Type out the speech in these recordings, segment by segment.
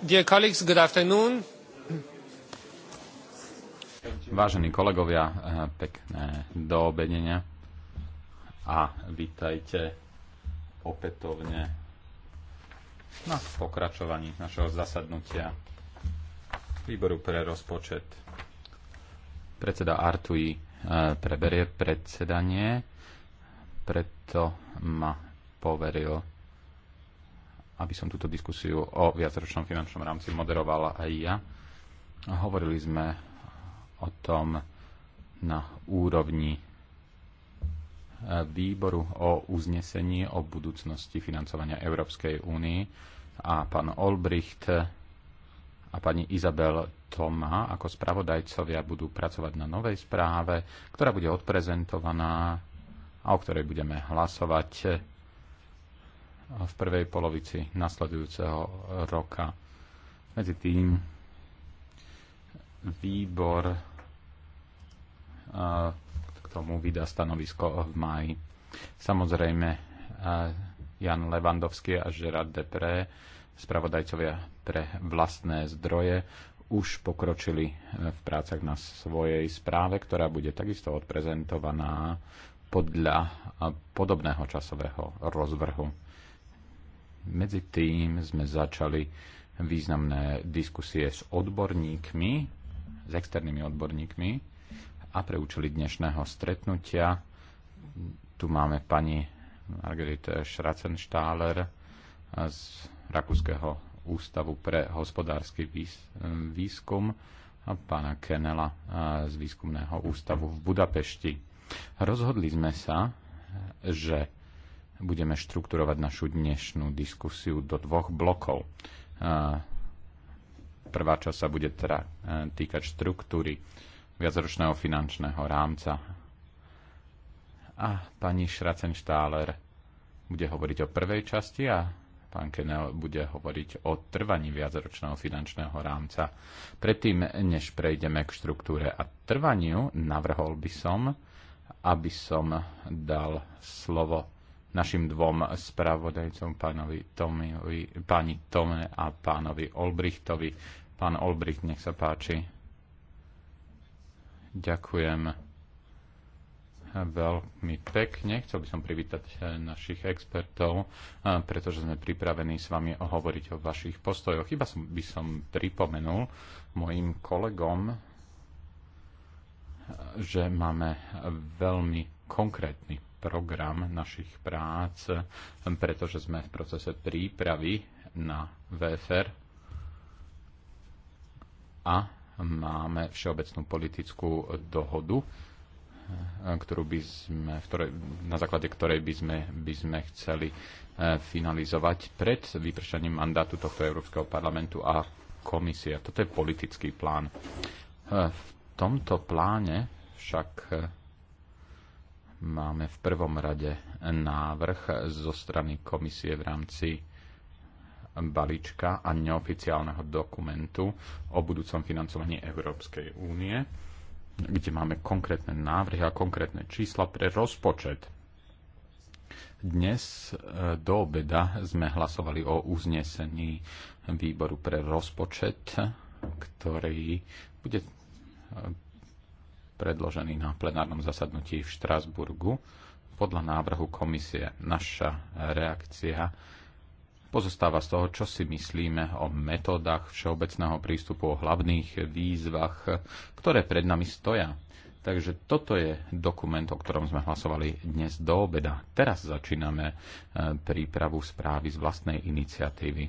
Dear colleagues, good afternoon. Vážení kolegovia, eh, pekné doobedenia a vítajte opätovne na pokračovaní našeho zasadnutia výboru pre rozpočet. Predseda Artui eh, preberie predsedanie preto ma poveril, aby som túto diskusiu o viacročnom finančnom rámci moderovala aj ja. Hovorili sme o tom na úrovni e, výboru o uznesení o budúcnosti financovania Európskej únie a pán Olbricht a pani Izabel Toma ako spravodajcovia budú pracovať na novej správe, ktorá bude odprezentovaná a o ktorej budeme hlasovať eh, v prvej polovici nasledujúceho roka. Medzi tým výbor eh, k tomu vydá stanovisko v máji. Samozrejme, eh, Jan Levandovský a Gerard Depré, spravodajcovia pre vlastné zdroje, už pokročili v prácach na svojej správe, ktorá bude takisto odprezentovaná podľa podobného časového rozvrhu. Medzi tým sme začali významné diskusie s odborníkmi, s externými odborníkmi a pre účely dnešného stretnutia tu máme pani Margarita Schratzenstahler z Rakúskeho ústavu pre hospodársky výskum a pána Kenela z výskumného ústavu v Budapešti Rozhodli sme sa, že budeme štrukturovať našu dnešnú diskusiu do dvoch blokov. Prvá časť sa bude teda e, týkať štruktúry viacročného finančného rámca. A pani Schratzenstahler bude hovoriť o prvej časti a pán Kenel bude hovoriť o trvaní viacročného finančného rámca. Predtým, než prejdeme k štruktúre a trvaniu, navrhol by som, aby som dal slovo našim dvom spravodajcom, pánovi Tomiovi, pani Tome a pánovi Olbrichtovi. Pán Olbricht, nech sa páči. Ďakujem veľmi pekne. Chcel by som privítať eh, našich expertov, eh, pretože sme pripravení s vami hovoriť o vašich postojoch. Iba som, by som pripomenul mojim kolegom, že máme veľmi konkrétny program našich prác, pretože sme v procese prípravy na VFR a máme všeobecnú politickú dohodu, ktorú by sme, v ktorej, na základe ktorej by sme, by sme chceli e, finalizovať pred vypršaním mandátu tohto Európskeho parlamentu a komisia. Toto je politický plán. E, v tomto pláne však e, máme v prvom rade návrh zo strany komisie v rámci balíčka a neoficiálneho dokumentu o budúcom financovaní Európskej únie, kde máme konkrétne návrhy a konkrétne čísla pre rozpočet. Dnes e, do obeda sme hlasovali o uznesení výboru pre rozpočet, ktorý bude predložený na plenárnom zasadnutí v Štrásburgu. Podľa návrhu komisie naša reakcia pozostáva z toho, čo si myslíme o metódach všeobecného prístupu, o hlavných výzvach, ktoré pred nami stoja. Takže toto je dokument, o ktorom sme hlasovali dnes do obeda. Teraz začíname eh, prípravu správy z vlastnej iniciatívy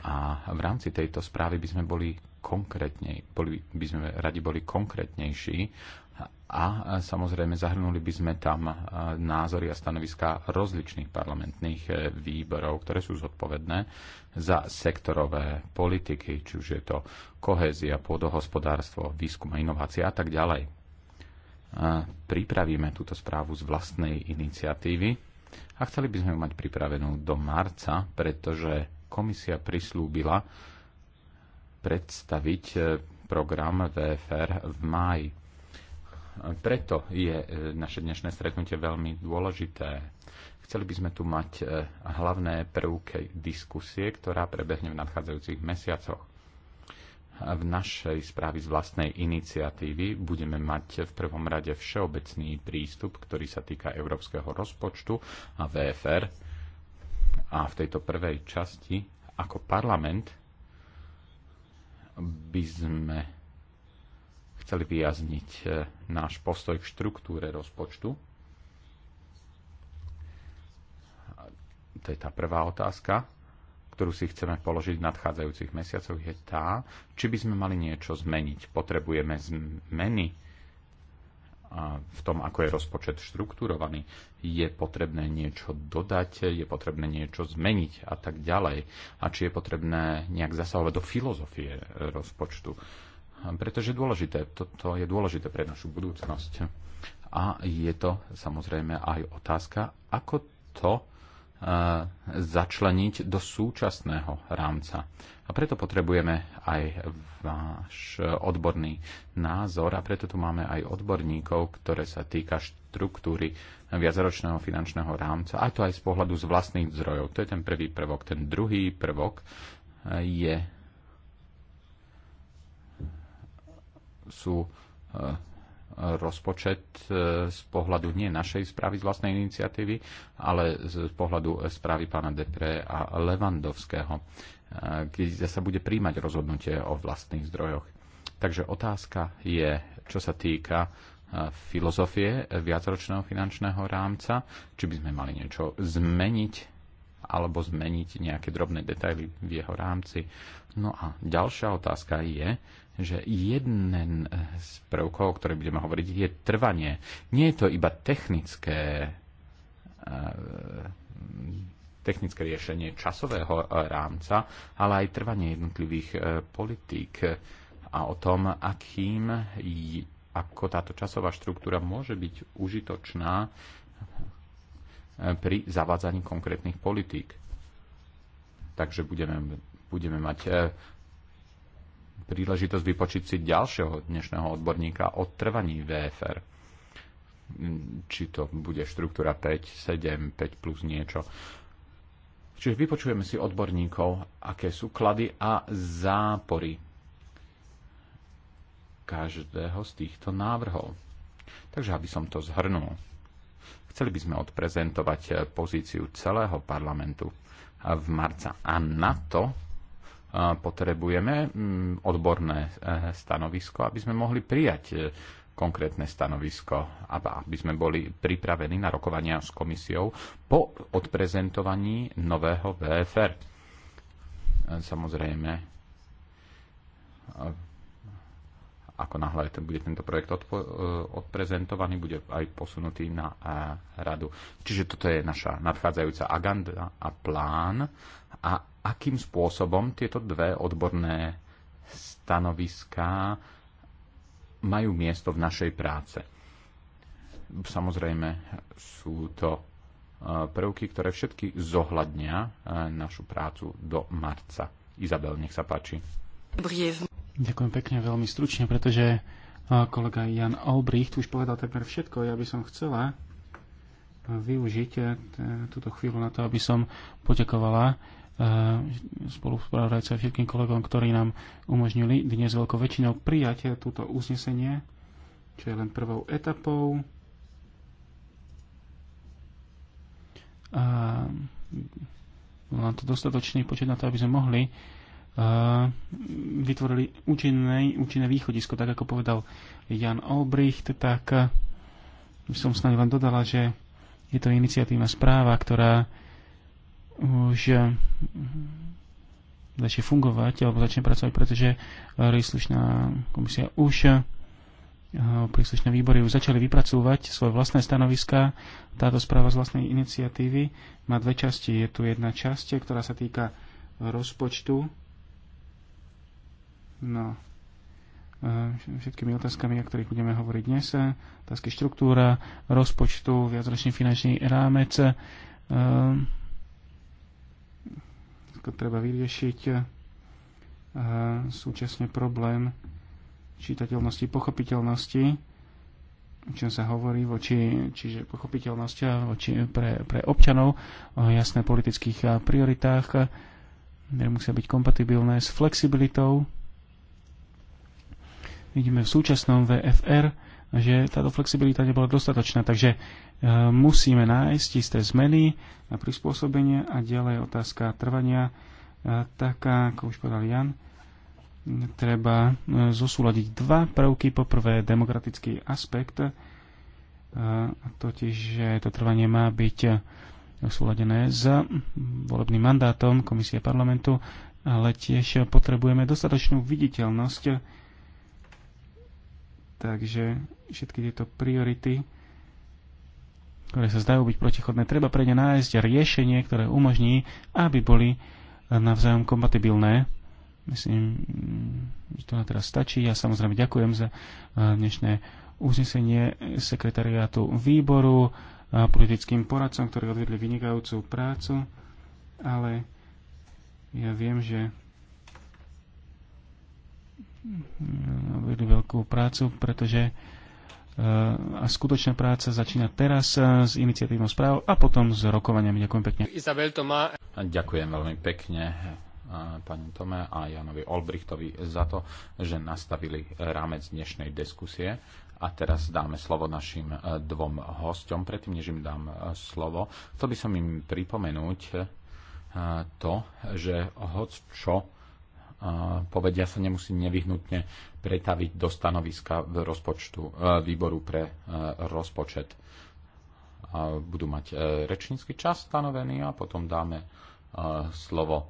a v rámci tejto správy by sme boli konkrétnej, boli, by sme radi boli konkrétnejší a samozrejme zahrnuli by sme tam e, názory a stanoviská rozličných parlamentných e, výborov, ktoré sú zodpovedné za sektorové politiky, či už je to kohézia, pôdohospodárstvo, výskum a inovácia a tak ďalej. E, pripravíme túto správu z vlastnej iniciatívy a chceli by sme ju mať pripravenú do marca, pretože komisia prislúbila predstaviť e, program VFR v máji. Preto je e, naše dnešné stretnutie veľmi dôležité. Chceli by sme tu mať e, hlavné prvky diskusie, ktorá prebehne v nadchádzajúcich mesiacoch. V našej správy z vlastnej iniciatívy budeme mať v prvom rade všeobecný prístup, ktorý sa týka európskeho rozpočtu a VFR a v tejto prvej časti ako parlament by sme chceli vyjazniť e, náš postoj k štruktúre rozpočtu. To je tá prvá otázka, ktorú si chceme položiť v nadchádzajúcich mesiacoch, je tá, či by sme mali niečo zmeniť. Potrebujeme zmeny v tom, ako je rozpočet štrukturovaný, je potrebné niečo dodať, je potrebné niečo zmeniť a tak ďalej. A či je potrebné nejak zasahovať do filozofie rozpočtu. Pretože dôležité, toto je dôležité pre našu budúcnosť. A je to samozrejme aj otázka, ako to začleniť do súčasného rámca. A preto potrebujeme aj váš odborný názor a preto tu máme aj odborníkov, ktoré sa týka štruktúry viacročného finančného rámca a to aj z pohľadu z vlastných zdrojov. To je ten prvý prvok. Ten druhý prvok je sú rozpočet e, z pohľadu nie našej správy z vlastnej iniciatívy, ale z pohľadu správy pána Depre a Levandovského, e, keď sa bude príjmať rozhodnutie o vlastných zdrojoch. Takže otázka je, čo sa týka e, filozofie viacročného finančného rámca, či by sme mali niečo zmeniť alebo zmeniť nejaké drobné detaily v jeho rámci. No a ďalšia otázka je, že jeden z prvkov, o ktorých budeme hovoriť, je trvanie. Nie je to iba technické eh, technické riešenie časového eh, rámca, ale aj trvanie jednotlivých eh, politík a o tom, akým, ako táto časová štruktúra môže byť užitočná pri zavádzaní konkrétnych politík. Takže budeme, budeme mať príležitosť vypočiť si ďalšieho dnešného odborníka o trvaní VFR. Či to bude štruktúra 5, 7, 5 plus niečo. Čiže vypočujeme si odborníkov, aké sú klady a zápory každého z týchto návrhov. Takže aby som to zhrnul. Chceli by sme odprezentovať pozíciu celého parlamentu v marca a na to potrebujeme mm, odborné eh, stanovisko, aby sme mohli prijať eh, konkrétne stanovisko, aby sme boli pripravení na rokovania s komisiou po odprezentovaní nového VFR. Eh, samozrejme, ako náhle bude tento projekt odpo- e, odprezentovaný, bude aj posunutý na e, radu. Čiže toto je naša nadchádzajúca agenda a plán. A akým spôsobom tieto dve odborné stanoviská majú miesto v našej práce. Samozrejme sú to e, prvky, ktoré všetky zohľadnia našu prácu do marca. Izabel, nech sa páči. Ďakujem pekne veľmi stručne, pretože e, kolega Jan Olbricht už povedal takmer všetko. Ja by som chcela e, využiť e, túto chvíľu na to, aby som poďakovala spoluprávajúca všetkým kolegom, ktorí nám umožnili dnes veľkou väčšinou prijať túto uznesenie, čo je len prvou etapou. A mám to dostatočný počet na to, aby sme mohli Mm, vytvorili účinné, účinné východisko, tak ako povedal Jan Olbricht, tak e, by som snáď vám dodala, že je to iniciatívna správa, ktorá už e, začne fungovať alebo začne pracovať, pretože príslušná komisia už e, príslušné výbory už začali vypracúvať svoje vlastné stanoviska. Táto správa z vlastnej iniciatívy má dve časti. Je tu jedna časť, ktorá sa týka rozpočtu No, eh, všetkými otázkami, o ktorých budeme hovoriť dnes. Eh, otázky štruktúra, rozpočtu, viacročný finančný rámec. Eh, to treba vyriešiť súčasne problém čitateľnosti, pochopiteľnosti, o čom sa hovorí voči, čiže pochopiteľnosť voči, pre, pre občanov o jasné politických prioritách, ktoré musia byť kompatibilné s flexibilitou, vidíme v súčasnom VFR, že táto flexibilita nebola dostatočná, takže e, musíme nájsť isté zmeny a prispôsobenie a ďalej otázka trvania, e, taká, ako už povedal Jan, treba e, zosúľadiť dva prvky. Poprvé, demokratický aspekt, totiž, že to trvanie má byť súladené s volebným mandátom Komisie parlamentu, ale tiež potrebujeme dostatočnú viditeľnosť Takže všetky tieto priority, ktoré sa zdajú byť protichodné, treba pre ne nájsť riešenie, ktoré umožní, aby boli navzájom kompatibilné. Myslím, že to na teraz stačí. Ja samozrejme ďakujem za eh, dnešné uznesenie sekretariátu výboru a politickým poradcom, ktorí odvedli vynikajúcu prácu, ale ja viem, že robili veľkú prácu, pretože eh, a skutočná práca začína teraz eh, s iniciatívou správ a potom s rokovaniami. Ďakujem pekne. Isabel Tomá. Ďakujem veľmi pekne eh, pani Tome a Janovi Olbrichtovi za to, že nastavili rámec dnešnej diskusie. A teraz dáme slovo našim dvom hosťom. Predtým, než im dám slovo, chcel by som im pripomenúť to, že hoď čo povedia sa nemusí nevyhnutne pretaviť do stanoviska v rozpočtu, e, výboru pre e, rozpočet. Budú mať e, rečnícky čas stanovený a potom dáme slovo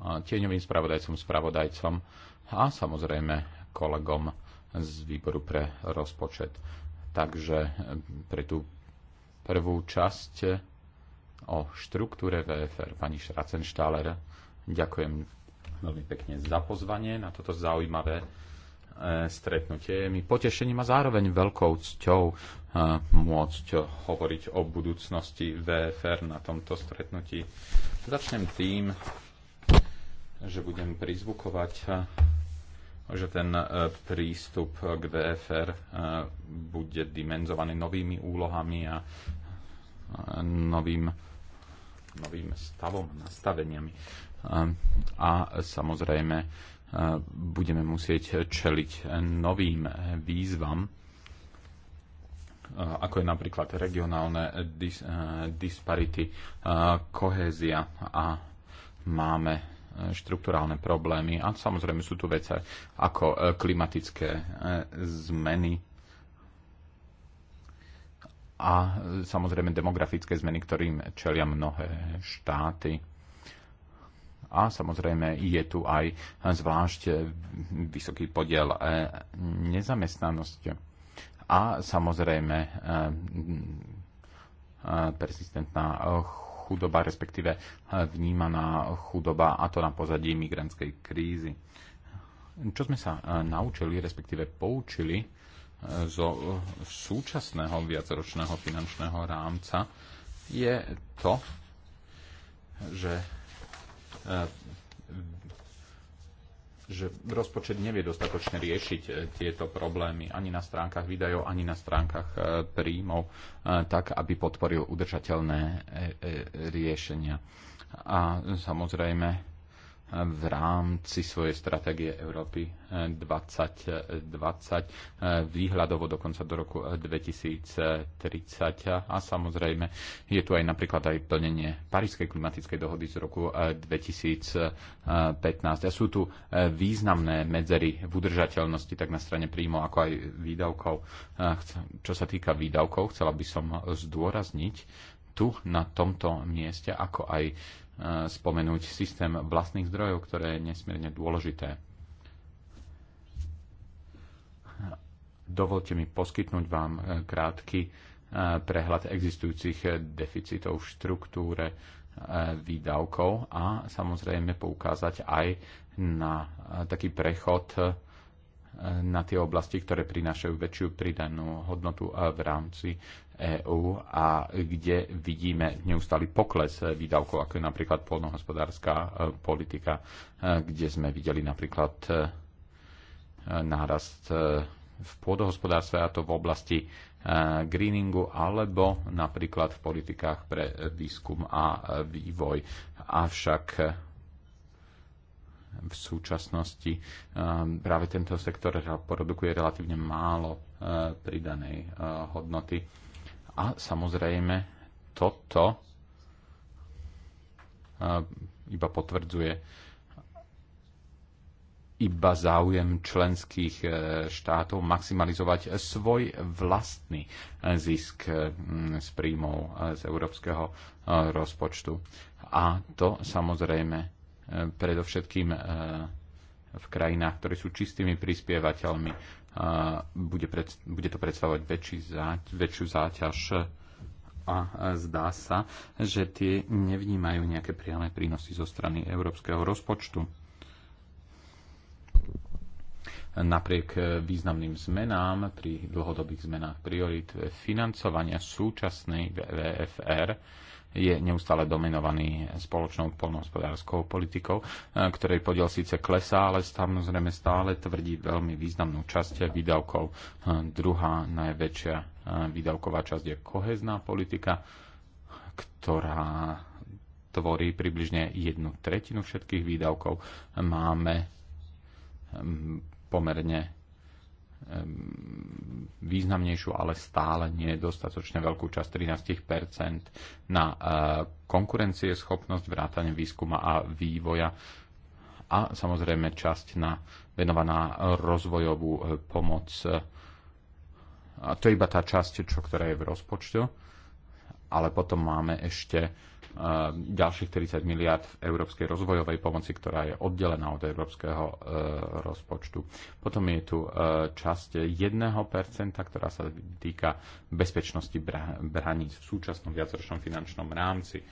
tieňovým spravodajcom, spravodajcom a samozrejme kolegom z výboru pre rozpočet. Takže pre tú prvú časť o štruktúre VFR pani Schratzenstahler ďakujem veľmi pekne za pozvanie na toto zaujímavé e, stretnutie. Je mi potešením a zároveň veľkou cťou e, môcť hovoriť o budúcnosti VFR na tomto stretnutí. Začnem tým, že budem prizvukovať, e, že ten prístup k VFR bude dimenzovaný novými úlohami a novým, novým stavom, nastaveniami a samozrejme e, budeme musieť čeliť novým výzvam, e, ako je napríklad regionálne dis, e, disparity, kohézia a máme štruktúrálne problémy a samozrejme sú tu vece ako klimatické zmeny a samozrejme demografické zmeny, ktorým čelia mnohé štáty a samozrejme je tu aj zvlášť vysoký podiel e, nezamestnanosti a samozrejme e, e, persistentná chudoba, respektíve vnímaná chudoba a to na pozadí migrantskej krízy. Čo sme sa naučili, respektíve poučili zo súčasného viacročného finančného rámca, je to, že E, že rozpočet nevie dostatočne riešiť e, tieto problémy ani na stránkach výdajov, ani na stránkach e, príjmov, tak aby podporil udržateľné riešenia. A samozrejme v rámci svojej stratégie Európy 2020 eh, eh, výhľadovo dokonca do roku 2030. Eh, A samozrejme je tu aj napríklad aj plnenie Parískej klimatickej dohody z roku 2015. A sú tu významné medzery v udržateľnosti tak na strane príjmo ako aj výdavkov. Čo sa týka výdavkov, chcela by som zdôrazniť tu na tomto mieste, ako aj spomenúť systém vlastných zdrojov, ktoré je nesmierne dôležité. Dovolte mi poskytnúť vám eh, krátky eh, prehľad existujúcich deficitov v štruktúre eh, výdavkov a samozrejme poukázať aj na taký prechod na tie oblasti, ktoré prinášajú väčšiu pridanú hodnotu e, v rámci EÚ a kde vidíme neustály pokles e, výdavkov, ako je napríklad polnohospodárska e, politika, kde sme videli napríklad nárast v pôdohospodárstve, a to v oblasti greeningu, alebo napríklad v politikách pre výskum a vývoj. Avšak v súčasnosti ehm, práve tento sektor produkuje relatívne málo e, pridanej e, hodnoty. A samozrejme toto e, iba potvrdzuje iba záujem členských štátov maximalizovať svoj vlastný zisk z príjmov z európskeho rozpočtu. A to samozrejme predovšetkým e, v krajinách, ktoré sú čistými prispievateľmi. Bude, pred, bude to predstavovať väčší záť, väčšiu záťaž a zdá sa, že tie nevnímajú nejaké priame prínosy zo strany európskeho rozpočtu. Napriek významným zmenám pri dlhodobých zmenách priorit financovania súčasnej VFR je neustále dominovaný spoločnou polnohospodárskou politikou, e, ktorej podiel síce klesá, ale samozrejme stále tvrdí veľmi významnú časť výdavkov. E, druhá najväčšia e, výdavková časť je kohezná politika, ktorá tvorí približne jednu tretinu všetkých výdavkov. Máme pomerne významnejšiu, ale stále nedostatočne veľkú časť 13 na eh, schopnosť vrátanie výskuma a vývoja a samozrejme časť na venovaná rozvojovú eh, pomoc. A to je iba tá časť, čo, ktorá je v rozpočte, ale potom máme ešte ďalších 30 miliard v európskej rozvojovej pomoci, ktorá je oddelená od európskeho e, rozpočtu. Potom je tu e, časť 1%, ktorá sa týka bezpečnosti braníc v súčasnom viacročnom finančnom rámci.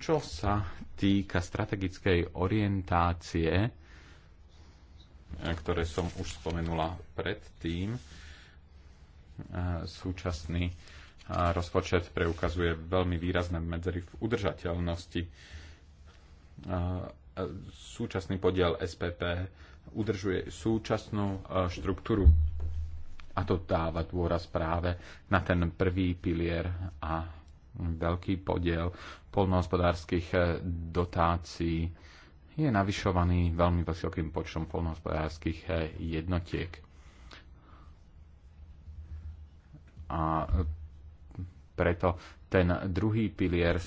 Čo sa týka strategickej orientácie, e, ktoré som už spomenula predtým, súčasný rozpočet preukazuje veľmi výrazné medzery v udržateľnosti. Súčasný podiel SPP udržuje súčasnú štruktúru a to dáva dôraz práve na ten prvý pilier a veľký podiel polnohospodárskych e, dotácií je navyšovaný veľmi vysokým počtom polnohospodárskych e, jednotiek. A preto ten druhý pilier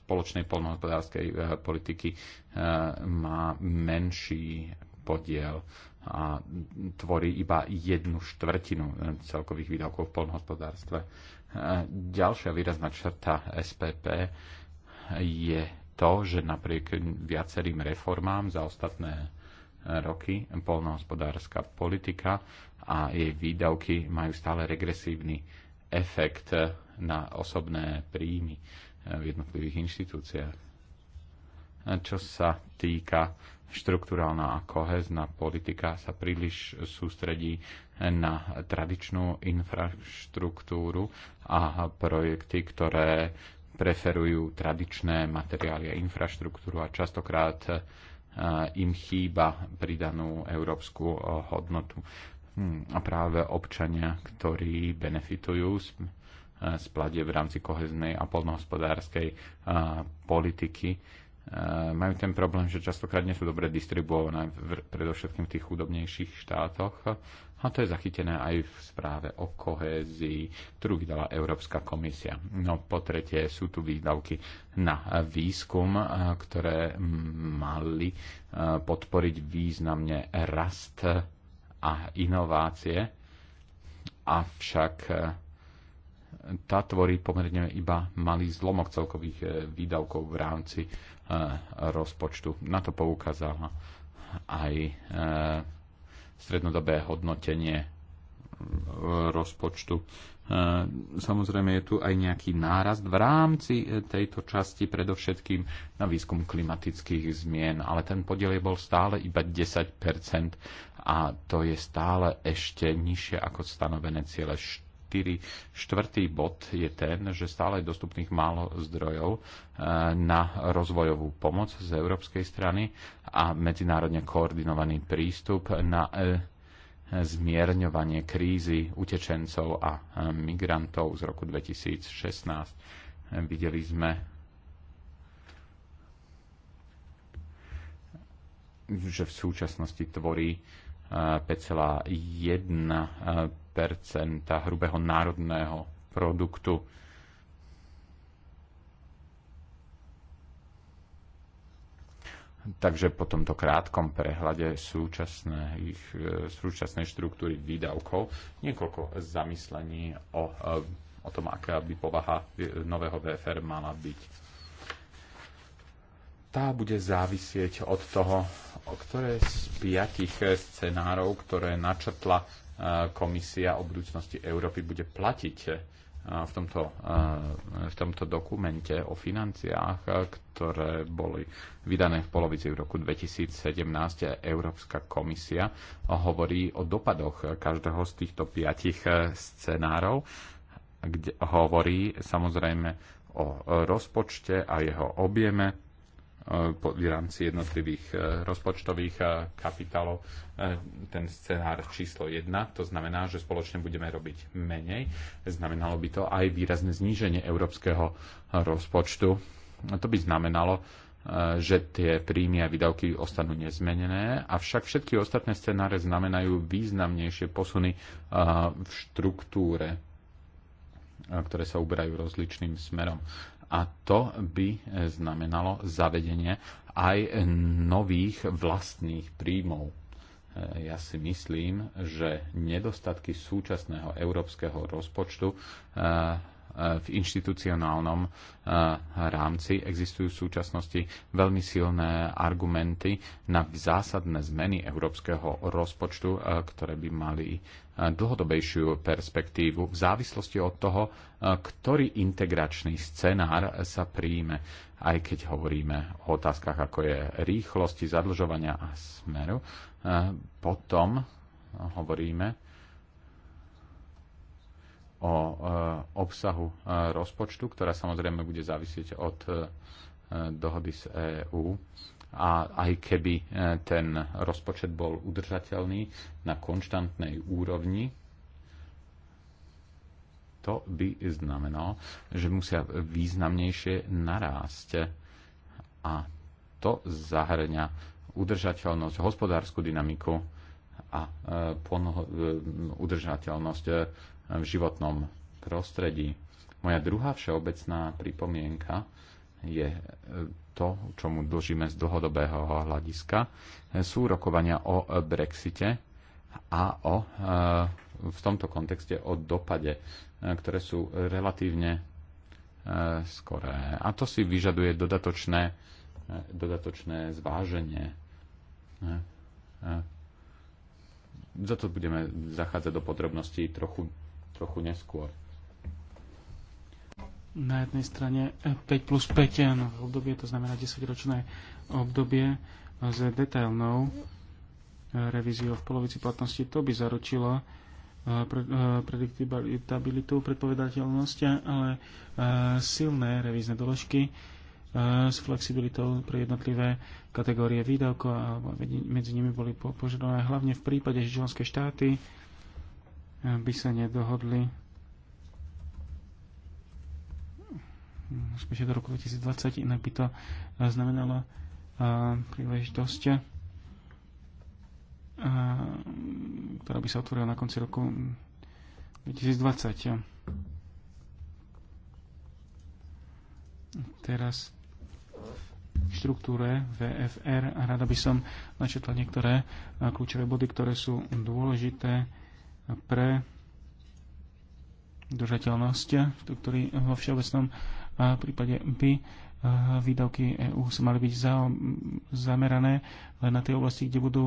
spoločnej poľnohospodárskej eh, politiky eh, má menší podiel a tvorí iba jednu štvrtinu eh, celkových výdavkov v polnohospodárstve. Ďalšia výrazná črta SPP je to, že napriek viacerým reformám za ostatné roky polnohospodárska politika a jej výdavky majú stále regresívny efekt na osobné príjmy eh, v jednotlivých inštitúciách. Čo sa týka štruktúrálna a kohezná politika sa príliš sústredí na tradičnú infraštruktúru a projekty, ktoré preferujú tradičné materiály a infraštruktúru a častokrát eh, im chýba pridanú európsku eh, hodnotu. Hm, a práve občania, ktorí benefitujú z, eh, z plade v rámci koheznej a polnohospodárskej eh, politiky, eh, majú ten problém, že častokrát nie sú dobre distribuované, v, predovšetkým v tých chudobnejších štátoch. A to je zachytené aj v správe o kohézii, ktorú vydala Európska komisia. No po tretie sú tu výdavky na výskum, ktoré mali podporiť významne rast a inovácie, avšak e, tá tvorí pomerne iba malý zlomok celkových e, výdavkov v rámci e, rozpočtu. Na to poukázala aj strednodobé hodnotenie rozpočtu Ehm, samozrejme je tu aj nejaký nárast v rámci e, tejto časti, predovšetkým na výskum klimatických zmien, ale ten podiel je bol stále iba 10 a to je stále ešte nižšie ako stanovené ciele 4. Štvrtý bod je ten, že stále je dostupných málo zdrojov e, na rozvojovú pomoc z európskej strany a medzinárodne koordinovaný prístup na e, zmierňovanie krízy utečencov a e, migrantov z roku 2016. Videli sme, že v súčasnosti tvorí 5,1 e, e, hrubého národného produktu Takže po tomto krátkom prehľade súčasnej, e, súčasnej štruktúry výdavkov niekoľko zamyslení o, e, o tom, aká by povaha e, nového VFR mala byť. Tá bude závisieť od toho, o ktoré z piatich scenárov, ktoré načrtla komisia o budúcnosti Európy, bude platiť v tomto, v tomto dokumente o financiách, ktoré boli vydané v polovici v roku 2017. Európska komisia hovorí o dopadoch každého z týchto piatich e, scenárov, kde hovorí samozrejme o rozpočte a jeho objeme v rámci jednotlivých e, rozpočtových e, kapitálov e, ten scenár číslo 1, to znamená, že spoločne budeme robiť menej. Znamenalo by to aj výrazné zníženie európskeho rozpočtu. To by znamenalo, že tie príjmy a výdavky ostanú nezmenené, avšak všetky ostatné scenáre znamenajú významnejšie posuny v štruktúre ktoré sa uberajú rozličným smerom a to by e, znamenalo zavedenie aj nových vlastných príjmov. E, ja si myslím, že nedostatky súčasného európskeho rozpočtu e, E, v inštitucionálnom e, rámci existujú v súčasnosti veľmi silné argumenty na zásadné zmeny európskeho rozpočtu, e, ktoré by mali dlhodobejšiu perspektívu v závislosti od toho, ktorý integračný scenár sa príjme, aj keď hovoríme o otázkach, ako je rýchlosti zadlžovania a smeru. Potom hovoríme o e, obsahu e, rozpočtu, ktorá samozrejme bude závisieť od e, dohody z EÚ. A aj keby ten rozpočet bol udržateľný na konštantnej úrovni, to by znamenalo, že musia významnejšie narásť. A to zahrňa udržateľnosť, hospodárskú dynamiku a udržateľnosť v životnom prostredí. Moja druhá všeobecná pripomienka je e, to, čomu dlžíme z dlhodobého hľadiska, e, sú rokovania o e, Brexite a o, v tomto kontexte o dopade, ktoré sú relatívne skoré. A to si vyžaduje dodatočné, dodatočné zváženie. Za to budeme zachádzať do podrobností trochu trochu neskôr. Na jednej strane 5 plus 5 no, obdobie, to znamená 10-ročné obdobie s detailnou revíziou v polovici platnosti, to by zaručilo eh, eh, prediktibilitu, predpovedateľnosť, ale eh, silné revízne doložky s flexibilitou pre jednotlivé kategórie výdavkov a medzi nimi boli požadované hlavne v prípade, že členské štáty by sa nedohodli spíše do roku 2020, inak by to e, znamenalo e, príležitosť, e, ktorá by sa otvorila na konci roku 2020. Teraz v štruktúre VFR a rada by som načetla niektoré kľúčové body, ktoré sú dôležité pre držateľnosť, ktorý eh, vo všeobecnom eh, prípade by eh, výdavky EÚ sa mali byť zamerané len na tie oblasti, kde budú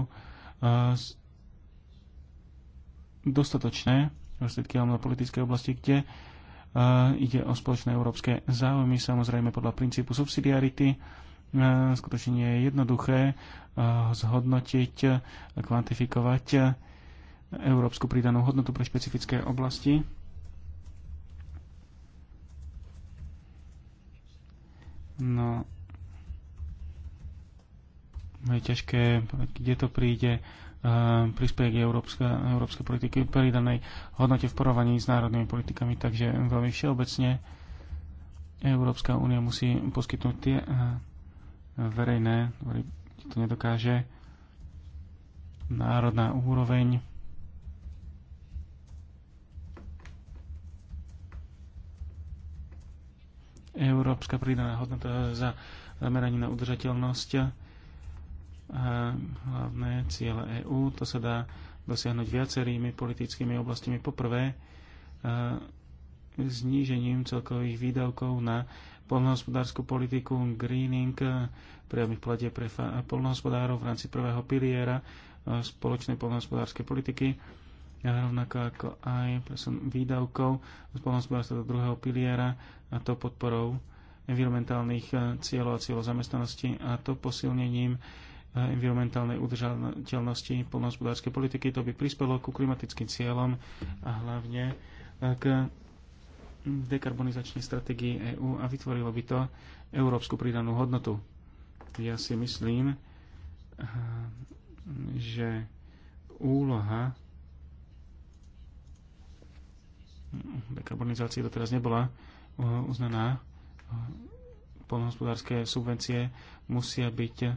dostatočné prostriedky alebo politické oblasti, kde ide o spoločné európske záujmy, samozrejme podľa princípu subsidiarity. Skutočne nie je jednoduché zhodnotiť a kvantifikovať európsku pridanú hodnotu pre špecifické oblasti. No, je ťažké, kde to príde, eh, prispieje k európskej európske politiky pridanej hodnote v porovaní s národnými politikami, takže veľmi všeobecne Európska únia musí poskytnúť tie eh, verejné, to nedokáže národná úroveň Európska pridaná hodnota za zameranie na udržateľnosť a hlavné ciele EÚ. To sa dá dosiahnuť viacerými politickými oblastiami. Poprvé, znížením celkových výdavkov na polnohospodárskú politiku, greening, priamých platie pre polnohospodárov v rámci prvého piliera spoločnej polnohospodárskej politiky rovnako ako aj presun výdavkov z polnohospodárstva do druhého piliera a to podporou environmentálnych e, cieľov a cieľov zamestnanosti a to posilnením e, environmentálnej udržateľnosti polnohospodárskej politiky. To by prispelo ku klimatickým cieľom a hlavne e, k dekarbonizačnej strategii EÚ a vytvorilo by to európsku pridanú hodnotu. Ja si myslím, že úloha dekarbonizácie doteraz nebola uh, uznaná. Uh, Polnohospodárske subvencie musia byť uh,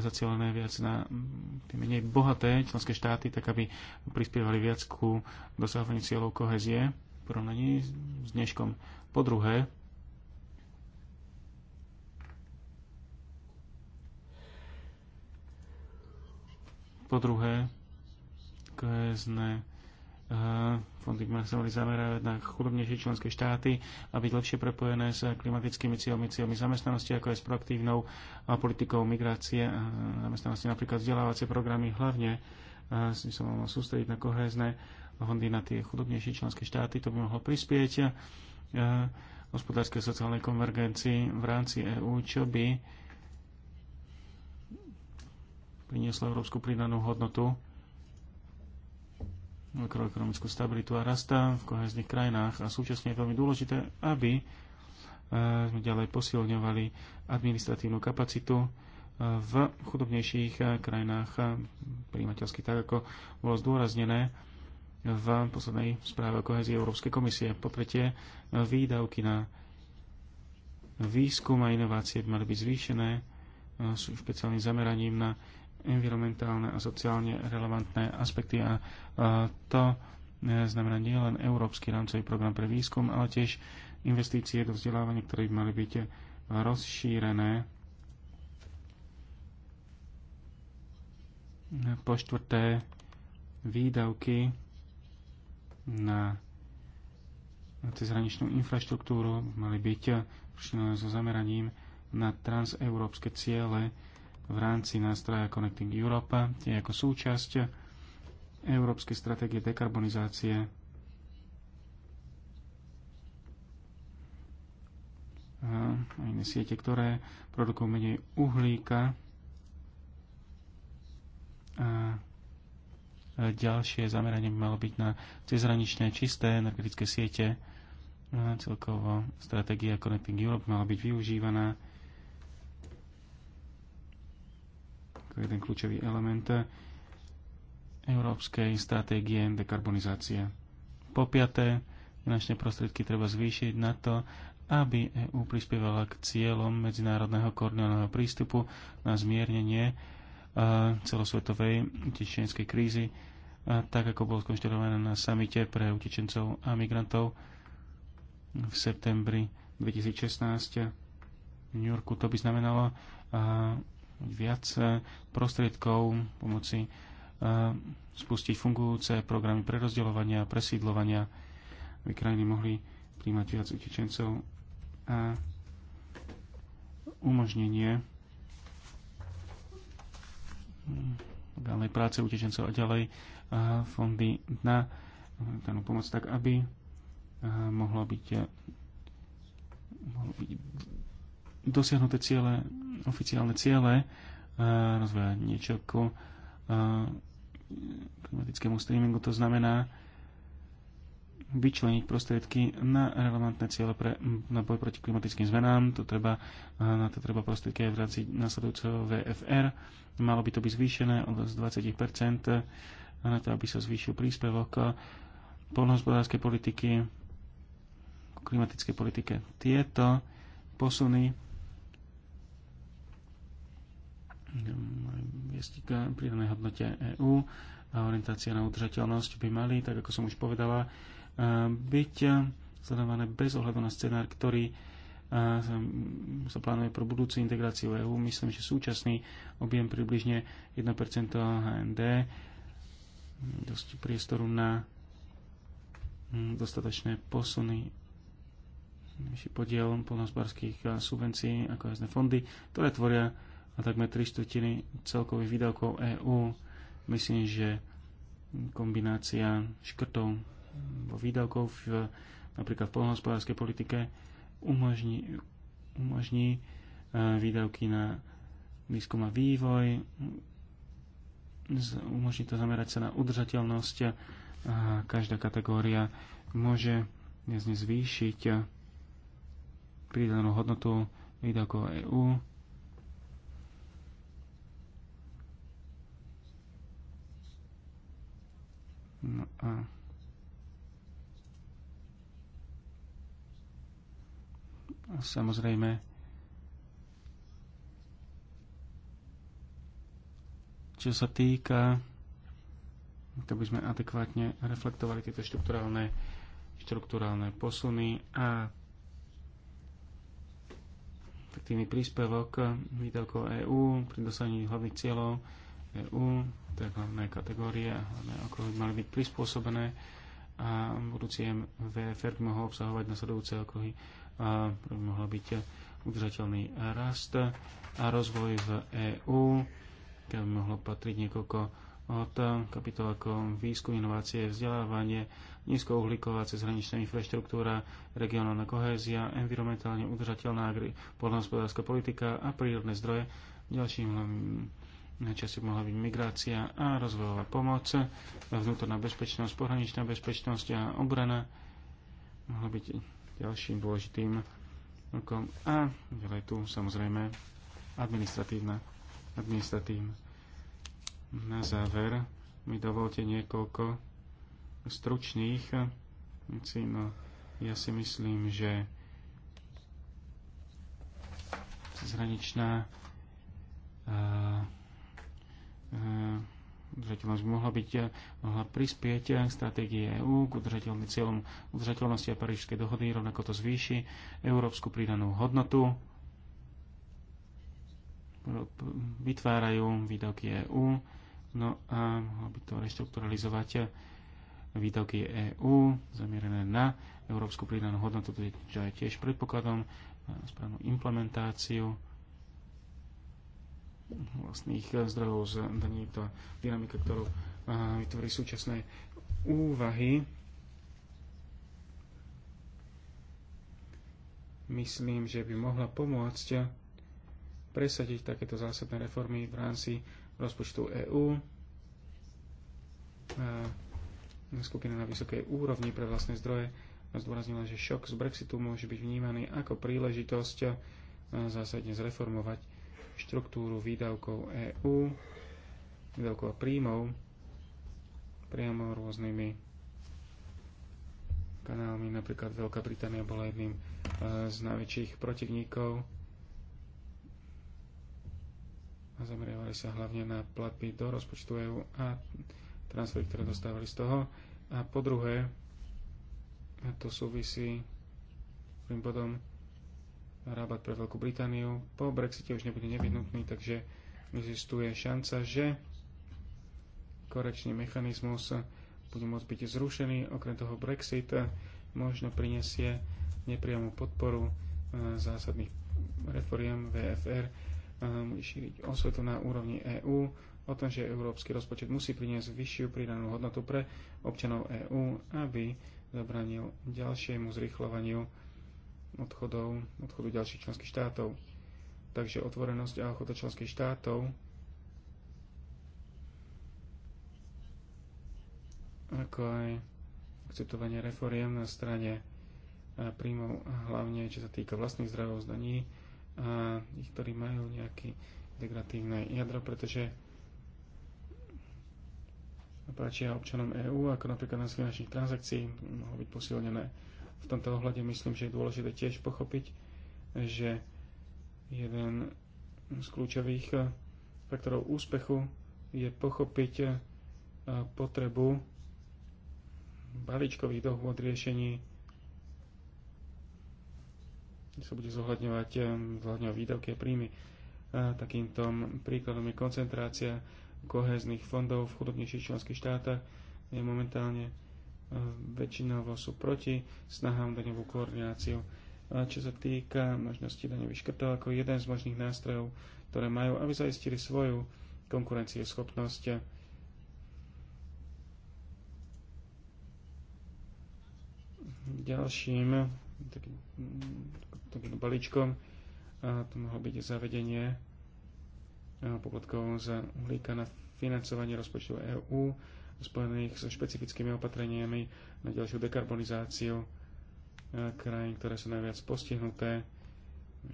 zacielené viac na mm, tie menej bohaté členské štáty, tak aby prispievali viac ku dosahovaniu cieľov kohezie v porovnaní s dneškom. Po druhé, po druhé, kohezné fondy by sa mali zamerať na chudobnejšie členské štáty a byť lepšie prepojené s klimatickými cieľmi, cieľmi zamestnanosti, ako aj s proaktívnou politikou migrácie a zamestnanosti, napríklad vzdelávacie programy, hlavne si sa mohlo sústrediť na kohézne fondy na tie chudobnejšie členské štáty. To by mohlo prispieť hospodárskej a sociálnej konvergencii v rámci EÚ, čo by prinieslo európsku pridanú hodnotu makroekonomickú stabilitu a rasta v koheznych krajinách a súčasne je veľmi dôležité, aby e, sme ďalej posilňovali administratívnu kapacitu e, v chudobnejších e, krajinách príjimateľských, tak ako bolo zdôraznené v poslednej správe o kohezii Európskej komisie. Po tretie, výdavky na výskum a inovácie by mali byť zvýšené sú špeciálnym zameraním na environmentálne a sociálne relevantné aspekty a to e, znamená nielen Európsky rámcový program pre výskum, ale tiež investície do vzdelávania, ktoré by mali byť rozšírené. Po štvrté, výdavky na cezhraničnú infraštruktúru mali byť zo zameraním na transeurópske ciele v rámci nástroja Connecting Europa je ako súčasť Európskej stratégie dekarbonizácie. A iné siete, ktoré produkujú menej uhlíka a ďalšie zameranie by malo byť na cezhraničné čisté energetické siete. A celkovo stratégia Connecting Europe mala byť využívaná jeden kľúčový element európskej stratégie dekarbonizácie. Po piaté, finančné prostriedky treba zvýšiť na to, aby EU prispievala k cieľom medzinárodného koordinovaného prístupu na zmiernenie e, celosvetovej utečenskej krízy, e, tak ako bolo skonštruované na samite pre utečencov a migrantov v septembri 2016 v New Yorku. To by znamenalo viac prostriedkov pomoci eh, spustiť fungujúce programy prerozdeľovania a presídlovania, aby krajiny mohli príjmať viac utečencov a umožnenie ďalej práce utečencov a ďalej eh, fondy na pomoc tak, aby eh, mohlo byť, mohlo byť dosiahnuté ciele, oficiálne ciele e, rozvoja niečo ako e, klimatickému streamingu. To znamená vyčleniť prostriedky na relevantné ciele pre, na boj proti klimatickým zmenám. To treba, e, na to treba prostriedky aj vrátiť rámci nasledujúceho VFR. Malo by to byť zvýšené od 20% na to, aby sa zvýšil príspevok polnohospodárskej politiky klimatickej politike. Tieto posuny viesť k pridanej hodnote EÚ a orientácia na udržateľnosť by mali, tak ako som už povedala, e, byť sledované bez ohľadu na scenár, ktorý e, sa plánuje pro budúcu integráciu EÚ. Myslím, že súčasný objem približne 1% HND dosť priestoru na mm, dostatočné posuny podiel polnohospodárských e, subvencií ako jasné fondy, ktoré tvoria a takmer 3 štvrtiny celkových výdavkov EÚ. Myslím, že kombinácia škrtov vo výdavkov v, napríklad v polnohospodárskej politike umožní, umožní e, výdavky na výskum a vývoj, umožní to zamerať sa na udržateľnosť a každá kategória môže dnes zvýšiť pridanú hodnotu výdavkov EÚ No a samozrejme čo sa týka to by sme adekvátne reflektovali tieto štruktúrálne, štruktúrálne posuny a efektívny príspevok výdavkov EÚ pri dosahovaní hlavných cieľov EÚ tie hlavné kategórie a hlavné okruhy mali byť prispôsobené a budúci VFR by mohol obsahovať nasledujúce okruhy a by mohol byť udržateľný rast a rozvoj v EÚ, kde by mohlo patriť niekoľko od kapitol ako výskum, inovácie, vzdelávanie, nízkouhlíková cezhraničná infraštruktúra, regionálna kohézia, environmentálne udržateľná poľnohospodárska politika a prírodné zdroje. Ďalším hlavným Najčastejšie mohla byť migrácia a rozvojová pomoc, vnútorná bezpečnosť, pohraničná bezpečnosť a obrana. Mohla byť ďalším dôležitým rokom. A ďalej tu samozrejme administratívna, administratívna. Na záver mi dovolte niekoľko stručných vecí. No, ja si myslím, že zhraničná uh, udržateľnosť mohla byť, eh, mohla prispieť eh, stratégie EÚ k udržateľným cieľom udržateľnosti a Parížskej dohody, rovnako to zvýši európsku pridanú hodnotu, vytvárajú výdavky EÚ, no a mohla by to reštrukturalizovať eh, výdavky EÚ zamierené na európsku pridanú hodnotu, čo je tiež predpokladom na správnu implementáciu vlastných eh, zdrojov z daní. tá dynamika, ktorú eh, vytvorí súčasné úvahy. Myslím, že by mohla pomôcť eh, presadiť takéto zásadné reformy v rámci rozpočtu EÚ. Skupina na vysokej úrovni pre vlastné zdroje zdôraznila, že šok z Brexitu môže byť vnímaný ako príležitosť zásadne zreformovať štruktúru výdavkov EÚ, výdavkov a príjmov priamo rôznymi kanálmi. Napríklad Veľká Británia bola jedným e, z najväčších protivníkov a zameriavali sa hlavne na platby do rozpočtu EÚ a transfery, ktoré dostávali z toho. A po druhé, a to súvisí s tým bodom, rabat pre Veľkú Britániu po Brexite už nebude nevyhnutný, takže existuje šanca, že korekčný mechanizmus bude môcť byť zrušený. Okrem toho Brexit možno prinesie nepriamu podporu eh, zásadných reforiem VFR, eh, šíriť osvetu na úrovni EÚ o tom, že európsky rozpočet musí priniesť vyššiu pridanú hodnotu pre občanov EÚ, aby zabranil ďalšiemu zrychľovaniu odchodov, odchodu ďalších členských štátov. Takže otvorenosť a ochota členských štátov ako aj akceptovanie reforiem na strane príjmov, hlavne čo sa týka vlastných zdravov zdaní a ich, ktorí majú nejaké degratívne jadro, pretože páčia občanom EÚ, ako napríklad na finančných transakcií, mohlo byť posilnené v tomto ohľade myslím, že je dôležité tiež pochopiť, že jeden z kľúčových eh, faktorov úspechu je pochopiť eh, potrebu balíčkových dohôd riešení sa bude zohľadňovať, eh, zohľadňovať výdavky a príjmy. takýmto príkladom je koncentrácia kohezných fondov v chudobnejších členských štátach. Je momentálne väčšinovo sú proti snahám daňovú koordináciu. čo sa týka možnosti daňových škrtov ako jeden z možných nástrojov, ktoré majú, aby zaistili svoju konkurencieschopnosť. Ďalším takým, takým balíčkom to mohlo byť zavedenie poplatkov za uhlíka na financovanie rozpočtu EÚ spojených so špecifickými opatreniami na ďalšiu dekarbonizáciu e, krajín, ktoré sú najviac postihnuté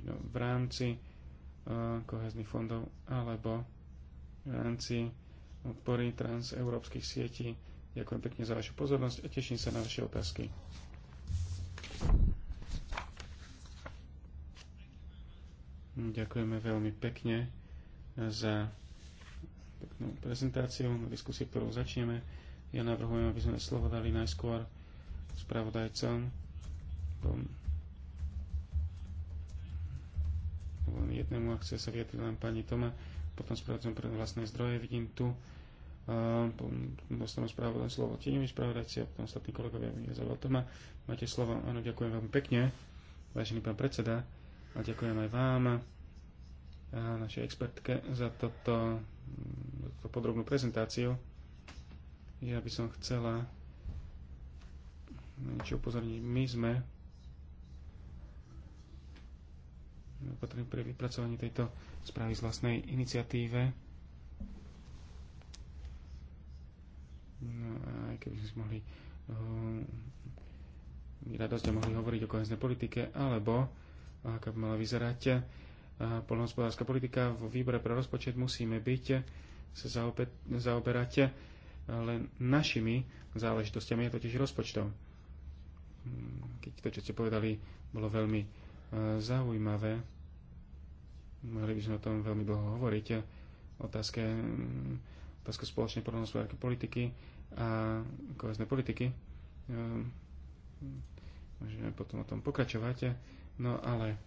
no, v rámci e, kohezných fondov alebo v rámci podpory transeurópskych sietí. Ďakujem pekne za vašu pozornosť a teším sa na vaše otázky. Ďakujeme veľmi pekne za peknú prezentáciu, na diskusiu, ktorú začneme. Ja navrhujem, aby sme slovo dali najskôr spravodajcom. Len jednému ak chce sa vyjadriť len pani Toma, potom spravodajcom pre vlastné zdroje. Vidím tu dostanú spravodajcom slovo tieňový spravodajci a potom ostatní kolegovia mi Toma. Máte slovo. Áno, ďakujem veľmi pekne, vážený pán predseda. A ďakujem aj vám, a našej expertke, za toto takto podrobnú prezentáciu. Ja by som chcela niečo upozorniť. My sme potrební pre vypracovanie tejto správy z vlastnej iniciatíve. No, a aj keby sme si mohli uh, radosť mohli hovoriť o koheznej politike, alebo aká by mala vyzerať uh, polnohospodárska politika v výbore pre rozpočet musíme byť sa zaoberáte e, len našimi záležitostiami, totiž rozpočtom. Mm, keď to, čo ste povedali, bolo veľmi e, zaujímavé, mohli by sme o tom veľmi dlho hovoriť, otázke, mm, otázka spoločnej poľnohospodárskej politiky a kohezné politiky. E, môžeme potom o tom pokračovať. No ale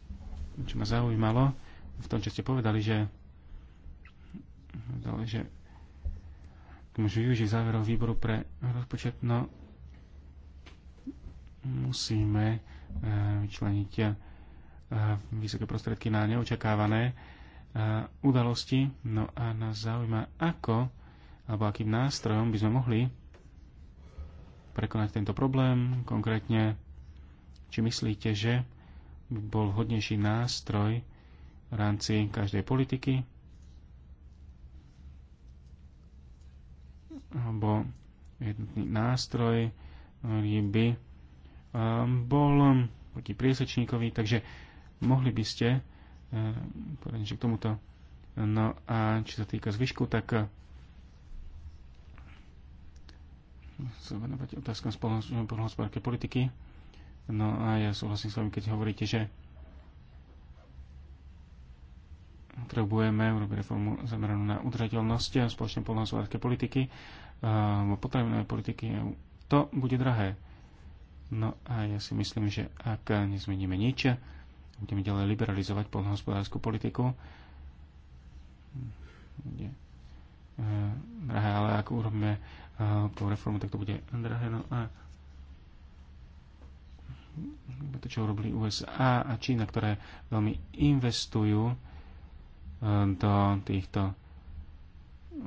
čo ma zaujímalo v tom, čo ste povedali, že dali, že môžu využiť záverov výboru pre rozpočet, no musíme eh, vyčleniť eh, vysoké prostriedky na neočakávané eh, udalosti. No a nás zaujíma, ako alebo akým nástrojom by sme mohli prekonať tento problém. Konkrétne, či myslíte, že by bol hodnejší nástroj v rámci každej politiky, alebo jednotný nástroj, ktorý by um, bol um, proti priesečníkovi, takže mohli by ste um, povedať, že k tomuto no a čo sa týka zvyšku, tak sa uh, venovať otázkam spolohospodárskej politiky. No a ja súhlasím s vami, keď hovoríte, že potrebujeme urobiť reformu zameranú na udržateľnosť a spoločnej polnohospodárskej politiky alebo potravinové politiky. To bude drahé. No a ja si myslím, že ak nezmeníme nič, budeme ďalej liberalizovať polnohospodárskú politiku. Bude e, drahé, ale ak urobíme po e, reformu, tak to bude drahé. No a to, čo urobili USA a Čína, ktoré veľmi investujú Ehm, do týchto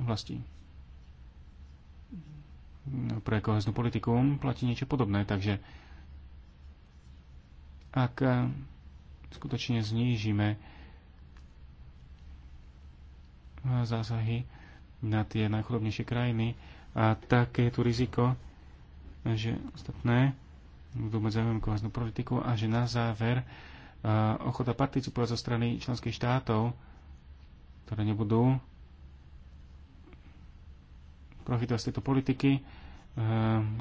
vlastí. No, pre koheznú politiku platí niečo podobné, takže ak ehm, skutočne znížime ehm, zásahy na tie najchudobnejšie krajiny, a tak je tu riziko, že ostatné budú mať záujem koheznú politiku a že na záver ochota participovať zo strany členských štátov ktoré nebudú profitovať z tejto politiky,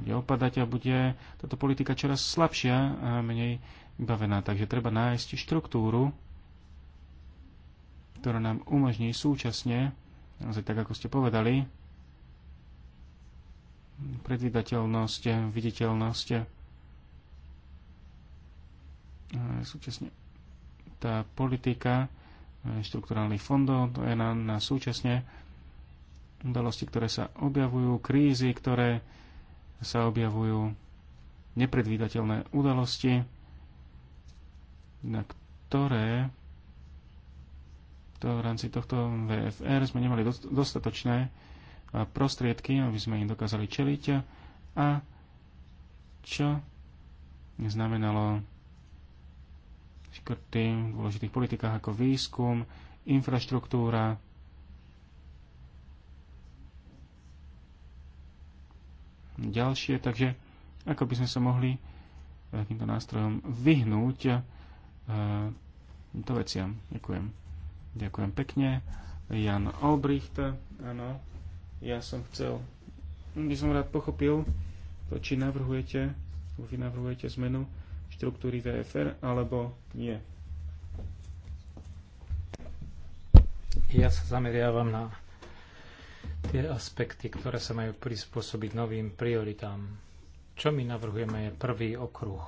je eh, opadať a bude táto politika čoraz slabšia a menej vybavená. Takže treba nájsť štruktúru, ktorá nám umožní súčasne, naozaj tak ako ste povedali, predvydateľnosť, viditeľnosť, eh, súčasne tá politika štrukturálnych fondov, to je na, na súčasne udalosti, ktoré sa objavujú, krízy, ktoré sa objavujú, nepredvídateľné udalosti, na ktoré to v rámci tohto VFR sme nemali dostatočné prostriedky, aby sme im dokázali čeliť a čo znamenalo škrty v dôležitých politikách ako výskum, infraštruktúra, ďalšie, takže ako by sme sa mohli eh, týmto nástrojom vyhnúť eh, týmto veciam. Ďakujem. Ďakujem pekne. Jan Olbricht, áno, ja som chcel, by som rád pochopil to, či navrhujete, vy navrhujete zmenu štruktúry VFR alebo nie. Ja sa zameriavam na tie aspekty, ktoré sa majú prispôsobiť novým prioritám. Čo my navrhujeme je prvý okruh.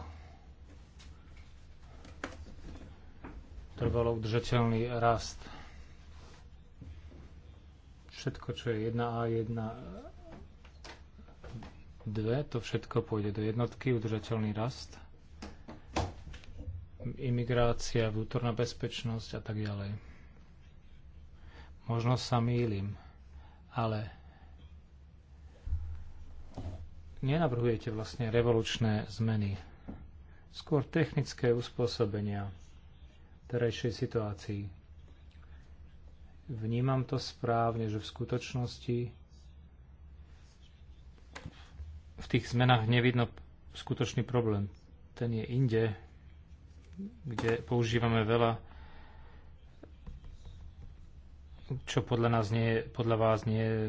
Trvalo udržateľný rast. Všetko, čo je 1A, 1, 2, to všetko pôjde do jednotky, udržateľný rast imigrácia, vnútorná bezpečnosť a tak ďalej. Možno sa mýlim, ale nenavrhujete vlastne revolučné zmeny, skôr technické uspôsobenia terajšej situácii. Vnímam to správne, že v skutočnosti v tých zmenách nevidno skutočný problém. Ten je inde, kde používame veľa, čo podľa, nás nie, podľa vás nie je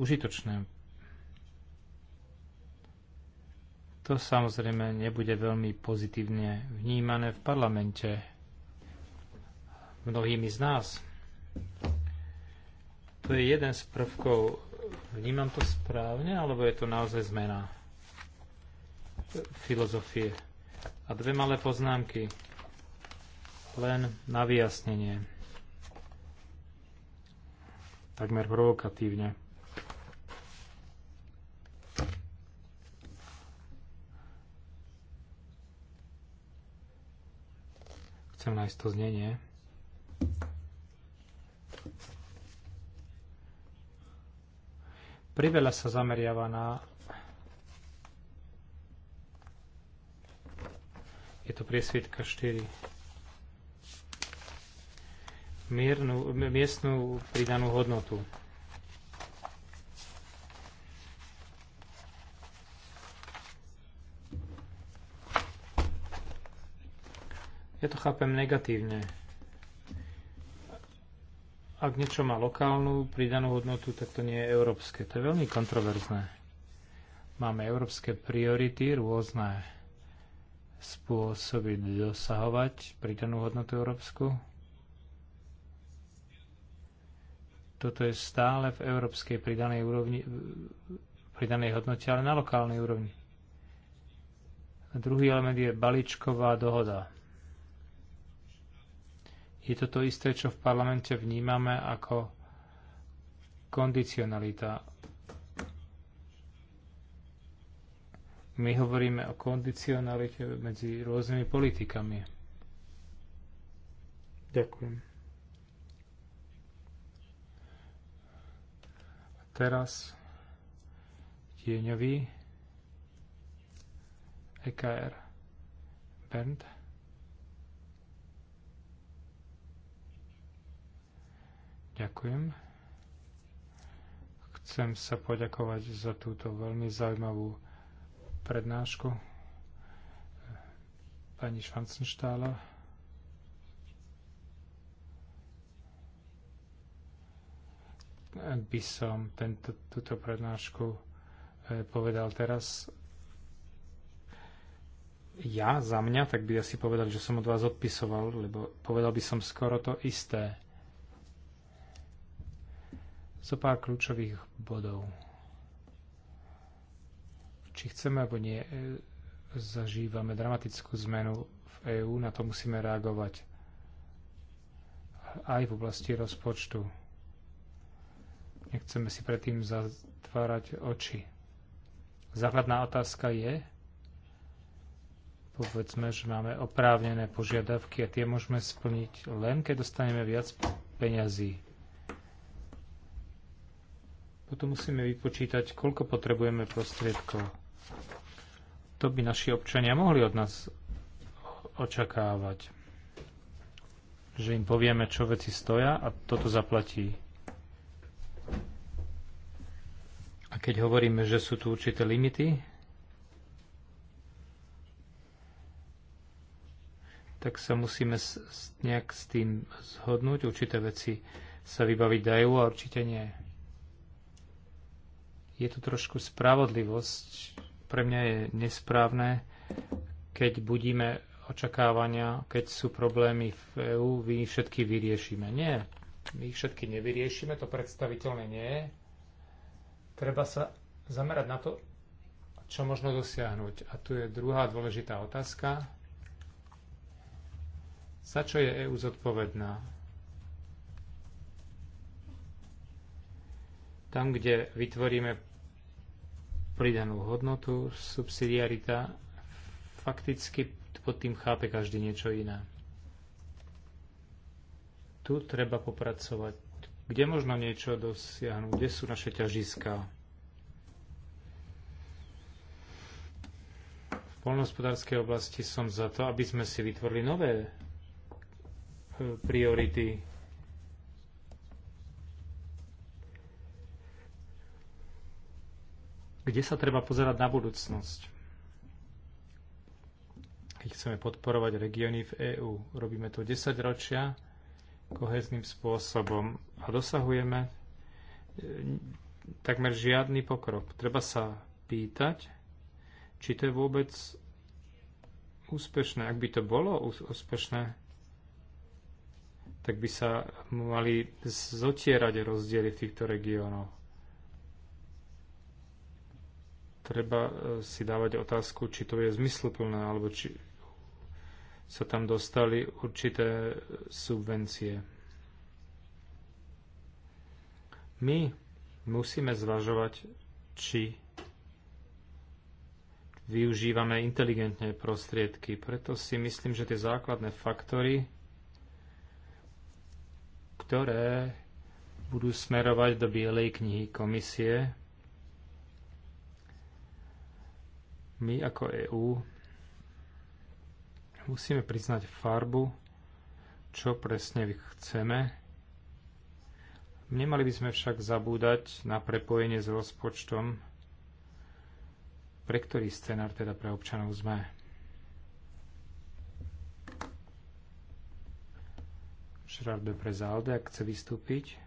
užitočné. To samozrejme nebude veľmi pozitívne vnímané v parlamente mnohými z nás. To je jeden z prvkov. Vnímam to správne, alebo je to naozaj zmena filozofie? A dve malé poznámky. Len na vyjasnenie. Takmer provokatívne. Chcem nájsť to znenie. Priveľa sa zameriava na Je to priesvietka 4. Miernu, miestnú pridanú hodnotu. Ja to chápem negatívne. Ak niečo má lokálnu pridanú hodnotu, tak to nie je európske. To je veľmi kontroverzné. Máme európske priority rôzne spôsoby dosahovať pridanú hodnotu európsku. Toto je stále v európskej pridanej, úrovni, pridanej hodnote, ale na lokálnej úrovni. A druhý element je balíčková dohoda. Je to to isté, čo v parlamente vnímame ako kondicionalita My hovoríme o kondicionalite medzi rôznymi politikami. Ďakujem. Teraz tieňový EKR Bernd. Ďakujem. Chcem sa poďakovať za túto veľmi zaujímavú prednášku pani Švancenštála. Ak by som tento, túto prednášku e, povedal teraz ja za mňa, tak by asi povedal, že som od vás odpisoval, lebo povedal by som skoro to isté. Zo pár kľúčových bodov či chceme alebo nie, e, zažívame dramatickú zmenu v EÚ, na to musíme reagovať aj v oblasti rozpočtu. Nechceme si predtým zatvárať oči. Základná otázka je, povedzme, že máme oprávnené požiadavky a tie môžeme splniť len, keď dostaneme viac peňazí. Potom musíme vypočítať, koľko potrebujeme prostriedkov to by naši občania mohli od nás očakávať. Že im povieme, čo veci stoja a toto zaplatí. A keď hovoríme, že sú tu určité limity, tak sa musíme s, s, nejak s tým zhodnúť. Určité veci sa vybaviť dajú a určite nie. Je tu trošku spravodlivosť pre mňa je nesprávne, keď budíme očakávania, keď sú problémy v EÚ, my ich všetky vyriešime. Nie, my ich všetky nevyriešime, to predstaviteľne nie je. Treba sa zamerať na to, čo možno dosiahnuť. A tu je druhá dôležitá otázka. Za čo je EÚ zodpovedná? Tam, kde vytvoríme pridanú hodnotu, subsidiarita fakticky pod tým chápe každý niečo iné. Tu treba popracovať. Kde možno niečo dosiahnuť? Kde sú naše ťažiska? V polnospodárskej oblasti som za to, aby sme si vytvorili nové e, priority kde sa treba pozerať na budúcnosť. Keď chceme podporovať regióny v EÚ, robíme to 10 ročia kohezným spôsobom a dosahujeme e, takmer žiadny pokrok. Treba sa pýtať, či to je vôbec úspešné. Ak by to bolo úspešné, tak by sa mali zotierať rozdiely v týchto regiónoch treba e, si dávať otázku, či to je zmysluplné, alebo či sa tam dostali určité subvencie. My musíme zvažovať, či využívame inteligentné prostriedky. Preto si myslím, že tie základné faktory, ktoré budú smerovať do Bielej knihy komisie, My ako EÚ musíme priznať farbu, čo presne chceme. Nemali by sme však zabúdať na prepojenie s rozpočtom, pre ktorý scenár teda pre občanov sme. Gerard Prezalde, ak chce vystúpiť.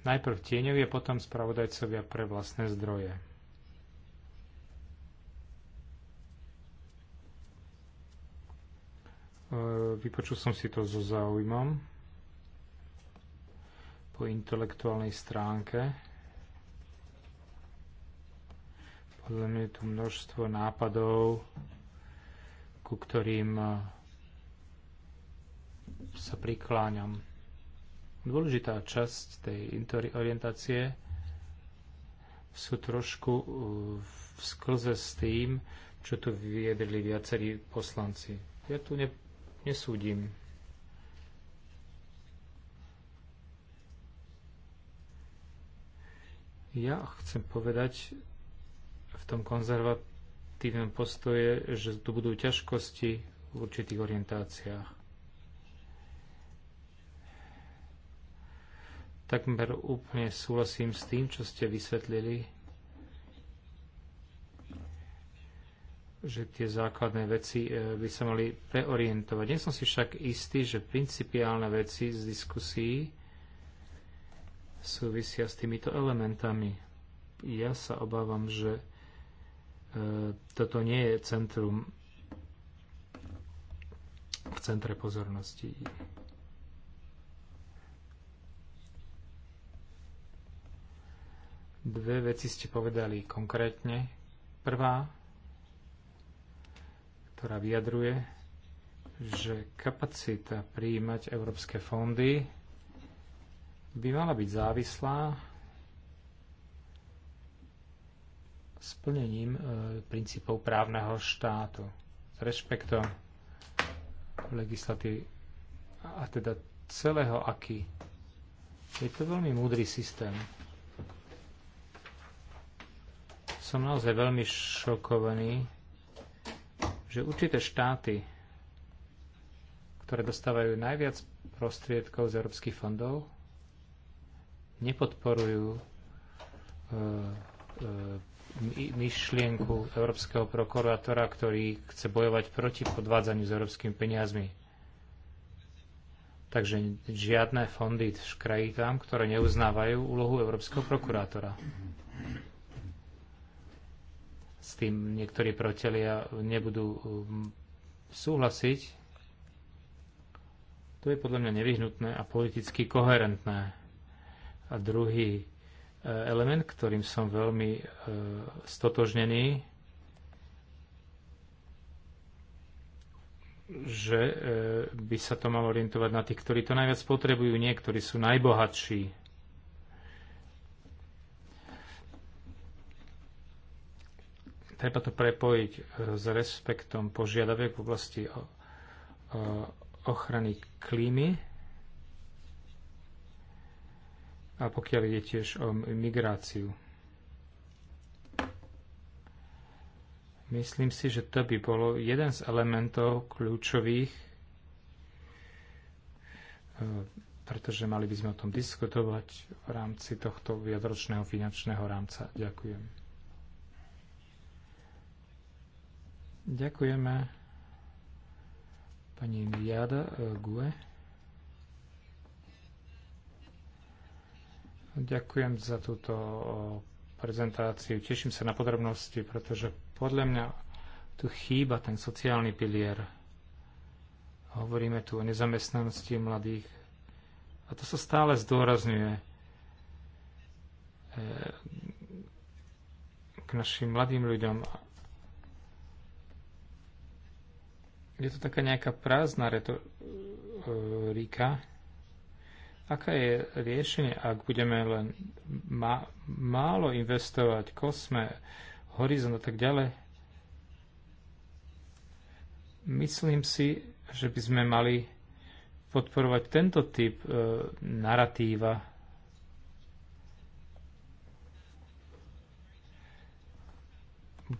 Najprv tieňovi potom spravodajcovia pre vlastné zdroje. E, vypočul som si to so záujmom po intelektuálnej stránke. Podľa mňa je tu množstvo nápadov, ku ktorým e, sa prikláňam. Dôležitá časť tej orientácie sú trošku uh, v sklze s tým, čo tu vyjadrili viacerí poslanci. Ja tu ne, nesúdim. Ja chcem povedať v tom konzervatívnom postoje, že tu budú ťažkosti v určitých orientáciách. Takmer úplne súhlasím s tým, čo ste vysvetlili, že tie základné veci e, by sa mali preorientovať. Nie som si však istý, že principiálne veci z diskusí súvisia s týmito elementami. Ja sa obávam, že e, toto nie je centrum v centre pozornosti. Dve veci ste povedali konkrétne. Prvá, ktorá vyjadruje, že kapacita prijímať európske fondy by mala byť závislá splnením e, princípov právneho štátu s rešpektom legislatívy a teda celého aký. Je to veľmi múdry systém. som naozaj veľmi šokovaný, že určité štáty, ktoré dostávajú najviac prostriedkov z európskych fondov, nepodporujú e, e, myšlienku európskeho prokurátora, ktorý chce bojovať proti podvádzaniu s európskymi peniazmi. Takže žiadne fondy v krají tam, ktoré neuznávajú úlohu európskeho prokurátora s tým niektorí protelia nebudú um, súhlasiť, to je podľa mňa nevyhnutné a politicky koherentné. A druhý e, element, ktorým som veľmi e, stotožnený, že e, by sa to malo orientovať na tých, ktorí to najviac potrebujú, nie ktorí sú najbohatší. treba to prepojiť e, s respektom požiadaviek v oblasti ochrany klímy. A pokiaľ ide tiež o migráciu. Myslím si, že to by bolo jeden z elementov kľúčových, e, pretože mali by sme o tom diskutovať v rámci tohto viadročného finančného rámca. Ďakujem. Ďakujeme pani Jada eh, Gue. Ďakujem za túto eh, prezentáciu. Teším sa na podrobnosti, pretože podľa mňa tu chýba ten sociálny pilier. Hovoríme tu o nezamestnanosti mladých a to sa stále zdôrazňuje eh, k našim mladým ľuďom Je to taká nejaká prázdna retorika. E, Aká je riešenie, ak budeme len ma- málo investovať, kosme, horizont a tak ďalej? Myslím si, že by sme mali podporovať tento typ e, naratíva.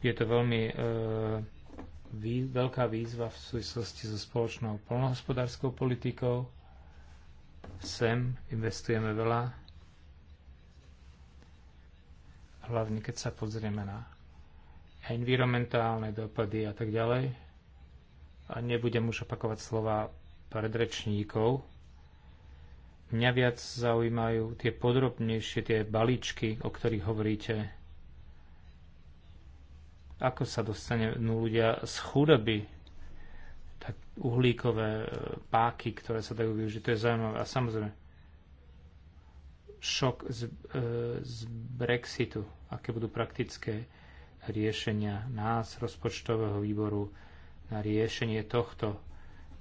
Je to veľmi e, vý, veľká výzva v súvislosti so spoločnou polnohospodárskou politikou. Sem investujeme veľa, hlavne keď sa pozrieme na environmentálne dopady a tak ďalej. A nebudem už opakovať slova predrečníkov. Mňa viac zaujímajú tie podrobnejšie, tie balíčky, o ktorých hovoríte, ako sa dostanú no, ľudia z chudoby? Tak uhlíkové e, páky, ktoré sa dajú využiť, to je zaujímavé. A samozrejme, šok z, e, z Brexitu, aké budú praktické riešenia nás, rozpočtového výboru, na riešenie tohto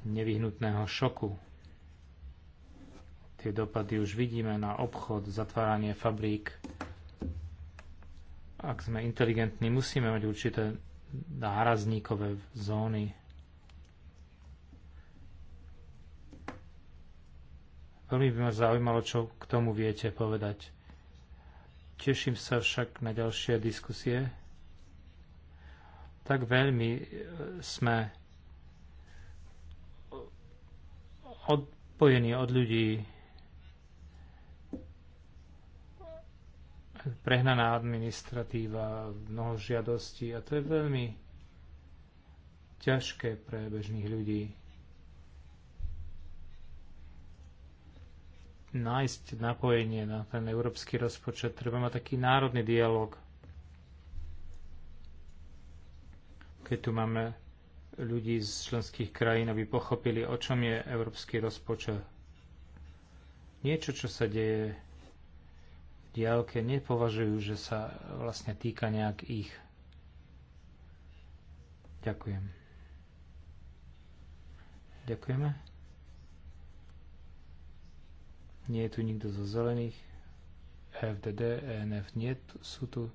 nevyhnutného šoku. Tie dopady už vidíme na obchod, zatváranie fabrík, ak sme inteligentní, musíme mať určité nárazníkové zóny. Veľmi by ma zaujímalo, čo k tomu viete povedať. Teším sa však na ďalšie diskusie. Tak veľmi e, sme odpojení od ľudí, prehnaná administratíva, mnoho žiadostí a to je veľmi ťažké pre bežných ľudí. Nájsť napojenie na ten európsky rozpočet, treba mať taký národný dialog. Keď tu máme ľudí z členských krajín, aby pochopili, o čom je európsky rozpočet. Niečo, čo sa deje diálke nepovažujú, že sa vlastne týka nejak ich. Ďakujem. Ďakujeme. Nie je tu nikto zo zelených. FDD, ENF nie sú tu.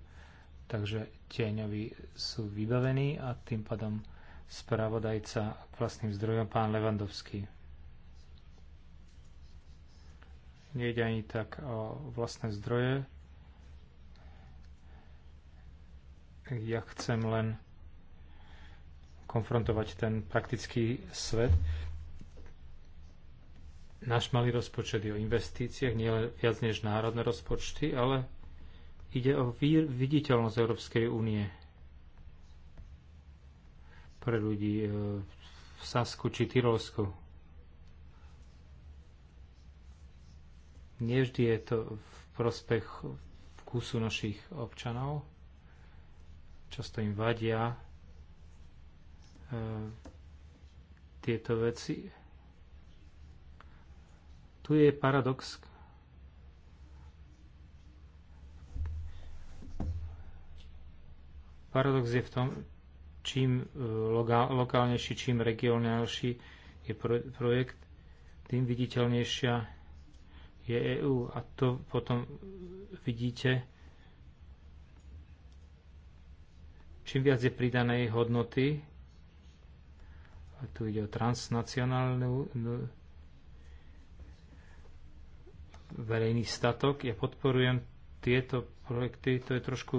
Takže tieňovi sú vybavení a tým pádom spravodajca k vlastným zdrojom pán Levandovský. Nejde ani tak o vlastné zdroje. Ja chcem len konfrontovať ten praktický svet. Náš malý rozpočet je o investíciách, nie viac než národné rozpočty, ale ide o viditeľnosť Európskej únie pre ľudí e, v Sasku či Tyrolsku. Nevždy je to v prospech vkusu našich občanov. Často im vadia e, tieto veci. Tu je paradox. Paradox je v tom, čím e, lokálnejší, čím regionálnejší je projekt, tým viditeľnejšia je EÚ. A to potom vidíte, čím viac je pridanej hodnoty, a tu ide o transnacionálnu no, verejný statok, ja podporujem tieto projekty, to je trošku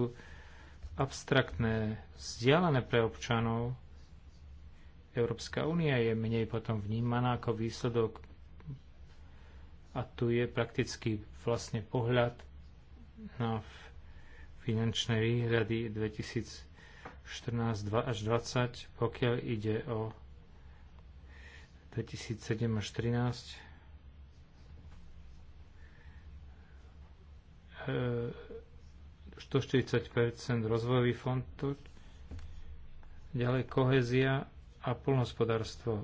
abstraktné, vzdialené pre občanov. Európska únia je menej potom vnímaná ako výsledok a tu je prakticky vlastne pohľad na finančné výhrady 2014 až 2020, pokiaľ ide o 2007 až 2013. E, 140 rozvojový fond, ďalej kohezia a polnospodárstvo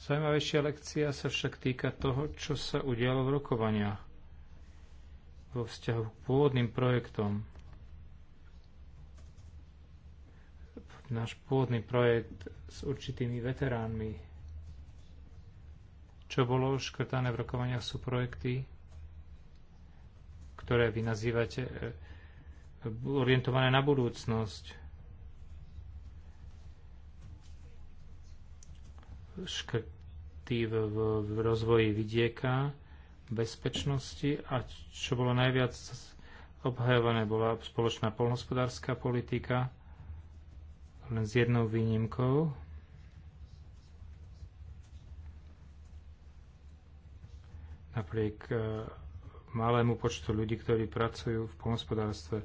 Zajímavejšia lekcia sa však týka toho, čo sa udialo v rokovaniach vo vzťahu k pôvodným projektom. Náš pôvodný projekt s určitými veteránmi. Čo bolo škrtané v rokovaniach sú projekty, ktoré vy nazývate e, orientované na budúcnosť. škrty v, v, v rozvoji vidieka, bezpečnosti a čo bolo najviac obhajované, bola spoločná polnospodárska politika, len s jednou výnimkou. Napriek e, malému počtu ľudí, ktorí pracujú v polnospodárstve,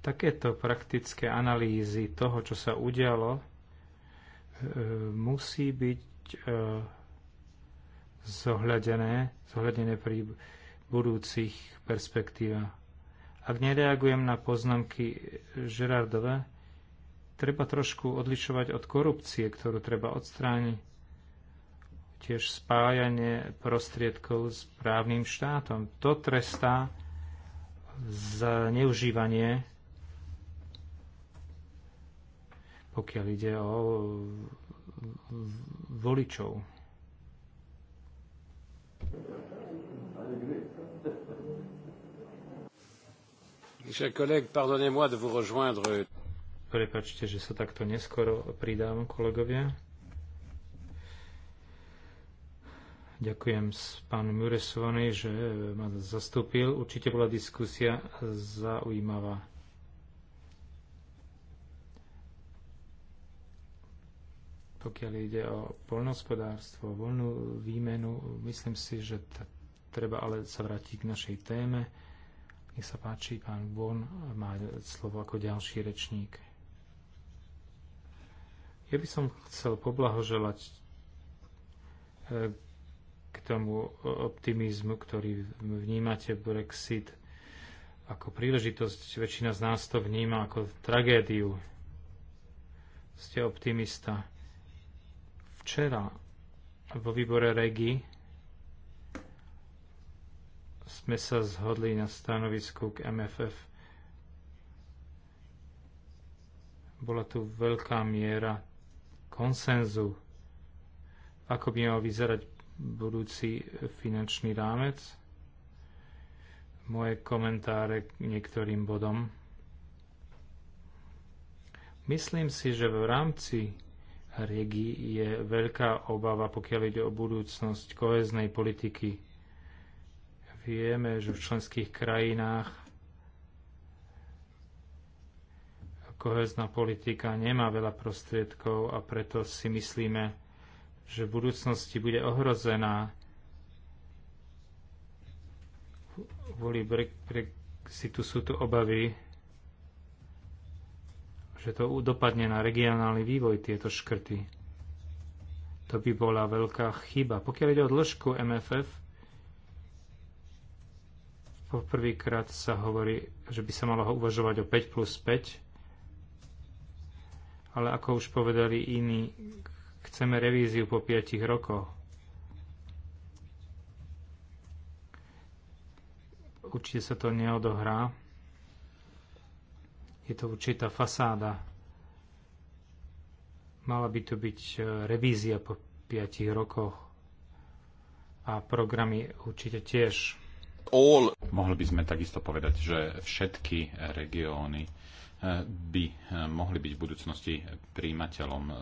takéto praktické analýzy toho, čo sa udialo, E, musí byť e, zohľadené, zohľadené pri budúcich perspektívach. Ak nereagujem na poznámky Žerardové, treba trošku odlišovať od korupcie, ktorú treba odstrániť. Tiež spájanie prostriedkov s právnym štátom. To trestá zneužívanie pokiaľ ide o voličov. Prepačte, že sa takto neskoro pridám, kolegovia. Ďakujem s pánu Muresovi, že ma zastúpil. Určite bola diskusia zaujímavá. pokiaľ ide o poľnohospodárstvo, voľnú výmenu, myslím si, že treba ale sa vrátiť k našej téme. Nech sa páči, pán Von má slovo ako ďalší rečník. Ja by som chcel poblahoželať e, k tomu optimizmu, ktorý vnímate Brexit ako príležitosť. Väčšina z nás to vníma ako tragédiu. Ste optimista Včera vo výbore REGI sme sa zhodli na stanovisku k MFF. Bola tu veľká miera konsenzu, ako by mal vyzerať budúci finančný rámec. Moje komentáre k niektorým bodom. Myslím si, že v rámci RIGI je veľká obava, pokiaľ ide o budúcnosť koheznej politiky. Vieme, že v členských krajinách kohezná politika nemá veľa prostriedkov a preto si myslíme, že v budúcnosti bude ohrozená kvôli Brexitu sú tu obavy že to dopadne na regionálny vývoj tieto škrty. To by bola veľká chyba. Pokiaľ ide o dĺžku MFF, poprvýkrát sa hovorí, že by sa malo uvažovať o 5 plus 5, ale ako už povedali iní, chceme revíziu po 5 rokoch. Určite sa to neodohrá je to určitá fasáda. Mala by to byť e, revízia po 5 rokoch a programy určite tiež. All. Mohli by sme takisto povedať, že všetky regióny by eh, mohli byť v budúcnosti príjimateľom eh,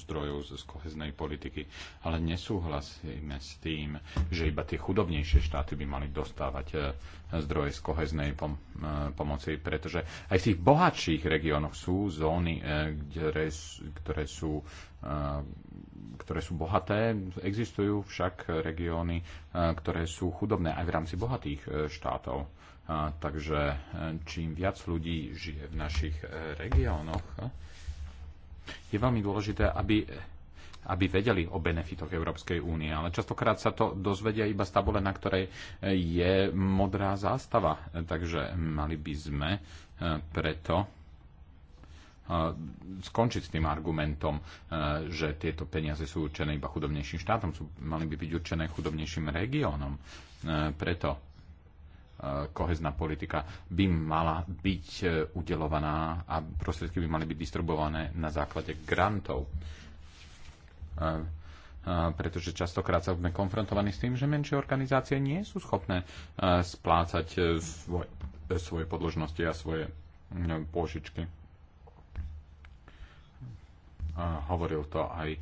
zdrojov z koheznej politiky. Ale nesúhlasíme s tým, že iba tie chudobnejšie štáty by mali dostávať eh, zdroje z koheznej pom- pomoci, pretože aj v tých bohatších regiónoch sú zóny, ktoré, ktoré, sú, ktoré sú bohaté. Existujú však regióny, ktoré sú chudobné aj v rámci bohatých štátov Takže e, čím viac ľudí žije v našich e, regiónoch, je veľmi dôležité, aby e, aby vedeli o benefitoch Európskej únie, ale častokrát sa to dozvedia iba z tabule, na ktorej je modrá zástava. Takže mali by sme preto skončiť s tým argumentom, že tieto peniaze sú určené iba chudobnejším štátom, sú, mali by byť určené chudobnejším regiónom. Preto kohezná politika by mala byť e, udelovaná a prostriedky by mali byť distribuované na základe grantov. E, e, pretože častokrát sa sme konfrontovaní s tým, že menšie organizácie nie sú schopné splácať svoje, svoje podložnosti a svoje pôžičky. Hovoril to aj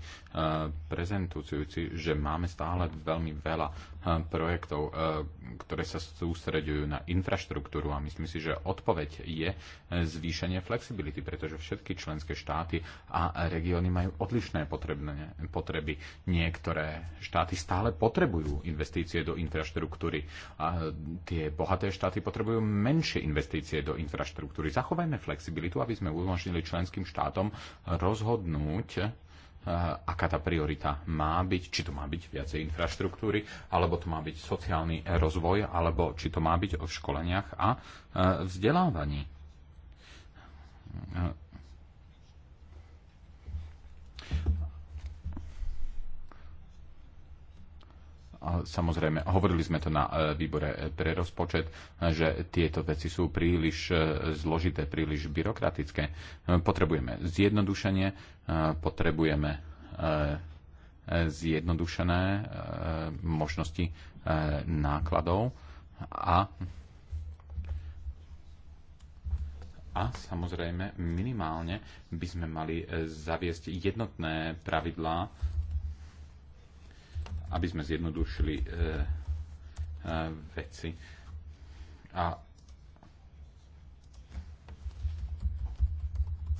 prezentujúci, že máme stále veľmi veľa projektov, e, ktoré sa sústreďujú na infraštruktúru a myslím si, že odpoveď je e, zvýšenie flexibility, pretože všetky členské štáty a regióny majú odlišné potreby. Niektoré štáty stále potrebujú investície do infraštruktúry a tie bohaté štáty potrebujú menšie investície do infraštruktúry. Zachovajme flexibilitu, aby sme umožnili členským štátom rozhodnúť, Eh, aká tá priorita má byť, či to má byť viacej infraštruktúry, alebo to má byť sociálny rozvoj, alebo či to má byť o školeniach a eh, vzdelávaní. Eh, Samozrejme, hovorili sme to na e, výbore e, pre rozpočet, že tieto veci sú príliš e, zložité, príliš byrokratické. Potrebujeme zjednodušenie, potrebujeme zjednodušené možnosti nákladov a a samozrejme minimálne by sme mali zaviesť jednotné pravidlá aby sme zjednodušili e, e, veci. A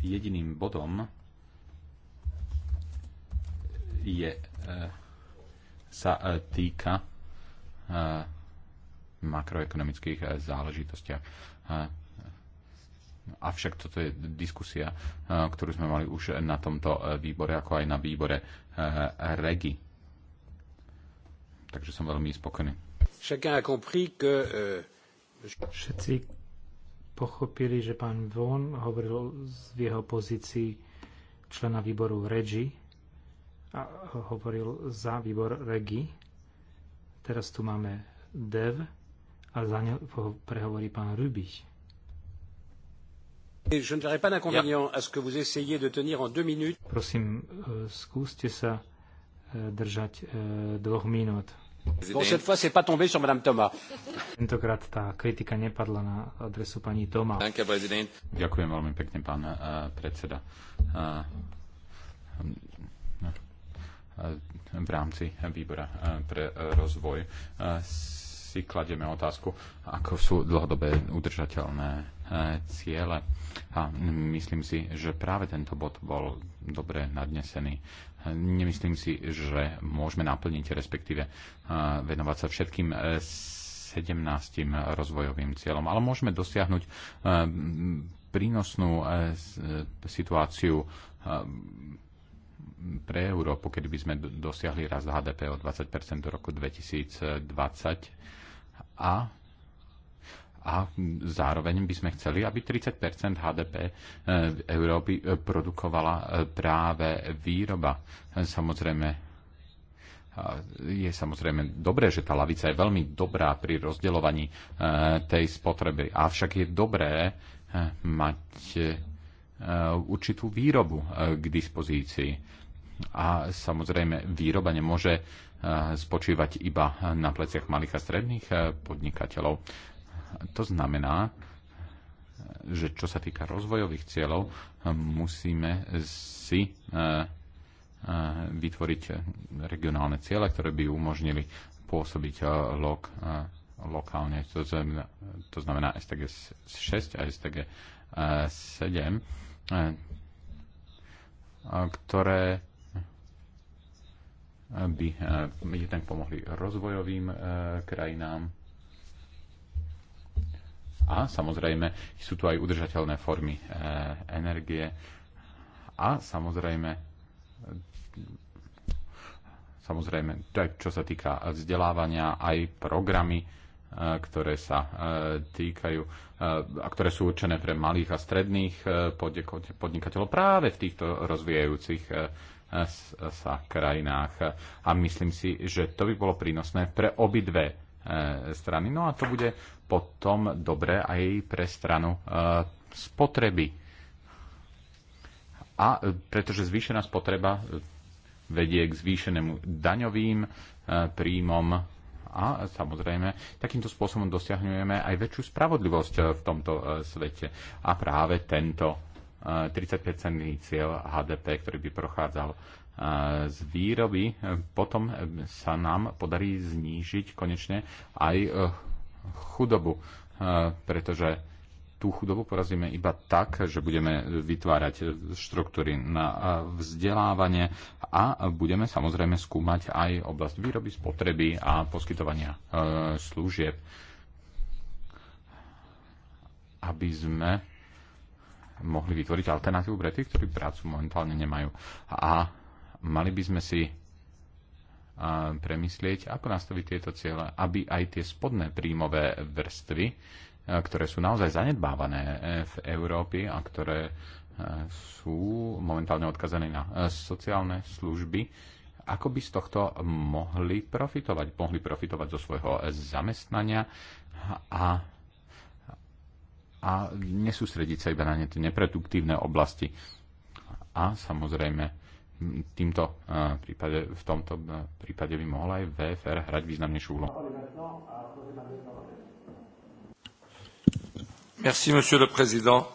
jediným bodom je, e, sa e, týka e, makroekonomických e, záležitostiach. E, Avšak toto je diskusia, e, ktorú sme mali už na tomto e, výbore, ako aj na výbore e, REGI. Takže som veľmi spokojný. Euh, Všetci pochopili, že pán Von hovoril z jeho pozícii člena výboru REGI a hovoril za výbor REGI. Teraz tu máme DEV a za ne prehovorí pán Rubich. Prosím, e, skúste sa držať e, dvoch minút. Tentokrát tá kritika nepadla na adresu pani Toma. Ďakujem veľmi pekne, pán e, predseda. E, v rámci výbora pre rozvoj si kladieme otázku, ako sú dlhodobé udržateľné ciele. A myslím si, že práve tento bod bol dobre nadnesený nemyslím si, že môžeme naplniť, respektíve venovať sa všetkým 17 e, rozvojovým cieľom, ale môžeme dosiahnuť e, prínosnú e, situáciu pre Európu, keď by sme dosiahli rast HDP o 20% do roku 2020 a a zároveň by sme chceli, aby 30 HDP e, v Európy e, produkovala e, práve výroba. Samozrejme, je samozrejme dobré, že tá lavica je veľmi dobrá pri rozdeľovaní tej spotreby. Avšak je dobré mať určitú výrobu k dispozícii. A samozrejme, výroba nemôže spočívať iba na pleciach malých a stredných podnikateľov. To znamená, že čo sa týka rozvojových cieľov, musíme si e, e, vytvoriť regionálne ciele, ktoré by umožnili pôsobiť e, lok, lokálne. To znamená, to znamená STG 6 a STG 7, ktoré by jednak pomohli rozvojovým krajinám a samozrejme sú tu aj udržateľné formy e, energie. A samozrejme, samozrejme, čo sa týka vzdelávania, aj programy, eh, ktoré sa eh, týkajú a ktoré sú určené pre malých a stredných podnikateľov práve v týchto rozvíjajúcich sa krajinách. A myslím si, že to by bolo prínosné pre obidve strany. No a to bude potom dobre aj pre stranu e, spotreby. A e, pretože zvýšená spotreba e, vedie k zvýšenému daňovým príjmom a samozrejme takýmto spôsobom dosiahňujeme aj väčšiu spravodlivosť v tomto svete. A práve tento 30-percentný cieľ HDP, ktorý by prochádzal z výroby, potom sa nám podarí znížiť konečne aj chudobu, eh, pretože tú chudobu porazíme iba tak, že budeme vytvárať štruktúry na eh, vzdelávanie a budeme samozrejme skúmať aj oblasť výroby, spotreby a poskytovania eh, služieb, aby sme mohli vytvoriť alternatívu pre tých, ktorí prácu momentálne nemajú. A mali by sme si premyslieť, ako nastaviť tieto ciele, aby aj tie spodné príjmové vrstvy, e, ktoré sú naozaj zanedbávané e, v Európe a ktoré e, sú momentálne odkazané na sociálne služby, ako by z tohto mohli profitovať. Mohli profitovať zo svojho zamestnania a, a nesústrediť sa iba na neproduktívne oblasti. A samozrejme, týmto eh, prípade, v tomto eh, prípade by mohla aj VFR hrať významnejšiu úlohu. Merci, monsieur le président.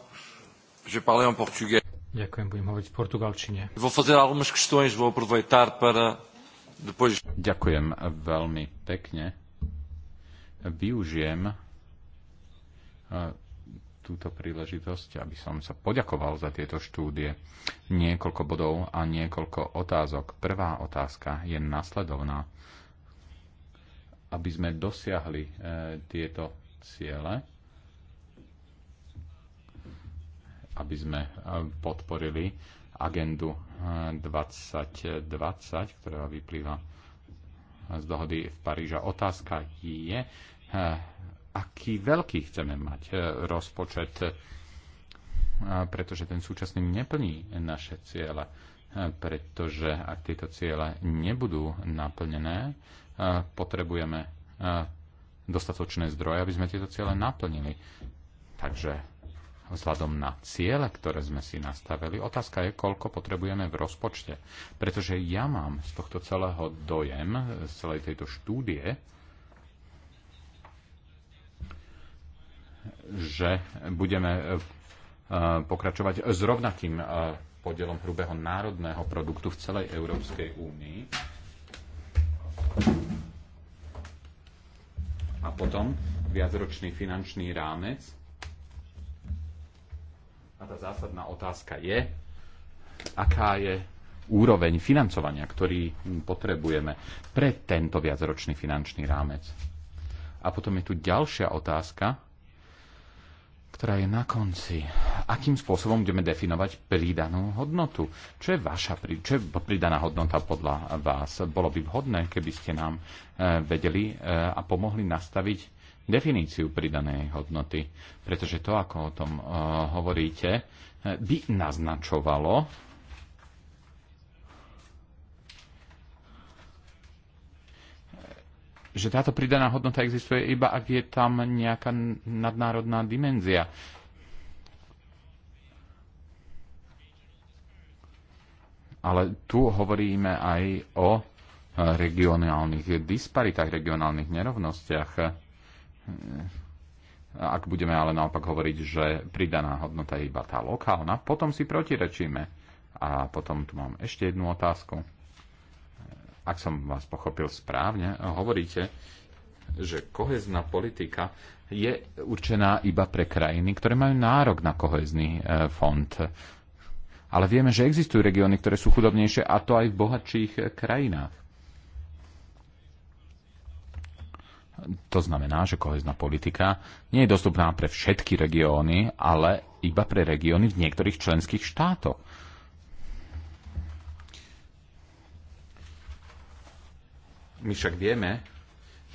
Je parlé en portugais. Ďakujem, budem hovoriť v portugalčine. Vou fazer algumas questões, vou aproveitar para depois... Ďakujem veľmi pekne. Využijem eh, túto príležitosť, aby som sa poďakoval za tieto štúdie. Niekoľko bodov a niekoľko otázok. Prvá otázka je nasledovná. Aby sme dosiahli e, tieto ciele, aby sme e, podporili agendu 2020, e, ktorá vyplýva z dohody v Paríža. Otázka je, e, aký veľký chceme mať eh, rozpočet, eh, pretože ten súčasný neplní naše ciele, eh, pretože ak tieto ciele nebudú naplnené, potrebujeme dostatočné zdroje, aby sme tieto ciele naplnili. Takže vzhľadom na ciele, ktoré sme si nastavili, otázka je, koľko potrebujeme v rozpočte. Pretože ja mám z tohto celého dojem, z celej tejto štúdie, že budeme e, pokračovať s rovnakým e, podielom hrubého národného produktu v celej Európskej únii. A potom viacročný finančný rámec. A tá zásadná otázka je, aká je úroveň financovania, ktorý potrebujeme pre tento viacročný finančný rámec. A potom je tu ďalšia otázka, ktorá je na konci. Akým spôsobom budeme definovať pridanú hodnotu? Čo je vaša čo je pridaná hodnota podľa vás? Bolo by vhodné, keby ste nám e, vedeli e, a pomohli nastaviť definíciu pridanej hodnoty, pretože to, ako o tom e, hovoríte, by naznačovalo, že táto pridaná hodnota existuje iba, ak je tam nejaká nadnárodná dimenzia. Ale tu hovoríme aj o e, regionálnych disparitách, regionálnych nerovnostiach. E, ak budeme ale naopak hovoriť, že pridaná hodnota je iba tá lokálna, potom si protirečíme. A potom tu mám ešte jednu otázku. Ak som vás pochopil správne, hovoríte, že kohezná politika je určená iba pre krajiny, ktoré majú nárok na kohezný e, fond. Ale vieme, že existujú regióny, ktoré sú chudobnejšie a to aj v bohatších e, krajinách. To znamená, že kohezná politika nie je dostupná pre všetky regióny, ale iba pre regióny v niektorých členských štátoch My však vieme,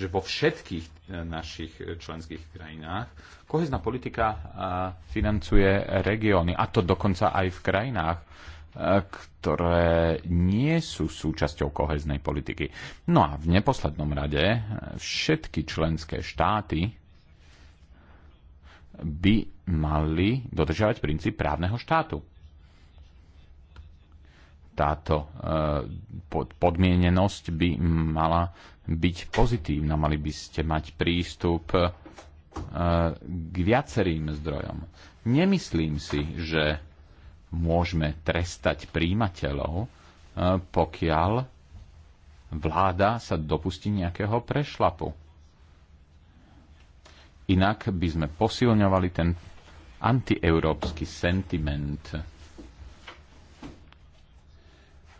že vo všetkých e, našich e, členských krajinách kohezná politika e, financuje regióny, a to dokonca aj v krajinách, ktoré nie sú súčasťou koheznej politiky. No a v neposlednom rade všetky členské štáty by mali dodržiavať princíp právneho štátu táto e, podmienenosť by mala byť pozitívna. Mali by ste mať prístup e, k viacerým zdrojom. Nemyslím si, že môžeme trestať príjimateľov, e, pokiaľ vláda sa dopustí nejakého prešlapu. Inak by sme posilňovali ten antieurópsky sentiment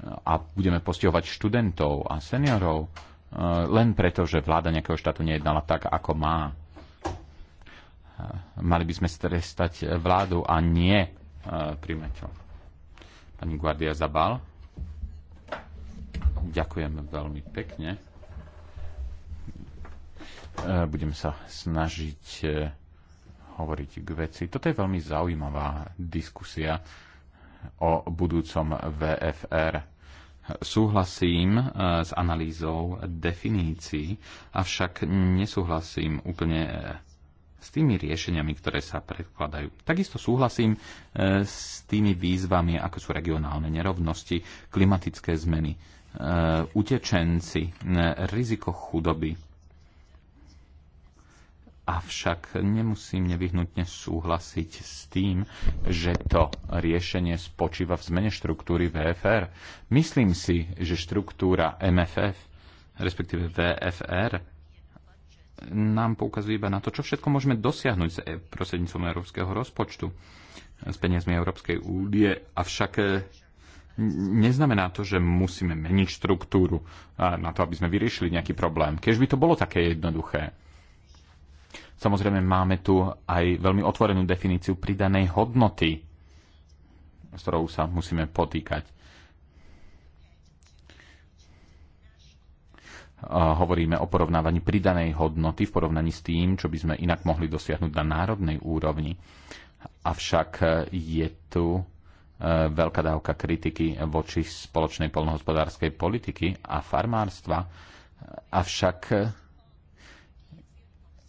a budeme postihovať študentov a seniorov eh, len preto, že vláda nejakého štátu nejednala tak, ako má. Eh, mali by sme trestať vládu a nie eh, primateľ. Pani Guardia Zabal. Ďakujem veľmi pekne. Budem sa snažiť hovoriť k veci. Toto je veľmi zaujímavá diskusia o budúcom VFR. Súhlasím e, s analýzou definícií, avšak nesúhlasím úplne e, s tými riešeniami, ktoré sa predkladajú. Takisto súhlasím e, s tými výzvami, ako sú regionálne nerovnosti, klimatické zmeny, utečenci, riziko chudoby avšak nemusím nevyhnutne súhlasiť s tým, že to riešenie spočíva v zmene štruktúry VFR. Myslím si, že štruktúra MFF, respektíve VFR, nám poukazuje iba na to, čo všetko môžeme dosiahnuť s e- prostredníctvom európskeho rozpočtu s peniazmi Európskej únie, avšak e, neznamená to, že musíme meniť štruktúru na to, aby sme vyriešili nejaký problém. Keď by to bolo také jednoduché Samozrejme máme tu aj veľmi otvorenú definíciu pridanej hodnoty, s ktorou sa musíme potýkať. Hovoríme o porovnávaní pridanej hodnoty v porovnaní s tým, čo by sme inak mohli dosiahnuť na národnej úrovni. Avšak e, je tu e, veľká dávka kritiky voči spoločnej polnohospodárskej politiky a farmárstva. Avšak e,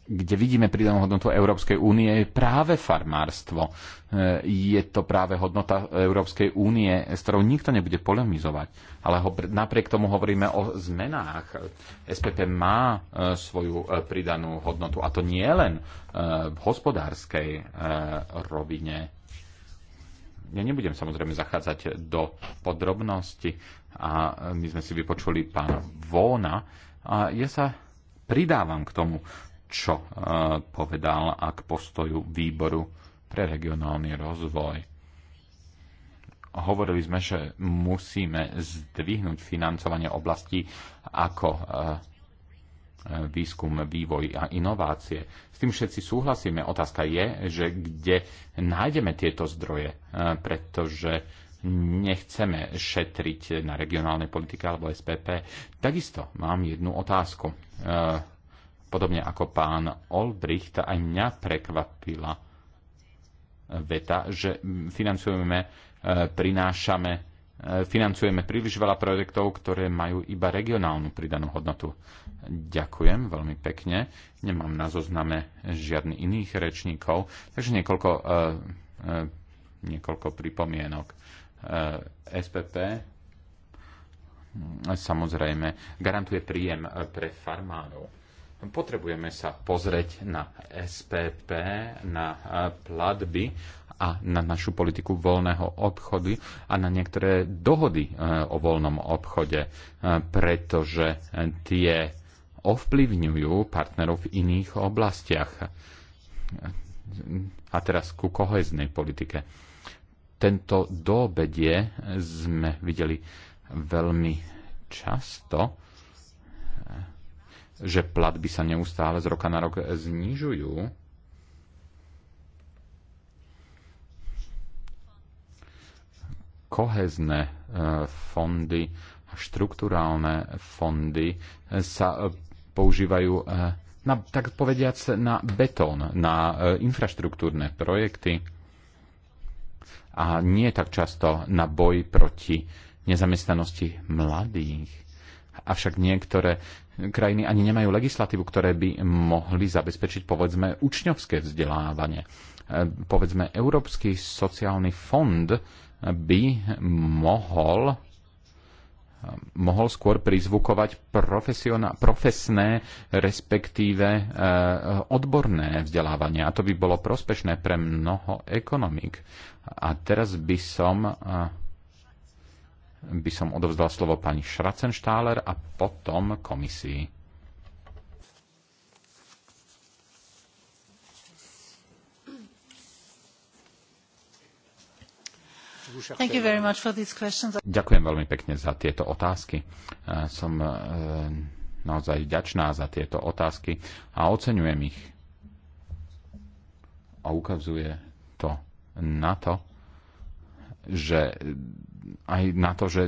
kde vidíme pridanú hodnotu Európskej únie, je práve farmárstvo. E, je to práve hodnota Európskej únie, s ktorou nikto nebude polemizovať. Ale ho, napriek tomu hovoríme o zmenách. SPP má e, svoju e, pridanú hodnotu. A to nie len v hospodárskej rovine. Ja nebudem samozrejme zachádzať do podrobnosti. A my sme si vypočuli pána Vóna. A ja sa pridávam k tomu, čo e, povedal a k postoju výboru pre regionálny rozvoj. Hovorili sme, že musíme zdvihnúť financovanie oblasti ako e, e, výskum, vývoj a inovácie. S tým všetci súhlasíme. Otázka je, že kde nájdeme tieto zdroje, pretože nechceme šetriť na regionálnej politike alebo SPP. Takisto mám jednu otázku Podobne ako pán Olbricht, aj mňa prekvapila veta, že financujeme, e, prinášame, e, financujeme príliš veľa projektov, ktoré majú iba regionálnu pridanú hodnotu. Ďakujem veľmi pekne. Nemám na zozname žiadnych iných rečníkov, takže niekoľko, e, niekoľko pripomienok. SPP samozrejme garantuje príjem pre farmárov Potrebujeme sa pozrieť na SPP, na e, platby a na našu politiku voľného obchodu a na niektoré dohody e, o voľnom obchode, e, pretože tie ovplyvňujú partnerov v iných oblastiach. A teraz ku koheznej politike. Tento doobedie sme videli veľmi často, že platby sa neustále z roka na rok znižujú. Kohezné e, fondy a štruktúrálne fondy e, sa e, používajú na, tak povediac na betón, na infraštruktúrne projekty a nie tak často na boj proti nezamestnanosti mladých. Avšak niektoré krajiny ani nemajú legislatívu, ktoré by mohli zabezpečiť, povedzme, učňovské vzdelávanie. Povedzme, Európsky sociálny fond by mohol mohol skôr prizvukovať profesné, respektíve e, odborné vzdelávanie. A to by bolo prospešné pre mnoho ekonomik. A teraz by som e, by som odovzdal slovo pani Schratzenštáler a potom komisii. Ďakujem veľmi pekne za tieto otázky. E, som e, naozaj vďačná za tieto otázky a oceňujem ich. A ukazuje to na to, že aj na to, že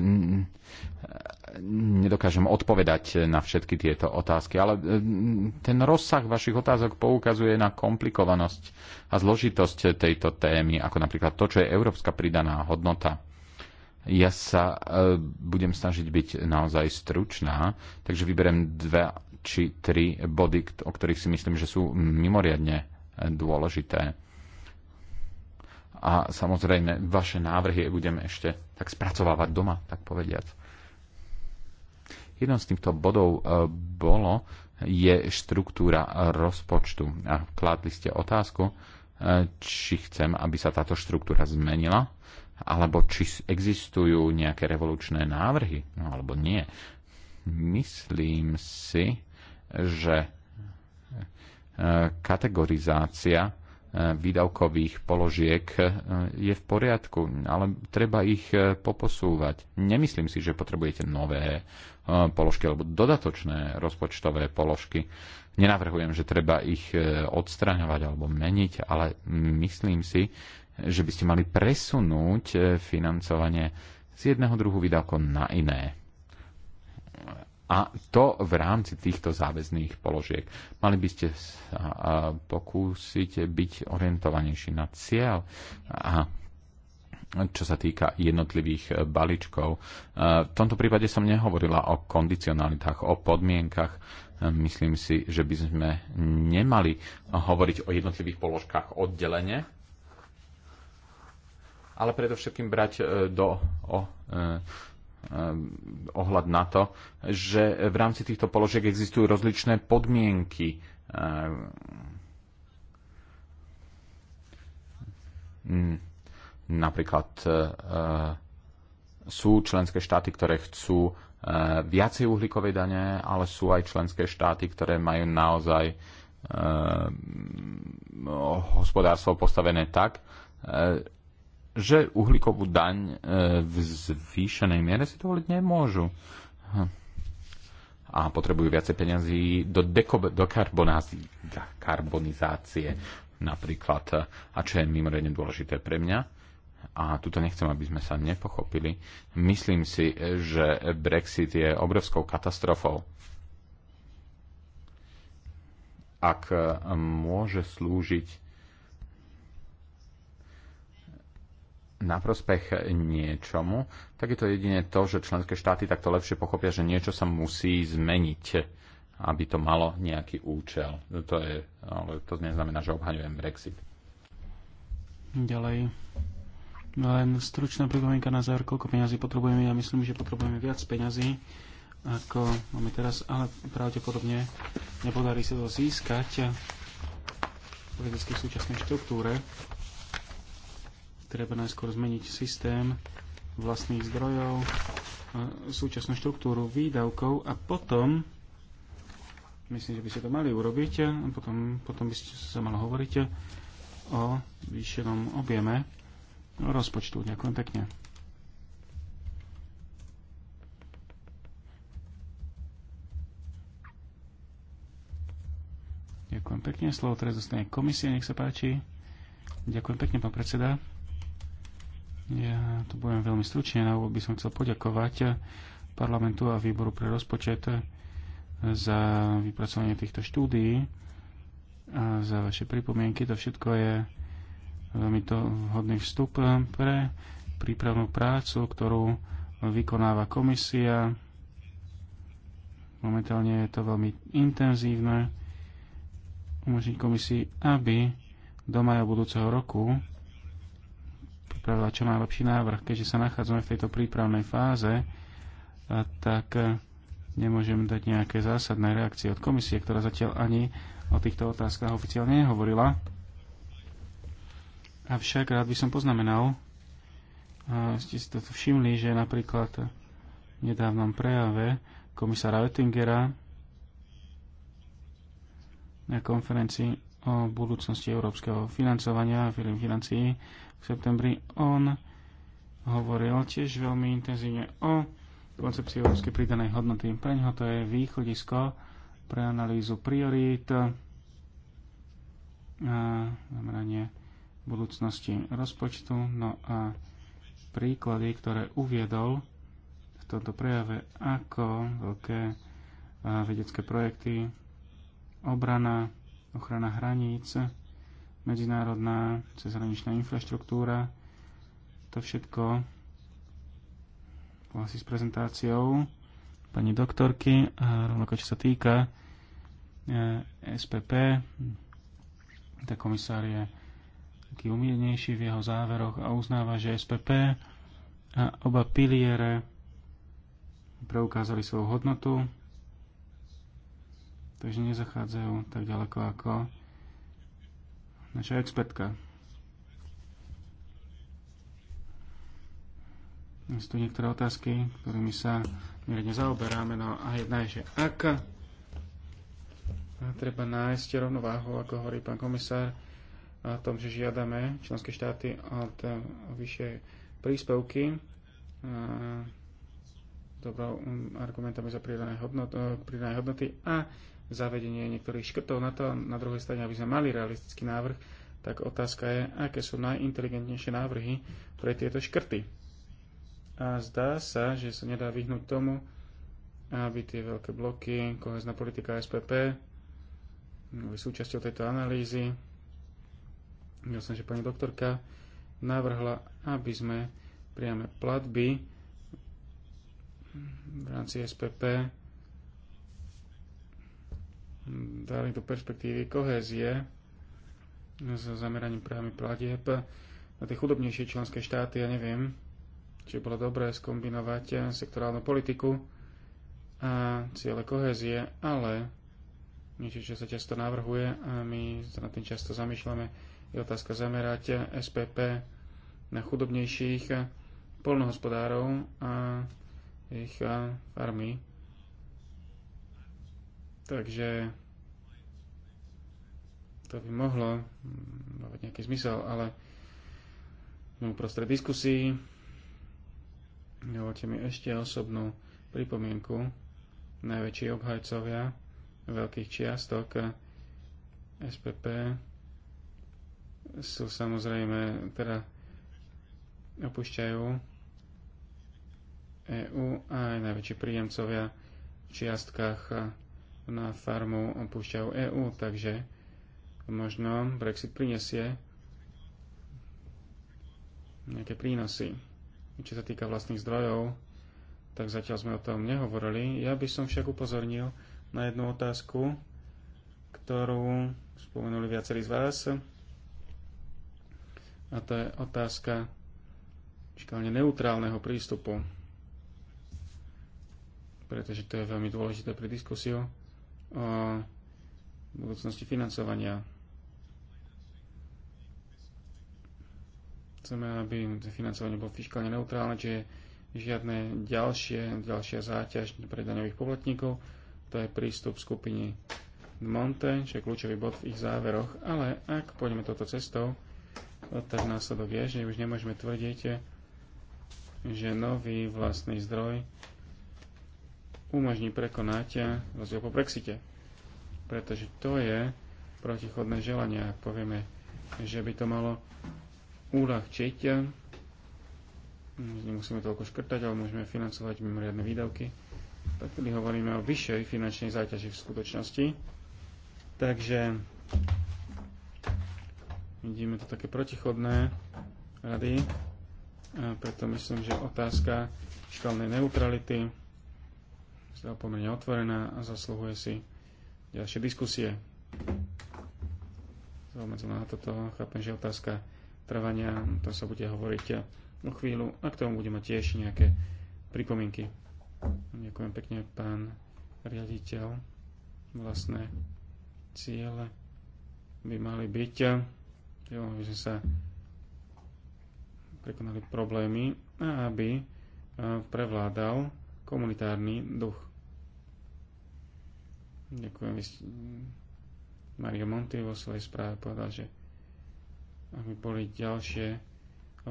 nedokážem odpovedať na všetky tieto otázky, ale e, ten rozsah vašich otázok poukazuje na komplikovanosť a zložitosť tejto témy, ako napríklad to, čo je európska pridaná hodnota. Ja sa e, budem snažiť byť naozaj stručná, takže vyberem dva či tri body, o ktorých si myslím, že sú mimoriadne dôležité a samozrejme vaše návrhy budeme ešte tak spracovávať doma, tak povediať. Jednou z týchto bodov e, bolo, je štruktúra rozpočtu. A kládli ste otázku, e, či chcem, aby sa táto štruktúra zmenila, alebo či existujú nejaké revolučné návrhy, no, alebo nie. Myslím si, že e, kategorizácia výdavkových položiek e, je v poriadku, ale treba ich e, poposúvať. Nemyslím si, že potrebujete nové e, položky alebo dodatočné rozpočtové položky. Nenavrhujem, že treba ich odstraňovať alebo meniť, ale myslím si, že by ste mali presunúť financovanie z jedného druhu výdavkov na iné. A to v rámci týchto záväzných položiek. Mali by ste sa pokúsiť byť orientovanejší na cieľ a čo sa týka jednotlivých e, balíčkov. E, v tomto prípade som nehovorila o kondicionalitách, o podmienkach. E, myslím si, že by sme nemali hovoriť o jednotlivých položkách oddelenie, ale predovšetkým brať do o, Eh, ohľad na to, že v rámci týchto položiek existujú rozličné podmienky. Eh, napríklad eh, sú členské štáty, ktoré chcú viacej uhlíkovej dane, ale sú aj členské štáty, ktoré majú naozaj hospodárstvo postavené tak, že uhlíkovú daň e, v zvýšenej miere si dovoliť nemôžu. Hm. A potrebujú viacej peňazí do, deko- do karbonizácie napríklad. E, a čo je mimoriadne dôležité pre mňa, a tuto nechcem, aby sme sa nepochopili, myslím si, že Brexit je obrovskou katastrofou. Ak e, môže slúžiť na prospech niečomu, tak je to jedine to, že členské štáty takto lepšie pochopia, že niečo sa musí zmeniť, aby to malo nejaký účel. To je, ale to neznamená, že obhaňujem Brexit. Ďalej. Len stručná pripomienka na záver, koľko peňazí potrebujeme. Ja myslím, že potrebujeme viac peňazí, ako máme teraz, ale pravdepodobne nepodarí sa to získať v súčasnej štruktúre treba najskôr zmeniť systém vlastných zdrojov, e, súčasnú štruktúru výdavkov a potom, myslím, že by ste to mali urobiť, a e, potom, potom by ste sa mali hovoriť o vyššenom objeme rozpočtu. Ďakujem pekne. Ďakujem pekne. Slovo teraz dostane komisia, nech sa páči. Ďakujem pekne, pán predseda. Ja to budem veľmi stručne, na úvod by som chcel poďakovať parlamentu a výboru pre rozpočet za vypracovanie týchto štúdií a za vaše pripomienky. To všetko je veľmi to vhodný vstup pre prípravnú prácu, ktorú vykonáva komisia. Momentálne je to veľmi intenzívne. Umožniť komisii, aby do maja budúceho roku pripravila čo najlepší návrh. Keďže sa nachádzame v tejto prípravnej fáze, tak e, nemôžem dať nejaké zásadné reakcie od komisie, ktorá zatiaľ ani o týchto otázkach oficiálne nehovorila. Avšak rád by som poznamenal, ste si to všimli, že napríklad v nedávnom prejave komisára Oettingera na konferencii o budúcnosti európskeho financovania a financií v septembri, on hovoril tiež veľmi intenzívne o koncepcii európskej pridanej hodnoty. Pre neho to je východisko pre analýzu priorít a zameranie budúcnosti rozpočtu. No a príklady, ktoré uviedol v tomto prejave ako veľké vedecké projekty, obrana, ochrana hraníc, medzinárodná cezhraničná infraštruktúra. To všetko asi s prezentáciou pani doktorky a rovnako čo sa týka e, SPP, tak komisár je taký umiernejší v jeho záveroch a uznáva, že SPP a oba piliere preukázali svoju hodnotu, takže nezachádzajú tak ďaleko ako naša expertka. Sú tu niektoré otázky, ktorými sa mierne zaoberáme. No a jedna je, že aká treba nájsť rovnováhu, ako hovorí pán komisár, o tom, že žiadame členské štáty od vyššie príspevky dobrou argumentami za pridané hodnoty, pridané hodnoty a zavedenie niektorých škrtov na to, a na druhej strane, aby sme mali realistický návrh, tak otázka je, aké sú najinteligentnejšie návrhy pre tieto škrty. A zdá sa, že sa nedá vyhnúť tomu, aby tie veľké bloky, kohezná politika SPP, boli súčasťou tejto analýzy. Videl som, že pani doktorka navrhla, aby sme priame platby v rámci SPP dali do perspektívy kohézie s zameraním právami platieb na tie chudobnejšie členské štáty, ja neviem, či bolo dobré skombinovať sektorálnu politiku a ciele kohézie, ale niečo, čo sa často navrhuje a my sa na tým často zamýšľame, je otázka zamerať SPP na chudobnejších polnohospodárov a ich farmy Takže to by mohlo mať nejaký zmysel, ale no, uprostred diskusí dovolte mi ešte osobnú pripomienku. Najväčší obhajcovia veľkých čiastok SPP sú samozrejme, teda opúšťajú EU a aj najväčší príjemcovia v čiastkách na farmu opúšťajú EÚ, takže možno Brexit prinesie nejaké prínosy. Čo sa týka vlastných zdrojov, tak zatiaľ sme o tom nehovorili. Ja by som však upozornil na jednu otázku, ktorú spomenuli viacerí z vás. A to je otázka škálne neutrálneho prístupu, pretože to je veľmi dôležité pre diskusiu o budúcnosti financovania. Chceme, aby financovanie bolo fiskálne neutrálne, čiže žiadne ďalšie, ďalšia záťaž pre daňových poplatníkov. To je prístup skupiny Monte, čo je kľúčový bod v ich záveroch. Ale ak pôjdeme touto cestou, tak následok je, že už nemôžeme tvrdiť, že nový vlastný zdroj umožní prekonať rozdiel po Brexite. Pretože to je protichodné želanie, ak povieme, že by to malo uľahčiť. Mm, nemusíme toľko škrtať, ale môžeme financovať mimoriadne výdavky. Tak tedy hovoríme o vyššej finančnej záťaži v skutočnosti. Takže vidíme to také protichodné rady. A preto myslím, že otázka škálnej neutrality pomerne otvorená a zasluhuje si ďalšie diskusie. Zaujímavé na toto, chápem, že otázka trvania, to sa bude hovoriť o chvíľu a k tomu budeme tiež nejaké pripomienky. Ďakujem pekne, pán riaditeľ. Vlastné ciele by mali byť, aby sme sa prekonali problémy a aby eh, prevládal komunitárny duch. Ďakujem. Mario Monti vo svojej správe povedal, že aby boli ďalšie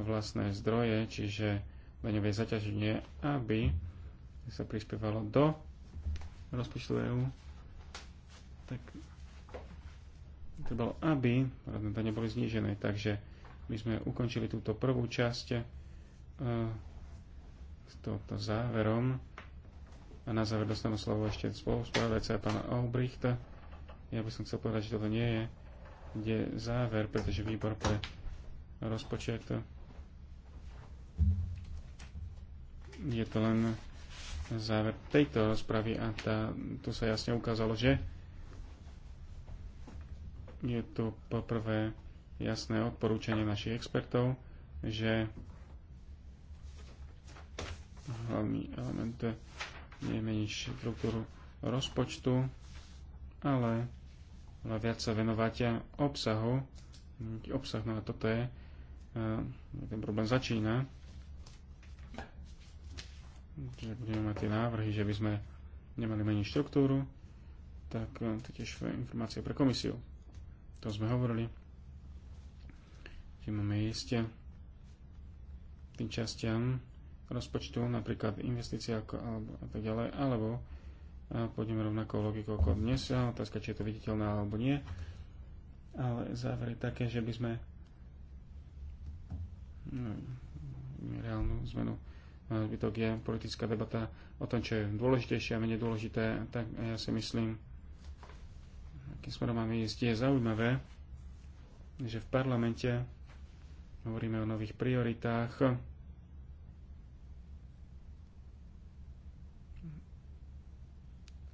vlastné zdroje, čiže daňové zaťaženie, aby sa prispievalo do rozpočtu EU, tak to bolo, aby radné dane boli znížené. Takže my sme ukončili túto prvú časť eh, s touto záverom a na záver dostanú slovo ešte spolupravodajca pána Olbrichta. Ja by som chcel povedať, že toto nie je kde záver, pretože výbor pre rozpočet je to len záver tejto rozpravy a tá, tu sa jasne ukázalo, že je tu poprvé jasné odporúčanie našich expertov, že hlavný element nie meniť štruktúru rozpočtu, ale, ale viac sa venovať obsahu. Obsah, no a toto je, e, ten problém začína. Že budeme mať tie návrhy, že by sme nemali meniť štruktúru, tak e, to tiež informácia pre komisiu. To sme hovorili, že máme ísť tým častiam, rozpočtu, napríklad investície a tak ďalej, alebo pôjdem rovnakou logikou ako dnes. Otázka, či je to viditeľné alebo nie. Ale záver je také, že by sme no, reálnu zmenu zbytok je politická debata o tom, čo je dôležitejšie a menej dôležité, tak ja si myslím, akým smerom máme ísť, je zaujímavé, že v parlamente hovoríme o nových prioritách,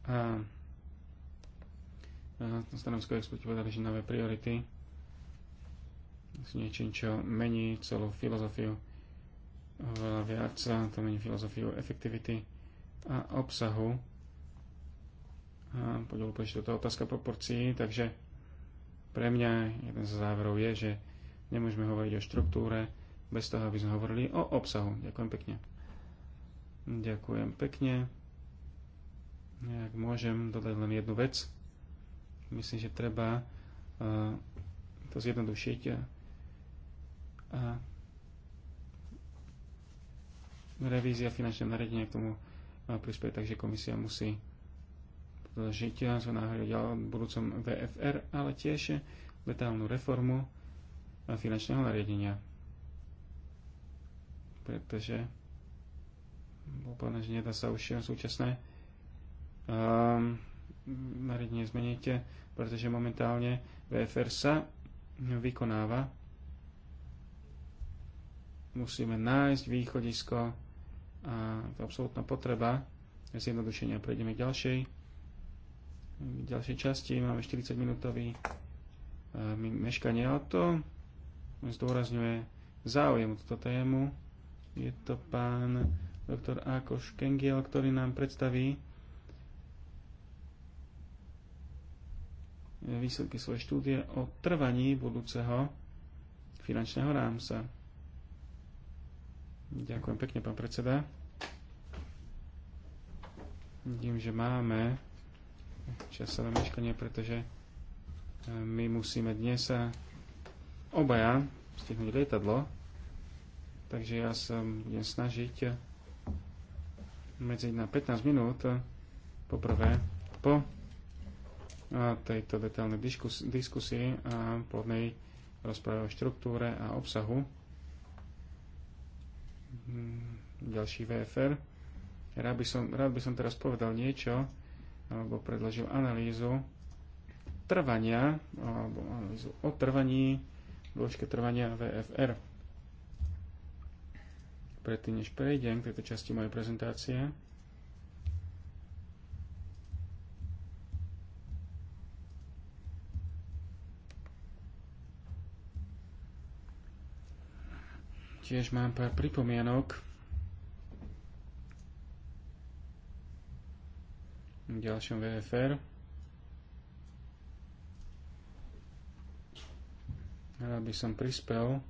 A na stanovskom experte povedali, že nové priority sú niečím, čo mení celú filozofiu veľa viac, to mení filozofiu efektivity a obsahu a podielu toto to otázka proporcií, takže pre mňa jeden z záverov je, že nemôžeme hovoriť o štruktúre bez toho, aby sme hovorili o obsahu. Ďakujem pekne. Ďakujem pekne. Ak môžem dodať len jednu vec. Myslím, že treba eh, to zjednodušiť a, a revízia finančného nariadenia k tomu eh, prispieť, takže komisia musí predložiť eh, svoj náhľad v budúcom VFR, ale tiež detálnu reformu finančného nariadenia. Pretože bolo povedané, že nedá sa už súčasné um, nariadenie zmeníte, pretože momentálne VFR sa vykonáva. Musíme nájsť východisko a to je absolútna potreba zjednodušenia. Prejdeme k ďalšej, k ďalšej časti. Máme 40-minútový ehm, meškanie o to. Zdôrazňuje záujem o túto tému. Je to pán doktor Akoš Kengiel, ktorý nám predstaví výsledky svojej štúdie o trvaní budúceho finančného rámca. Ďakujem pekne, pán predseda. Vidím, že máme časové meškanie, pretože e, my musíme dnes sa obaja stihnúť lietadlo, takže ja sa budem snažiť medzi na 15 minút poprvé po tejto detailnej diskus- diskusie a plodnej rozprave o štruktúre a obsahu hm, ďalší VFR. Rád by som, rád by som teraz povedal niečo, alebo predložil analýzu trvania, alebo analýzu o trvaní, dĺžke trvania VFR. Predtým, než prejdem k tejto časti mojej prezentácie, Tiež mám pár pripomienok. V ďalšom VFR. Rád by som prispel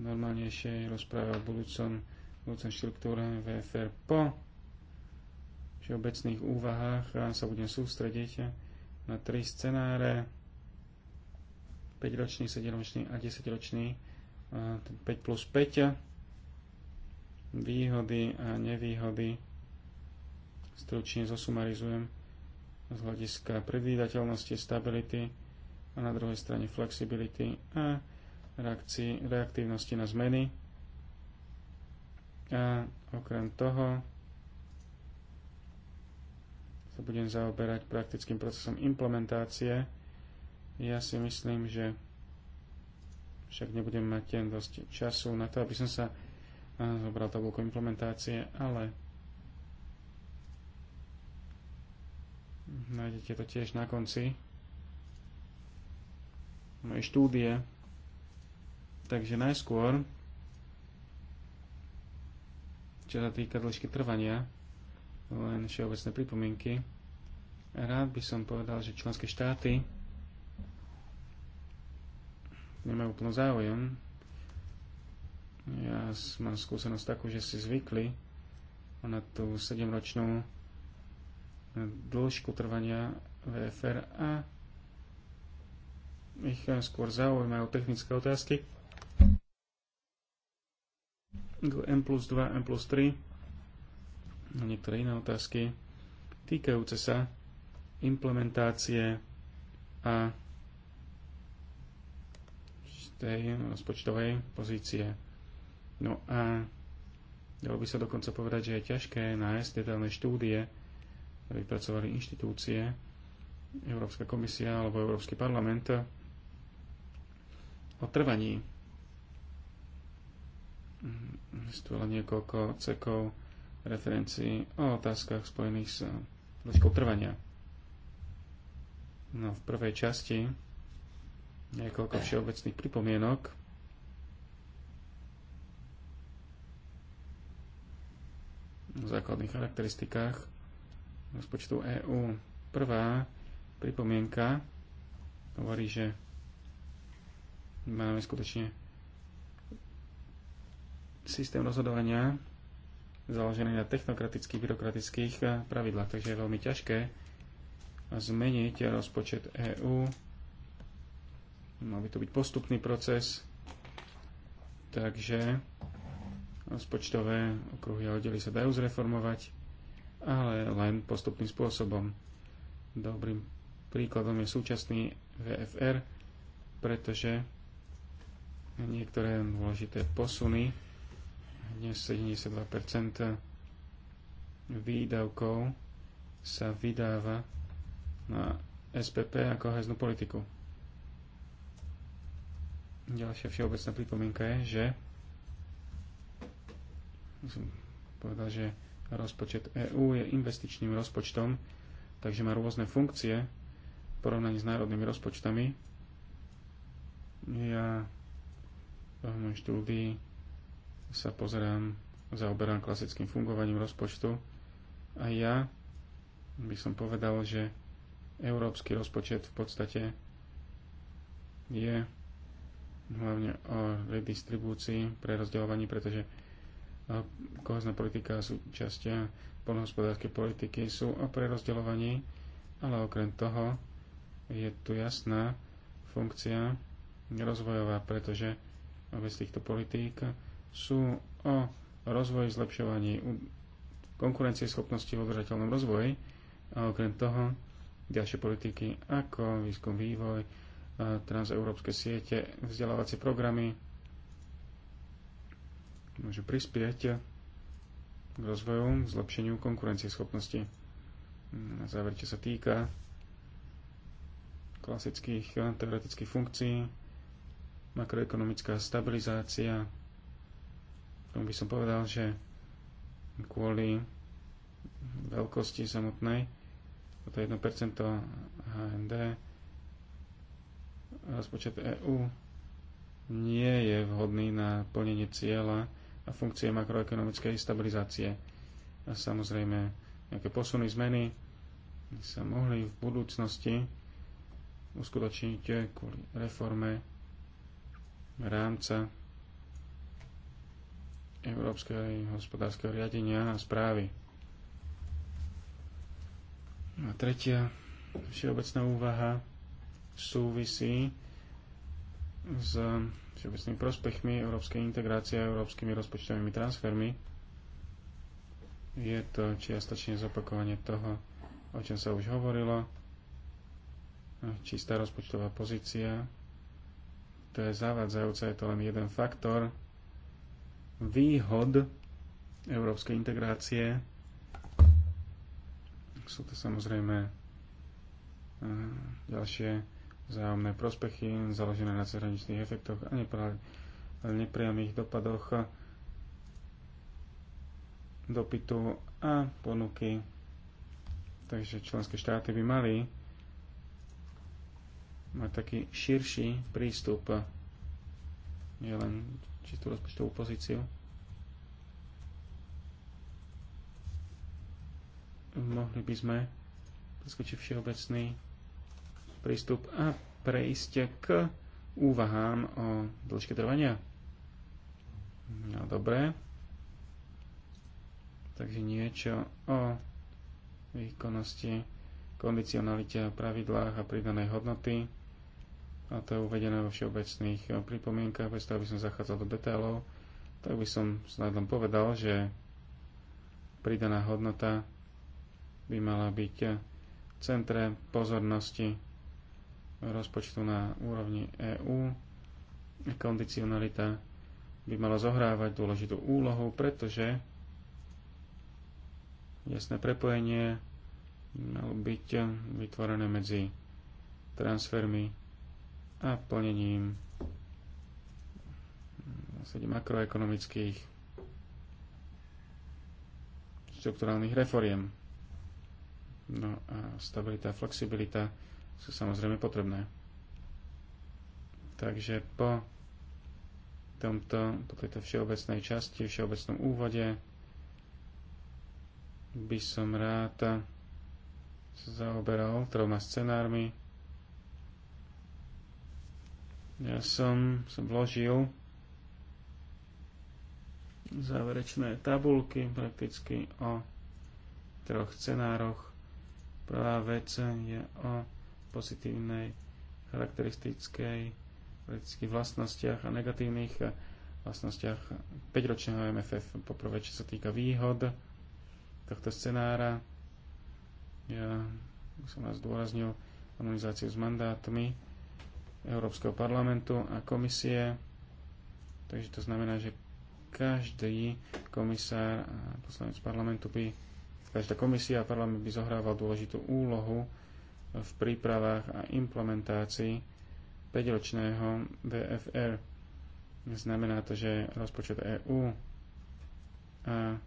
normálnejšej rozpráve o budúcom, budúcom štruktúre VFR po všeobecných úvahách Ja sa budem sústrediť na tri scenáre 5-ročný, 7-ročný a 10-ročný 5 plus 5 výhody a nevýhody stručne zosumarizujem z hľadiska predvídateľnosti, stability a na druhej strane flexibility a reakcii, reaktívnosti na zmeny. A okrem toho sa budem zaoberať praktickým procesom implementácie. Ja si myslím, že však nebudem mať eh, dosť času na to, aby som sa eh, zobral tabulku implementácie, ale nájdete to tiež na konci mojej štúdie. Takže najskôr, čo sa týka dĺžky trvania, len všeobecné pripomienky, rád by som povedal, že členské štáty nemajú úplne záujem. Ja mám skúsenosť takú, že si zvykli na tú 7-ročnú eh, dĺžku trvania VFR a ich eh, skôr zaujímajú technické otázky. M plus 2, M plus 3 a niektoré iné otázky týkajúce sa implementácie a tej rozpočtovej pozície. No a dalo by sa dokonca povedať, že je ťažké nájsť detailné štúdie, ktoré vypracovali inštitúcie, Európska komisia alebo Európsky parlament o trvaní. Stvola niekoľko cekov referencií o otázkach spojených s dĺžkou trvania. No, v prvej časti niekoľko všeobecných pripomienok. v základných charakteristikách rozpočtu EÚ. Prvá pripomienka hovorí, že máme skutočne systém rozhodovania založený na technokratických, byrokratických pravidlách, takže je veľmi ťažké zmeniť rozpočet EÚ Mal by to byť postupný proces, takže rozpočtové okruhy a oddely sa dajú zreformovať, ale len postupným spôsobom. Dobrým príkladom je súčasný VFR, pretože niektoré dôležité posuny, dnes 72% výdavkov sa vydáva na SPP ako heznú politiku. Ďalšia všeobecná pripomienka je, že som povedal, že rozpočet EÚ je investičným rozpočtom, takže má rôzne funkcie v porovnaní s národnými rozpočtami. Ja v mojej štúdii sa pozerám, zaoberám klasickým fungovaním rozpočtu a ja by som povedal, že európsky rozpočet v podstate je hlavne o redistribúcii, pre rozdeľovanie, pretože e, kohozná politika a súčasť e, polnohospodárskej politiky sú o prerozdeľovaní, ale okrem toho je tu jasná funkcia rozvojová, pretože bez týchto politík sú o rozvoji, zlepšovaní konkurencie schopnosti v udržateľnom rozvoji a okrem toho ďalšie politiky ako výskum, vývoj, transeurópske siete, vzdelávacie programy môžu prispieť k rozvoju, zlepšeniu konkurencieschopnosti. Na záver, čo sa týka klasických teoretických funkcií, makroekonomická stabilizácia, tomu by som povedal, že kvôli veľkosti samotnej, toto 1% HND, rozpočet EÚ nie je vhodný na plnenie cieľa a funkcie makroekonomickej stabilizácie. A samozrejme, nejaké posuny, zmeny sa mohli v budúcnosti uskutočniť kvôli reforme rámca európskeho hospodárskeho riadenia a správy. A tretia všeobecná úvaha súvisí s všeobecnými prospechmi európskej integrácie a európskymi rozpočtovými transfermi. Je to čiastočne zopakovanie toho, o čom sa už hovorilo. Čistá rozpočtová pozícia. To je zavádzajúce, je to len jeden faktor výhod európskej integrácie. Sú to samozrejme eh, ďalšie vzájomné prospechy založené na zahraničných efektoch a nepriamých dopadoch dopytu a ponuky. Takže členské štáty by mali mať taký širší prístup, nie len čistú rozpočtovú pozíciu. Mohli by sme preskočiť všeobecný prístup a prejsť k úvahám o dĺžke trvania. No dobre. Takže niečo o výkonnosti, kondicionalite a pravidlách a pridanej hodnoty. A to je uvedené vo všeobecných pripomienkach, bez toho by som zachádzal do detailov, tak by som snad len povedal, že pridaná hodnota by mala byť v centre pozornosti rozpočtu na úrovni EÚ. Kondicionalita by mala zohrávať dôležitú úlohu, pretože jasné prepojenie malo byť vytvorené medzi transfermi a plnením vlastne makroekonomických štruktúrálnych reforiem. No a stabilita a flexibilita sú samozrejme potrebné. Takže po tomto, po tejto všeobecnej časti, všeobecnom úvode by som rád sa zaoberal troma scenármi. Ja som, som vložil záverečné tabulky prakticky o troch scenároch. Prvá vec je o pozitívnej charakteristickej politických vlastnostiach a negatívnych vlastnostiach 5-ročného MFF. Poprvé, čo sa týka výhod tohto scenára, ja som vás zdôraznil harmonizáciu s mandátmi Európskeho parlamentu a komisie, takže to znamená, že každý komisár a poslanec parlamentu by, každá komisia a parlament by zohrával dôležitú úlohu v prípravách a implementácii 5-ročného VFR. Znamená to, že rozpočet EÚ a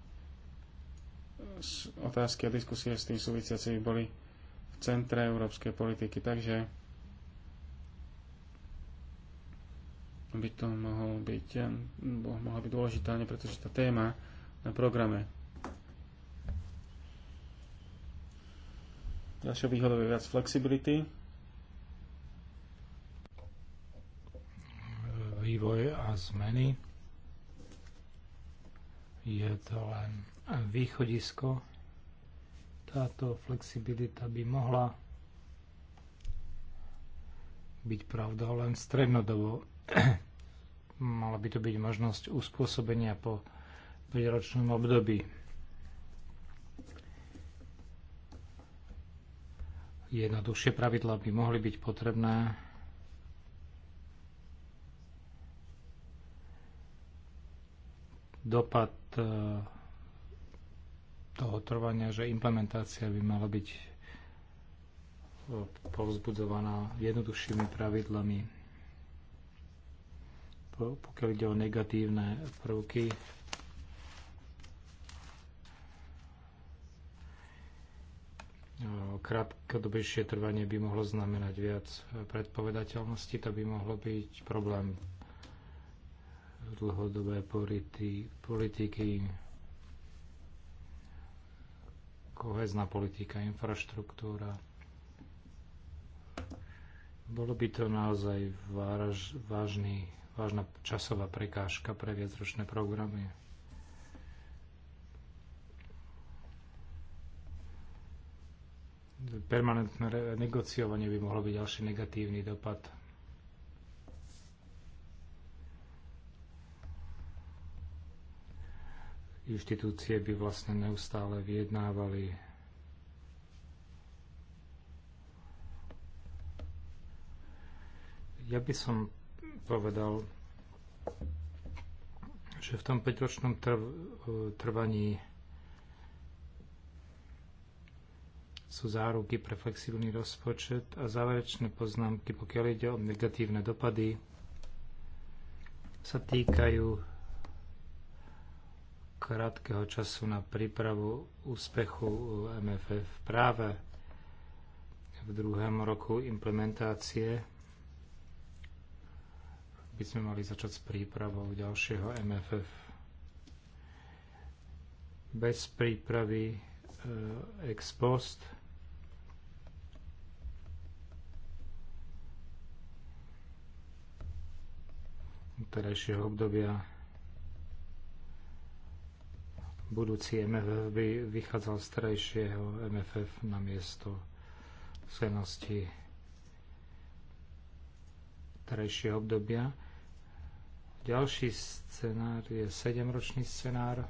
otázky a diskusie s tým súvisiaci boli v centre európskej politiky, takže by to mohol byť, eh, mohla byť dôležitá, pretože tá téma na programe Ďalšou výhodou je viac flexibility. Vývoj a zmeny. Je to len východisko. Táto flexibilita by mohla byť pravda len strednodobo. Mala by to byť možnosť uspôsobenia po 5-ročnom období. Jednoduchšie pravidlá by mohli byť potrebné. Dopad e, toho trvania, že implementácia by mala byť e, povzbudzovaná jednoduchšími pravidlami. Pokiaľ ide o negatívne prvky, krátkodobejšie trvanie by mohlo znamenať viac predpovedateľnosti, to by mohlo byť problém dlhodobé politi- politiky, kohezná politika, infraštruktúra. Bolo by to naozaj váž, vážny, vážna časová prekážka pre viacročné programy. permanentné negociovanie by mohlo byť ďalší negatívny dopad. Inštitúcie by vlastne neustále vyjednávali ja by som povedal, že v tom 5-ročnom trv, trvaní sú záruky pre flexibilný rozpočet a záverečné poznámky, pokiaľ ide o negatívne dopady, sa týkajú krátkeho času na prípravu úspechu MFF práve v druhém roku implementácie by sme mali začať s prípravou ďalšieho MFF. Bez prípravy eh, ex post terajšieho obdobia budúci MFF by vychádzal z terajšieho MFF na miesto cenosti terajšieho obdobia. Ďalší scenár je 7-ročný scenár.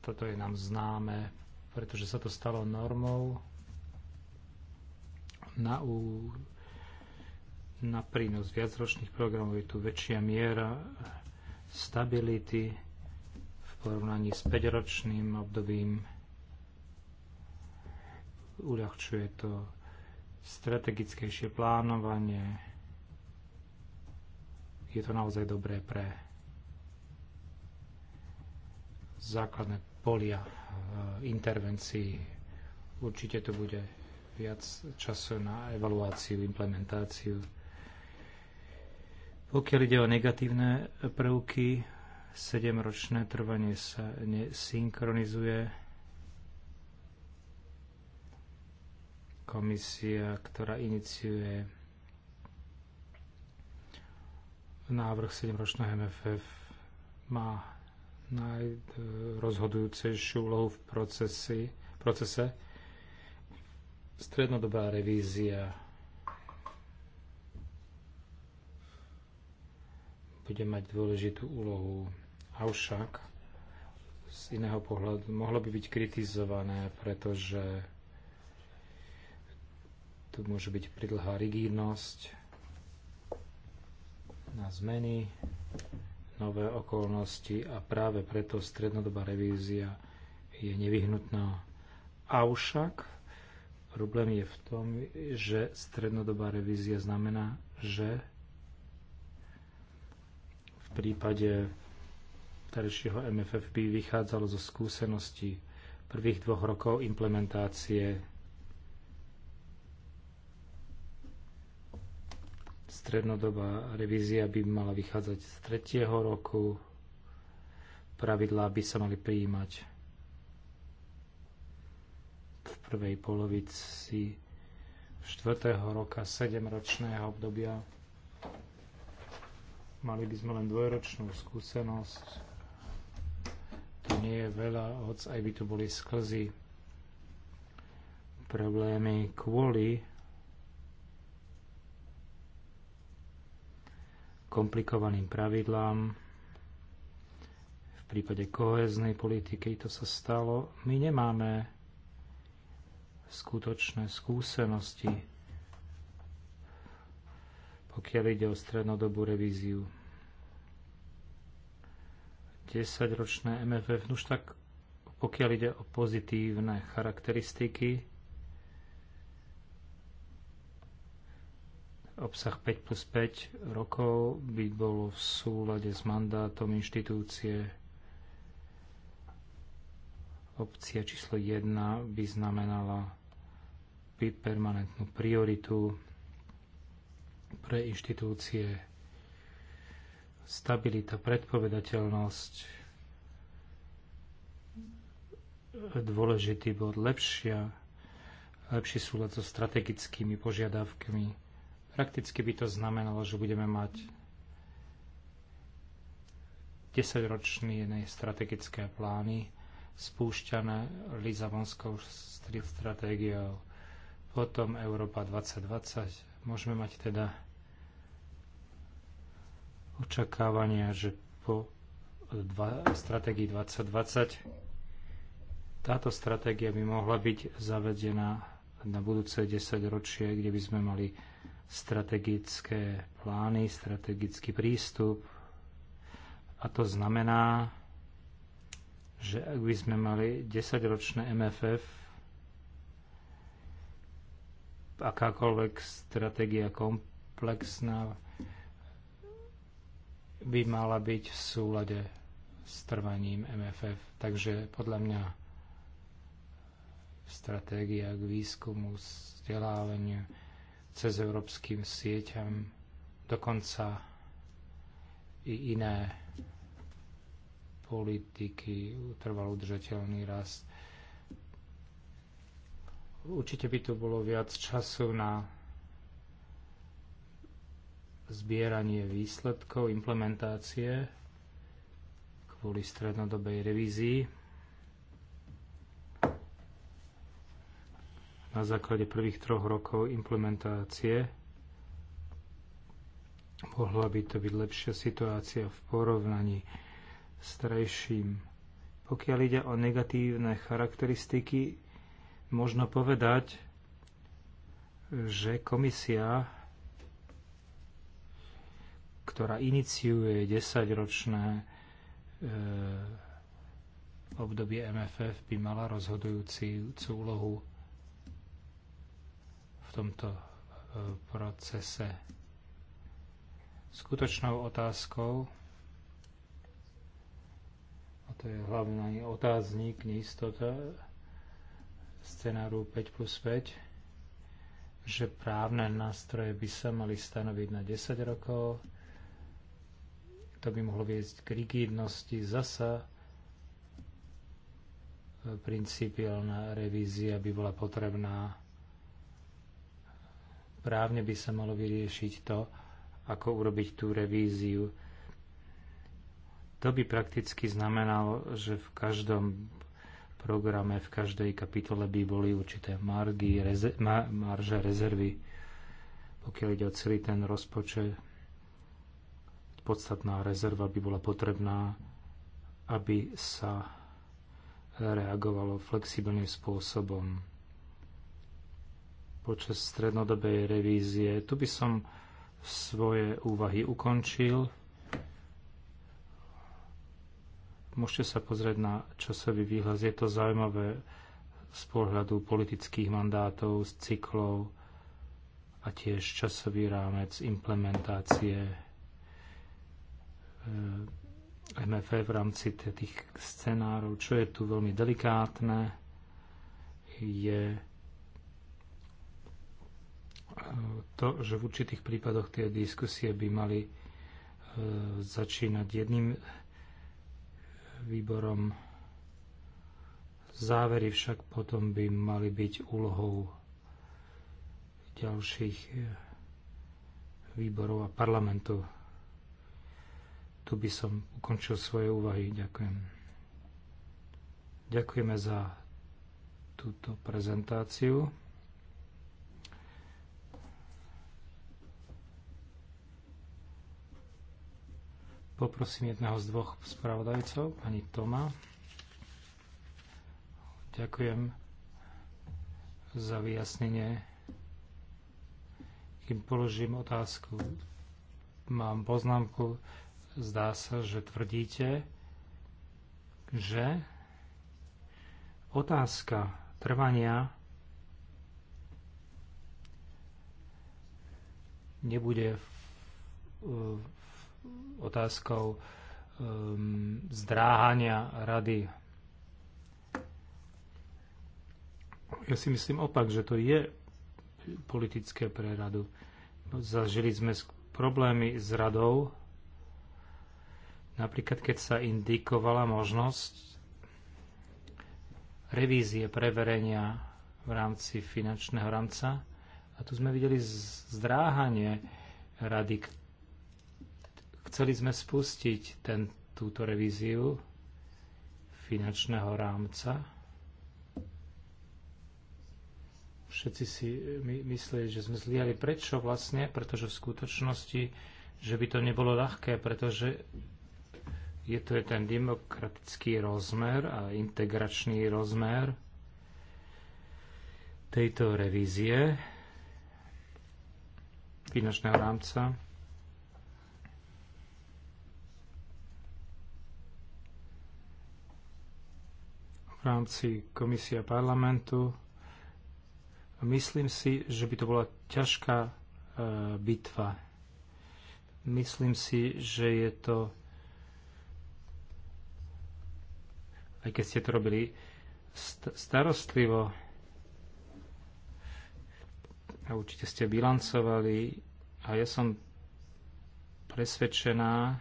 Toto je nám známe, pretože sa to stalo normou na, úrovni na prínos viacročných programov je tu väčšia miera stability v porovnaní s 5-ročným obdobím. Uľahčuje to strategickejšie plánovanie. Je to naozaj dobré pre základné polia e, intervencií. Určite to bude viac času na evaluáciu, implementáciu pokiaľ ide o negatívne prvky, 7-ročné trvanie sa nesynchronizuje. Komisia, ktorá iniciuje návrh 7-ročného MFF, má najrozhodujúcejšiu úlohu v procese. Strednodobá revízia bude mať dôležitú úlohu. Avšak z iného pohľadu mohlo by byť kritizované, pretože tu môže byť pridlhá rigidnosť na zmeny, nové okolnosti a práve preto strednodobá revízia je nevyhnutná. Avšak problém je v tom, že strednodobá revízia znamená, že v prípade terajšieho MFF by vychádzalo zo skúseností prvých dvoch rokov implementácie strednodobá revízia by mala vychádzať z tretieho roku. Pravidlá by sa mali prijímať v prvej polovici štvrtého roka sedemročného obdobia. Mali by sme len dvojročnú skúsenosť. To nie je veľa, hoc aj by tu boli sklzy, problémy kvôli komplikovaným pravidlám. V prípade koheznej politiky to sa stalo. My nemáme skutočné skúsenosti pokiaľ ide o strednodobú revíziu. 10-ročné MFF, no už tak pokiaľ ide o pozitívne charakteristiky, obsah 5 plus 5 rokov by bolo v súlade s mandátom inštitúcie opcia číslo 1 by znamenala permanentnú prioritu pre inštitúcie, stabilita, predpovedateľnosť, dôležitý bod, lepšia, lepší súlad so strategickými požiadavkami. Prakticky by to znamenalo, že budeme mať 10-ročné strategické plány spúšťané Lizabonskou stratégiou, potom Európa 2020. Môžeme mať teda očakávania, že po e, dva, stratégii 2020 táto stratégia by mohla byť zavedená na budúce 10 ročie, kde by sme mali strategické plány, strategický prístup. A to znamená, že ak by sme mali 10-ročné MFF, akákoľvek stratégia komplexná, by mala byť v súlade s trvaním MFF. Takže podľa mňa stratégia k výskumu, vzdelávaniu cez európskym sieťam, dokonca i iné politiky, trval udržateľný rast. Určite by tu bolo viac času na zbieranie výsledkov implementácie kvôli strednodobej revízii na základe prvých troch rokov implementácie mohla by to byť lepšia situácia v porovnaní s trejším. Pokiaľ ide o negatívne charakteristiky, možno povedať, že komisia ktorá iniciuje 10-ročné e, obdobie MFF by mala rozhodujúcu úlohu v tomto e, procese. Skutočnou otázkou, a to je hlavný otáznik, neistota scenáru 5 plus 5, že právne nástroje by sa mali stanoviť na 10 rokov, to by mohlo viesť k rigidnosti. Zasa e, principiálna revízia by bola potrebná. Právne by sa malo vyriešiť to, ako urobiť tú revíziu. To by prakticky znamenalo, že v každom programe, v každej kapitole by boli určité margy, reze, marže, rezervy, pokiaľ ide o celý ten rozpočet podstatná rezerva by bola potrebná, aby sa reagovalo flexibilným spôsobom. Počas strednodobej revízie tu by som svoje úvahy ukončil. Môžete sa pozrieť na časový výhľad. Je to zaujímavé z pohľadu politických mandátov, z cyklov a tiež časový rámec implementácie Eh, MFF v rámci tých scenárov, čo je tu veľmi delikátne, je eh, to, že v určitých prípadoch tie diskusie by mali eh, začínať jedným výborom. Závery však potom by mali byť úlohou ďalších výborov a parlamentov. Tu by som ukončil svoje úvahy. Ďakujem. Ďakujeme za túto prezentáciu. Poprosím jedného z dvoch spravodajcov, pani Toma. Ďakujem za vyjasnenie. Kým položím otázku, mám poznámku zdá sa, že tvrdíte, že otázka trvania nebude otázkou ehm, zdráhania rady. Ja si myslím opak, že to je politické pre radu. No, zažili sme problémy s radou Napríklad, keď sa indikovala možnosť revízie preverenia v rámci finančného rámca. A tu sme videli zdráhanie rady. Chceli sme spustiť ten, túto revíziu finančného rámca. Všetci si my, mysleli, že sme zlíhali. Prečo vlastne? Pretože v skutočnosti, že by to nebolo ľahké, pretože je to je ten demokratický rozmer a integračný rozmer tejto revízie finančného rámca. v rámci komisia parlamentu. Myslím si, že by to bola ťažká e, bitva. Myslím si, že je to aj keď ste to robili st- starostlivo a určite ste bilancovali a ja som presvedčená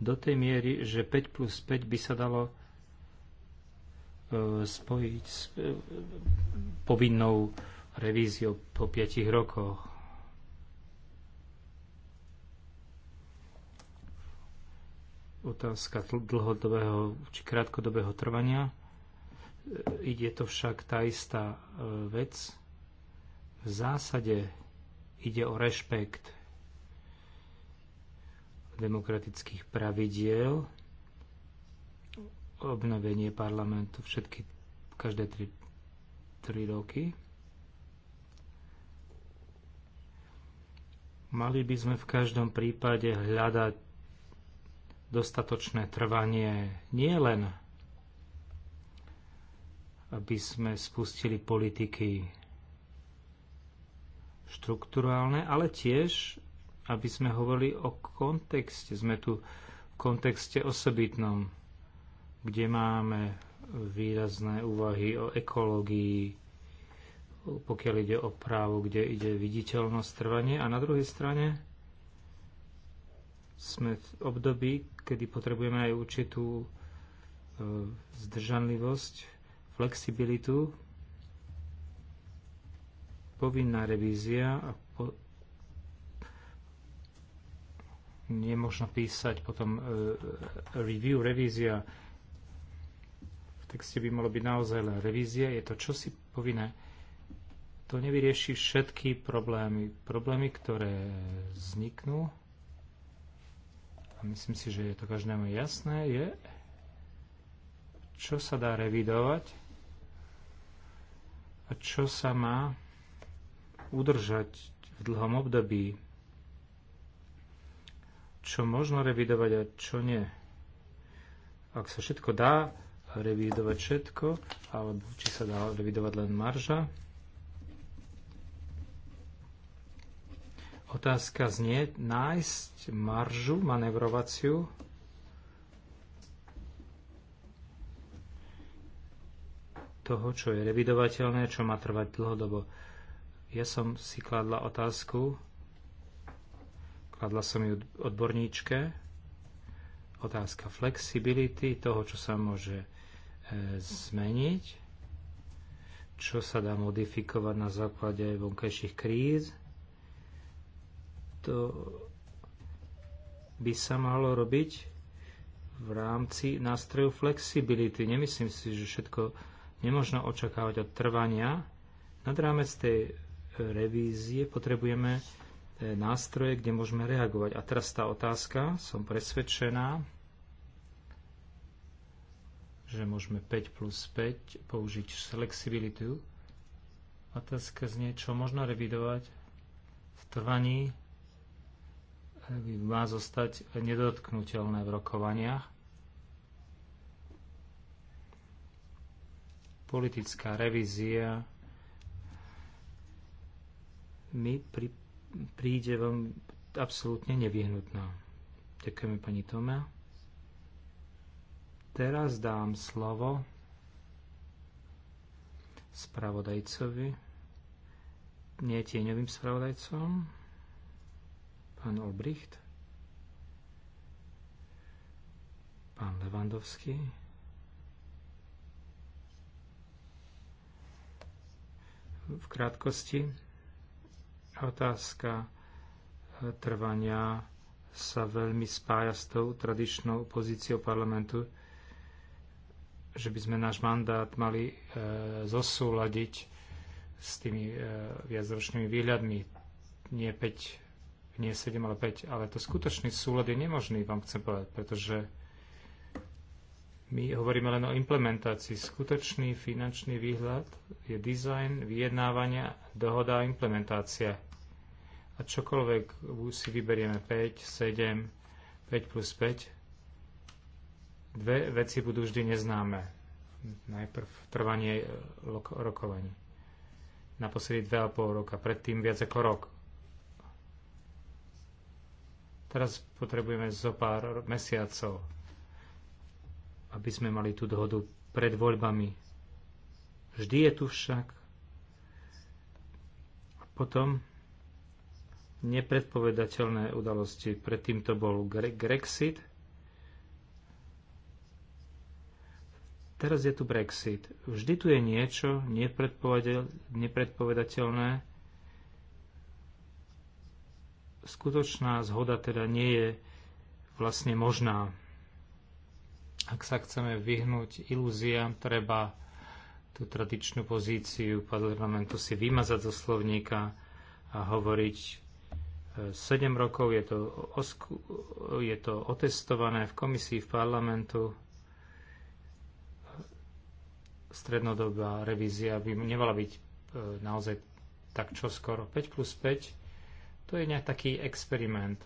do tej miery, že 5 plus 5 by sa dalo e, spojiť s e, povinnou revíziou po 5 rokoch. otázka dlhodobého či krátkodobého trvania. E, ide to však tá istá e, vec. V zásade ide o rešpekt demokratických pravidiel, obnovenie parlamentu všetky, každé tri tri roky. Mali by sme v každom prípade hľadať dostatočné trvanie nie len, aby sme spustili politiky štruktúrálne, ale tiež, aby sme hovorili o kontexte. Sme tu v kontexte osobitnom, kde máme výrazné úvahy o ekológii, pokiaľ ide o právo, kde ide viditeľnosť trvanie a na druhej strane sme v období, kedy potrebujeme aj určitú e, zdržanlivosť, flexibilitu, povinná revízia a po... nie možno písať potom e, e, review, revízia. V texte by malo byť naozaj len revízia, je to čosi povinné. To nevyrieši všetky problémy. Problémy, ktoré vzniknú, a myslím si, že je to každému jasné, je, čo sa dá revidovať a čo sa má udržať v dlhom období, čo možno revidovať a čo nie. Ak sa všetko dá revidovať všetko, alebo či sa dá revidovať len marža, Otázka znie nájsť maržu manevrovaciu toho, čo je revidovateľné, čo má trvať dlhodobo. Ja som si kladla otázku, kladla som ju odborníčke, otázka flexibility, toho, čo sa môže e, zmeniť, čo sa dá modifikovať na základe vonkajších kríz, to by sa malo robiť v rámci nástroju flexibility. Nemyslím si, že všetko nemôžno očakávať od trvania. Nad rámec tej revízie potrebujeme e, nástroje, kde môžeme reagovať. A teraz tá otázka, som presvedčená, že môžeme 5 plus 5 použiť flexibilitu. Otázka znie, čo možno revidovať v trvaní má zostať nedotknutelné v rokovaniach. Politická revízia mi pri, príde vám absolútne nevyhnutná. Ďakujeme pani Tome. Teraz dám slovo spravodajcovi, nie tieňovým spravodajcom pán Olbricht, pán Levandovský, v krátkosti otázka e, trvania sa veľmi spája s tou tradičnou pozíciou parlamentu, že by sme náš mandát mali e, zosúľadiť s tými e, viacročnými výhľadmi. Nie 5 nie 7, ale 5. Ale to skutočný súlad je nemožný, vám chcem povedať, pretože my hovoríme len o implementácii. Skutočný finančný výhľad je dizajn, vyjednávania, dohoda a implementácia. A čokoľvek si vyberieme 5, 7, 5 plus 5, dve veci budú vždy neznáme. Najprv trvanie rokovaní. Naposledy 2,5 roka, predtým viac ako rok Teraz potrebujeme zo pár mesiacov, aby sme mali tú dohodu pred voľbami. Vždy je tu však. A potom nepredpovedateľné udalosti. Predtým to bol Gre Grexit. Teraz je tu Brexit. Vždy tu je niečo nepredpovedateľné, skutočná zhoda teda nie je vlastne možná. Ak sa chceme vyhnúť ilúziám, treba tú tradičnú pozíciu parlamentu si vymazať zo slovníka a hovoriť 7 e, rokov je to, osku, je to otestované v komisii v parlamentu strednodobá revízia by nemala byť e, naozaj tak čoskoro 5 plus 5 to je nejaký experiment.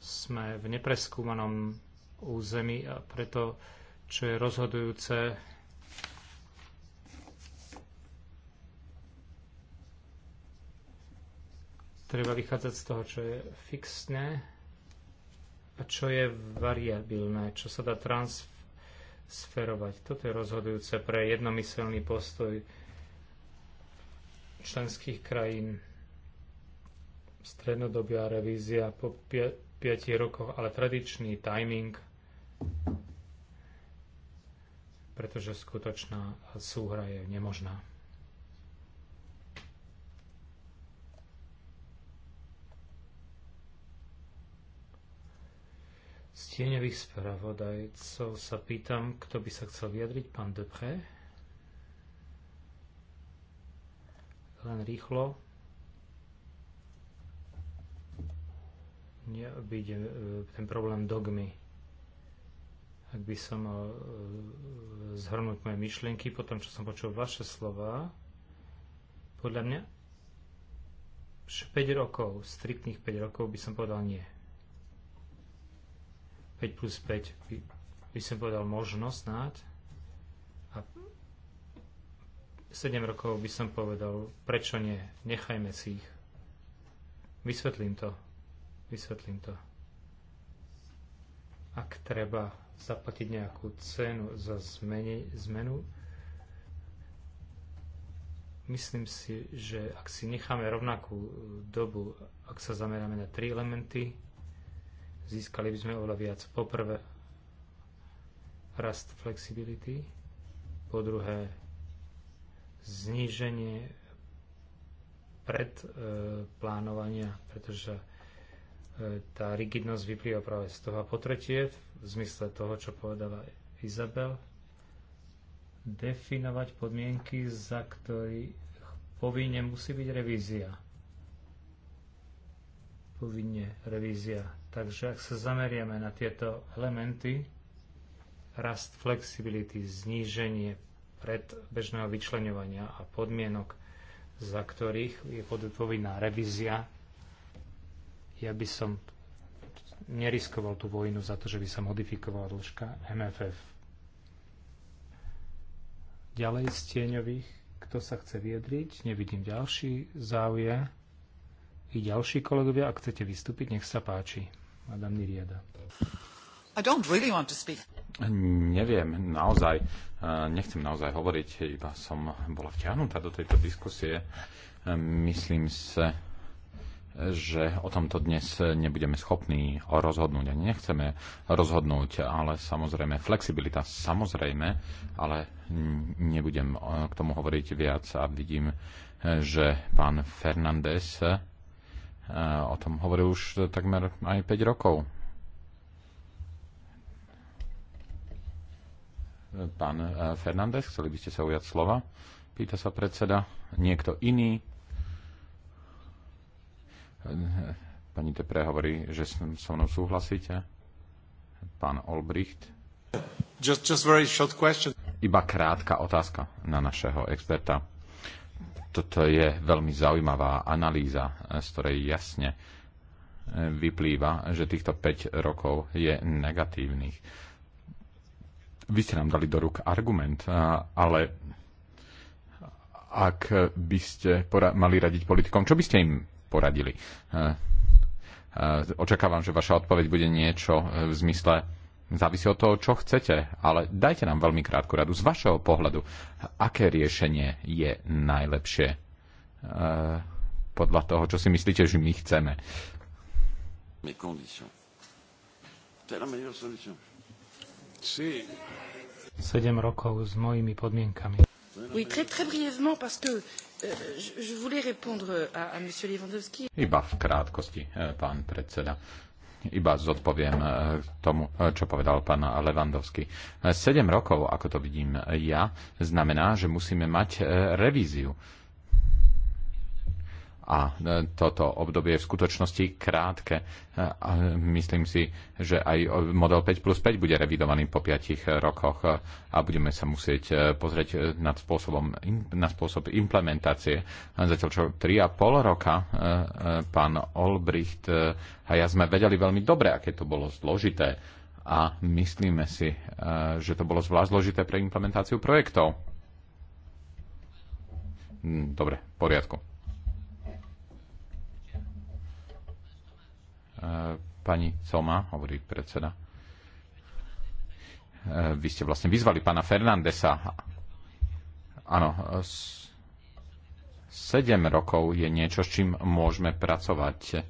Sme v nepreskúmanom území a preto, čo je rozhodujúce, treba vychádzať z toho, čo je fixné a čo je variabilné, čo sa dá transferovať. Toto je rozhodujúce pre jednomyselný postoj členských krajín strednodobia revízia po 5 rokoch, ale tradičný timing, pretože skutočná súhra je nemožná. tieňových spravodajcov sa pýtam, kto by sa chcel vyjadriť, pán Depré. Len rýchlo. neobíde e, ten problém dogmy. Ak by som mal e, zhrnúť moje myšlienky po tom, čo som počul vaše slova, podľa mňa 5 rokov, striktných 5 rokov by som povedal nie. 5 plus 5 by, by som povedal možno snáď. A 7 rokov by som povedal, prečo nie, nechajme si ich. Vysvetlím to. Vysvetlím to. Ak treba zaplatiť nejakú cenu za zmeni, zmenu, myslím si, že ak si necháme rovnakú dobu, ak sa zameráme na tri elementy, získali by sme oveľa viac. Poprvé, rast flexibility, po druhé, zníženie predplánovania, e, pretože E, tá rigidnosť vyplýva práve z toho. A po tretie, v zmysle toho, čo povedala Izabel, definovať podmienky, za ktorých povinne musí byť revízia. Povinne revízia. Takže ak sa zameriame na tieto elementy, rast flexibility, zníženie predbežného vyčlenovania a podmienok, za ktorých je povinná revízia, ja by som neriskoval tú vojnu za to, že by sa modifikovala dĺžka MFF. Ďalej z tieňových, kto sa chce viedriť, nevidím ďalší záujem. I ďalší kolegovia, ak chcete vystúpiť, nech sa páči. Madame Niriada. I don't really want to speak. Neviem, naozaj, e, nechcem naozaj hovoriť, iba som bola vťahnutá do tejto diskusie. E, myslím sa, že o tomto dnes nebudeme schopní rozhodnúť ani nechceme rozhodnúť, ale samozrejme flexibilita, samozrejme, ale nebudem eh, k tomu hovoriť viac a vidím, eh, že pán Fernández eh, o tom hovoril už takmer aj 5 rokov. Pán Fernández, chceli by ste sa ujať slova? Pýta sa predseda. Niekto iný? Pani Tepre hovorí, že so mnou súhlasíte. Pán Olbricht. Just, just very short question. Iba krátka otázka na našeho experta. Toto je veľmi zaujímavá analýza, z ktorej jasne eh, vyplýva, že týchto 5 rokov je negatívnych. Vy ste nám dali do rúk argument, eh, ale ak by ste mali radiť politikom, čo by ste im poradili. Eh, eh, očakávam, že vaša odpoveď bude niečo eh, v zmysle závisí od toho, čo chcete, ale dajte nám veľmi krátku radu z vašeho pohľadu, aké riešenie je najlepšie podľa toho, čo si myslíte, že my chceme. Sedem rokov s mojimi podmienkami. Oui, très, très brièvement, parce que euh, je voulais répondre à, à M. Lewandowski. Iba v krátkosti, eh, pán predseda. Iba zodpoviem eh, tomu, eh, čo povedal pán Lewandowski. Sedem rokov, ako to vidím ja, znamená, že musíme mať revíziu a e, toto obdobie je v skutočnosti krátke. E, a myslím si, že aj e, model 5 plus 5 bude revidovaný po 5 rokoch a budeme sa musieť pozrieť nad spôsobom, na spôsob implementácie. Zatiaľ čo 3,5 roka pán Olbricht a ja sme vedeli veľmi dobre, aké to bolo zložité a myslíme si, že to bolo zvlášť zložité pre implementáciu projektov. Hm, dobre, v poriadku. E, pani Coma, hovorí predseda. E, vy ste vlastne vyzvali pána Fernandesa. Áno, 7 rokov je niečo, s čím môžeme pracovať.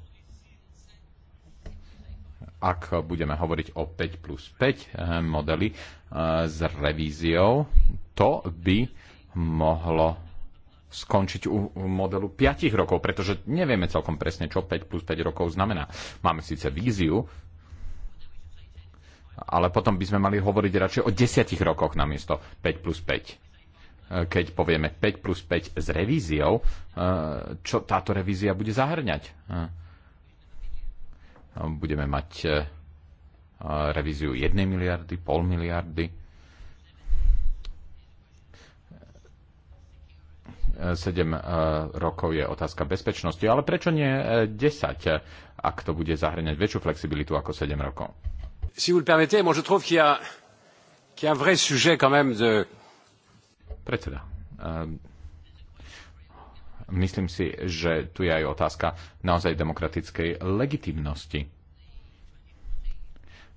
Ak budeme hovoriť o 5 plus 5 e, modeli s revíziou, to by mohlo skončiť u, modelu 5 rokov, pretože nevieme celkom presne, čo 5 plus 5 rokov znamená. Máme síce víziu, ale potom by sme mali hovoriť radšej o 10 rokoch namiesto 5 plus 5. E, keď povieme 5 plus 5 s revíziou, e, čo táto revízia bude zahrňať? E, budeme mať revíziu 1 miliardy, pol miliardy, 7 e, rokov je otázka bezpečnosti, ale prečo nie 10, e, ak to bude zahrňať väčšiu flexibilitu ako 7 rokov? Si vous le permettez, moi je trouve qu'il y a, qu'il y a un vrai sujet quand même de... Predseda, e, myslím si, že tu je aj otázka naozaj demokratickej legitimnosti.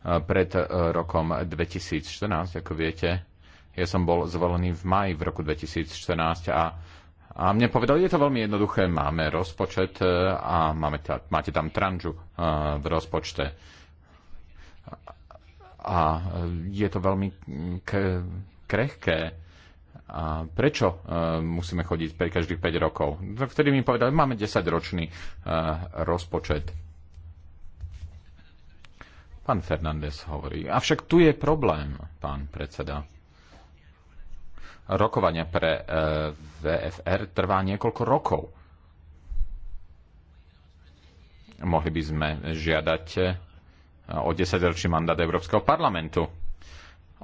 Pred rokom 2014, ako viete, ja som bol zvolený v maji v roku 2014 a a mne povedali, je to veľmi jednoduché, máme rozpočet e, a máme ta, máte tam tranžu e, v rozpočte. A je to veľmi krehké. A prečo e, musíme chodiť pre každých 5 rokov? No, vtedy mi povedali, máme 10-ročný rozpočet. Pán Fernández hovorí, avšak tu je problém, pán predseda rokovania pre eh, VFR trvá niekoľko rokov. Mohli by sme žiadať eh, o 10-ročný mandát Európskeho parlamentu.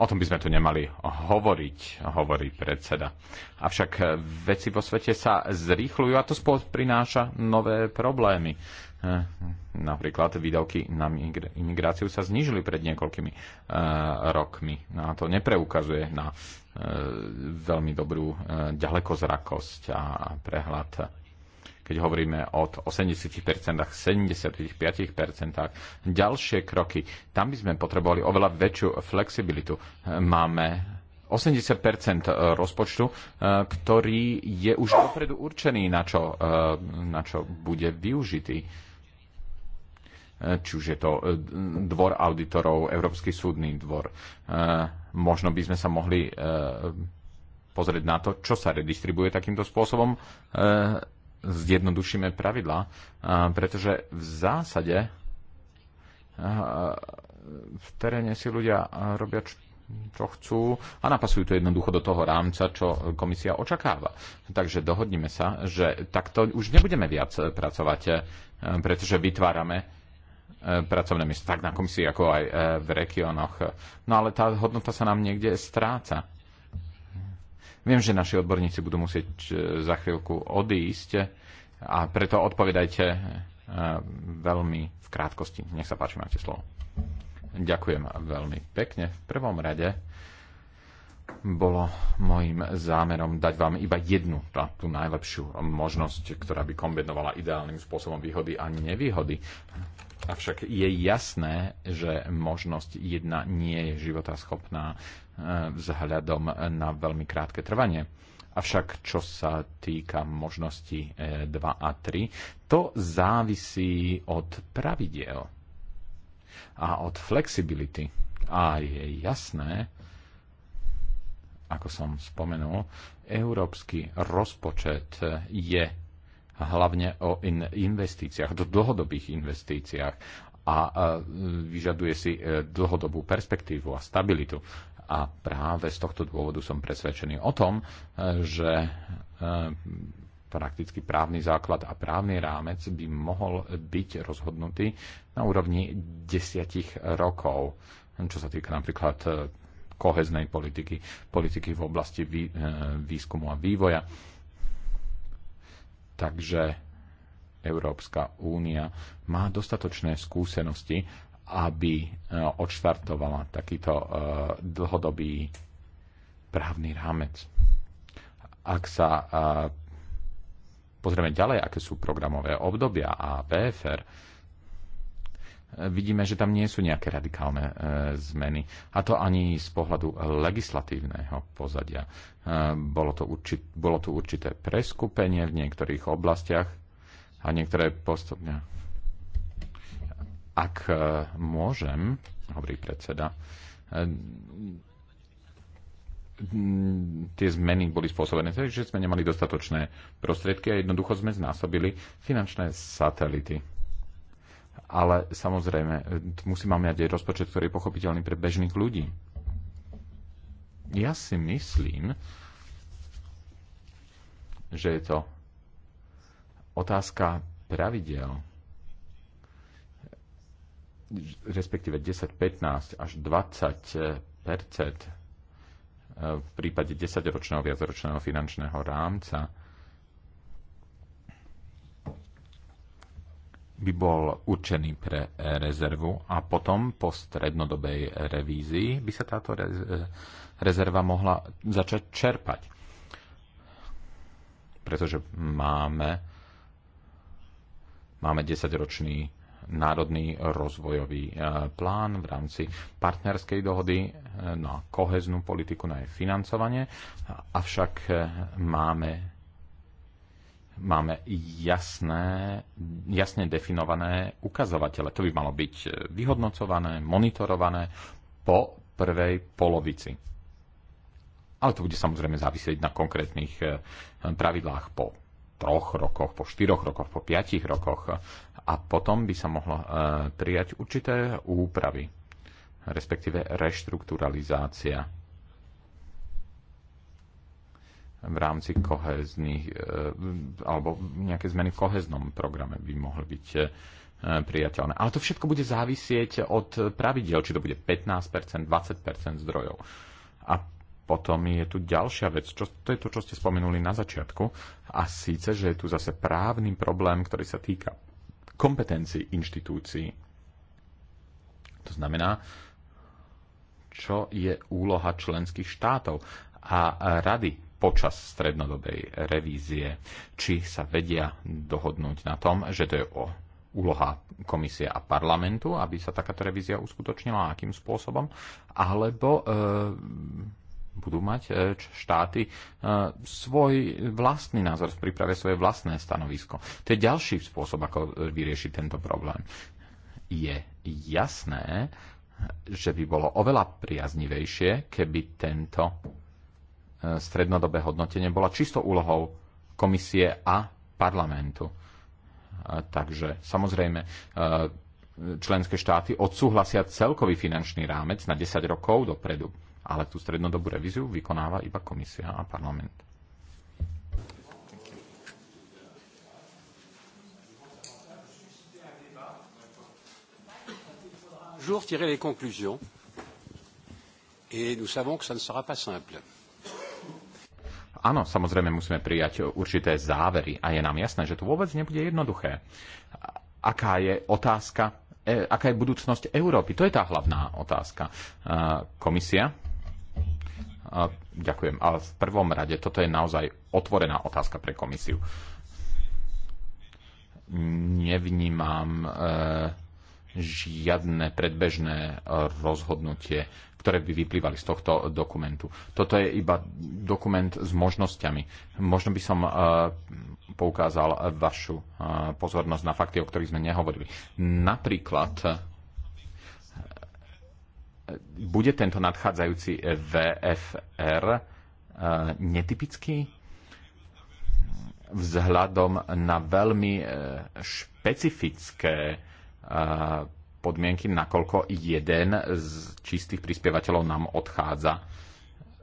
O tom by sme tu nemali hovoriť, hovorí predseda. Avšak eh, veci vo svete sa zrýchľujú a to spôl prináša nové problémy. Napríklad výdavky na imigráciu sa znížili pred niekoľkými rokmi. No a to nepreukazuje na E, veľmi dobrú e, ďalekozrakosť a prehľad. Keď hovoríme o 80%, 75%, ďalšie kroky, tam by sme potrebovali oveľa väčšiu flexibilitu. Máme 80 e, rozpočtu, ktorý je už dopredu určený, na čo, na čo bude využitý. Či už je to dvor auditorov, Európsky súdny dvor, Možno by sme sa mohli eh, pozrieť na to, čo sa redistribuje takýmto spôsobom. Eh, zjednodušíme pravidla, eh, pretože v zásade v teréne si ľudia robia čo chcú a napasujú to jednoducho do toho rámca, čo komisia očakáva. Takže dohodnime sa, že takto už nebudeme viac pracovať, pretože vytvárame E, pracovné miesta, tak na komisii, ako aj e, v regiónoch. No ale tá hodnota sa nám niekde stráca. Viem, že naši odborníci budú musieť e, za chvíľku odísť a preto odpovedajte veľmi v krátkosti. Nech sa páči, máte slovo. Ďakujem veľmi pekne. V prvom rade bolo môjim zámerom dať vám iba jednu, tá, tú najlepšiu možnosť, ktorá by kombinovala ideálnym spôsobom výhody a nevýhody Avšak je jasné, že možnosť jedna nie je schopná eh, vzhľadom na veľmi krátke trvanie. Avšak čo sa týka možnosti 2 eh, a 3, to závisí od pravidel a od flexibility. A je jasné, ako som spomenul, európsky rozpočet eh, je hlavne o in investíciách, do dlhodobých investíciách a e, vyžaduje si e, dlhodobú perspektívu a stabilitu. A práve z tohto dôvodu som presvedčený o tom, e, že prakticky právny základ a právny rámec by mohol byť rozhodnutý na úrovni desiatich rokov, čo sa týka napríklad koheznej politiky, politiky v oblasti výskumu a vývoja Takže Európska únia má dostatočné skúsenosti, aby e, odštartovala takýto e, dlhodobý právny rámec. Ak sa e, pozrieme ďalej, aké sú programové obdobia a VFR, vidíme, že tam nie sú nejaké radikálne e, zmeny. A to ani z pohľadu legislatívneho pozadia. E, bolo, to určit, bolo tu určité preskupenie v niektorých oblastiach a niektoré postupne. Ak e, môžem, hovorí predseda, tie zmeny boli spôsobené tým, že sme nemali dostatočné prostriedky a jednoducho sme znásobili finančné satelity ale samozrejme e, musíme mať aj rozpočet, ktorý je pochopiteľný pre bežných ľudí. Ja si myslím, že je to otázka pravidel, respektíve 10, 15 až 20 e, e, v prípade 10-ročného viacročného finančného rámca by bol určený pre e, rezervu a potom po strednodobej revízii by sa táto e, rezerva mohla začať čerpať. Pretože máme, máme 10-ročný národný rozvojový e, plán v rámci partnerskej dohody na koheznú politiku, na jej financovanie, avšak máme máme jasné, jasne definované ukazovatele. To by malo byť e, vyhodnocované, monitorované po prvej polovici. Ale to bude samozrejme závisieť na konkrétnych e, pravidlách po troch rokoch, po štyroch rokoch, po piatich rokoch a potom by sa mohlo e, prijať určité úpravy, respektíve reštrukturalizácia v rámci kohezných e, alebo nejaké zmeny v koheznom programe by mohli byť e, priateľné. Ale to všetko bude závisieť od pravidel, či to bude 15%, 20% zdrojov. A potom je tu ďalšia vec, čo, to je to, čo ste spomenuli na začiatku, a síce, že je tu zase právny problém, ktorý sa týka kompetencií inštitúcií. To znamená, čo je úloha členských štátov a rady počas strednodobej revízie, či sa vedia dohodnúť na tom, že to je o úloha komisie a parlamentu, aby sa takáto revízia uskutočnila, akým spôsobom, alebo e, budú mať e, štáty e, svoj vlastný názor, príprave svoje vlastné stanovisko. To je ďalší spôsob, ako vyriešiť tento problém. Je jasné, že by bolo oveľa priaznivejšie, keby tento strednodobé hodnotenie bola čisto úlohou komisie a parlamentu. Takže samozrejme členské štáty odsúhlasia celkový finančný rámec na 10 rokov dopredu, ale tú strednodobú revíziu vykonáva iba komisia a parlament. jour tirer les conclusions et nous savons que ça ne sera pas simple. Áno, samozrejme musíme prijať určité závery a je nám jasné, že to vôbec nebude jednoduché. Aká je otázka, e, aká je budúcnosť Európy? To je tá hlavná otázka. E, komisia? E, ďakujem. Ale v prvom rade toto je naozaj otvorená otázka pre komisiu. Nevnímam žiadne predbežné e, rozhodnutie, ktoré by vyplývali z tohto dokumentu. Toto je iba dokument s možnosťami. Možno by som e, poukázal vašu e, pozornosť na fakty, o ktorých sme nehovorili. Napríklad bude tento nadchádzajúci VFR netypický vzhľadom na veľmi špecifické podmienky, nakoľko jeden z čistých prispievateľov nám odchádza.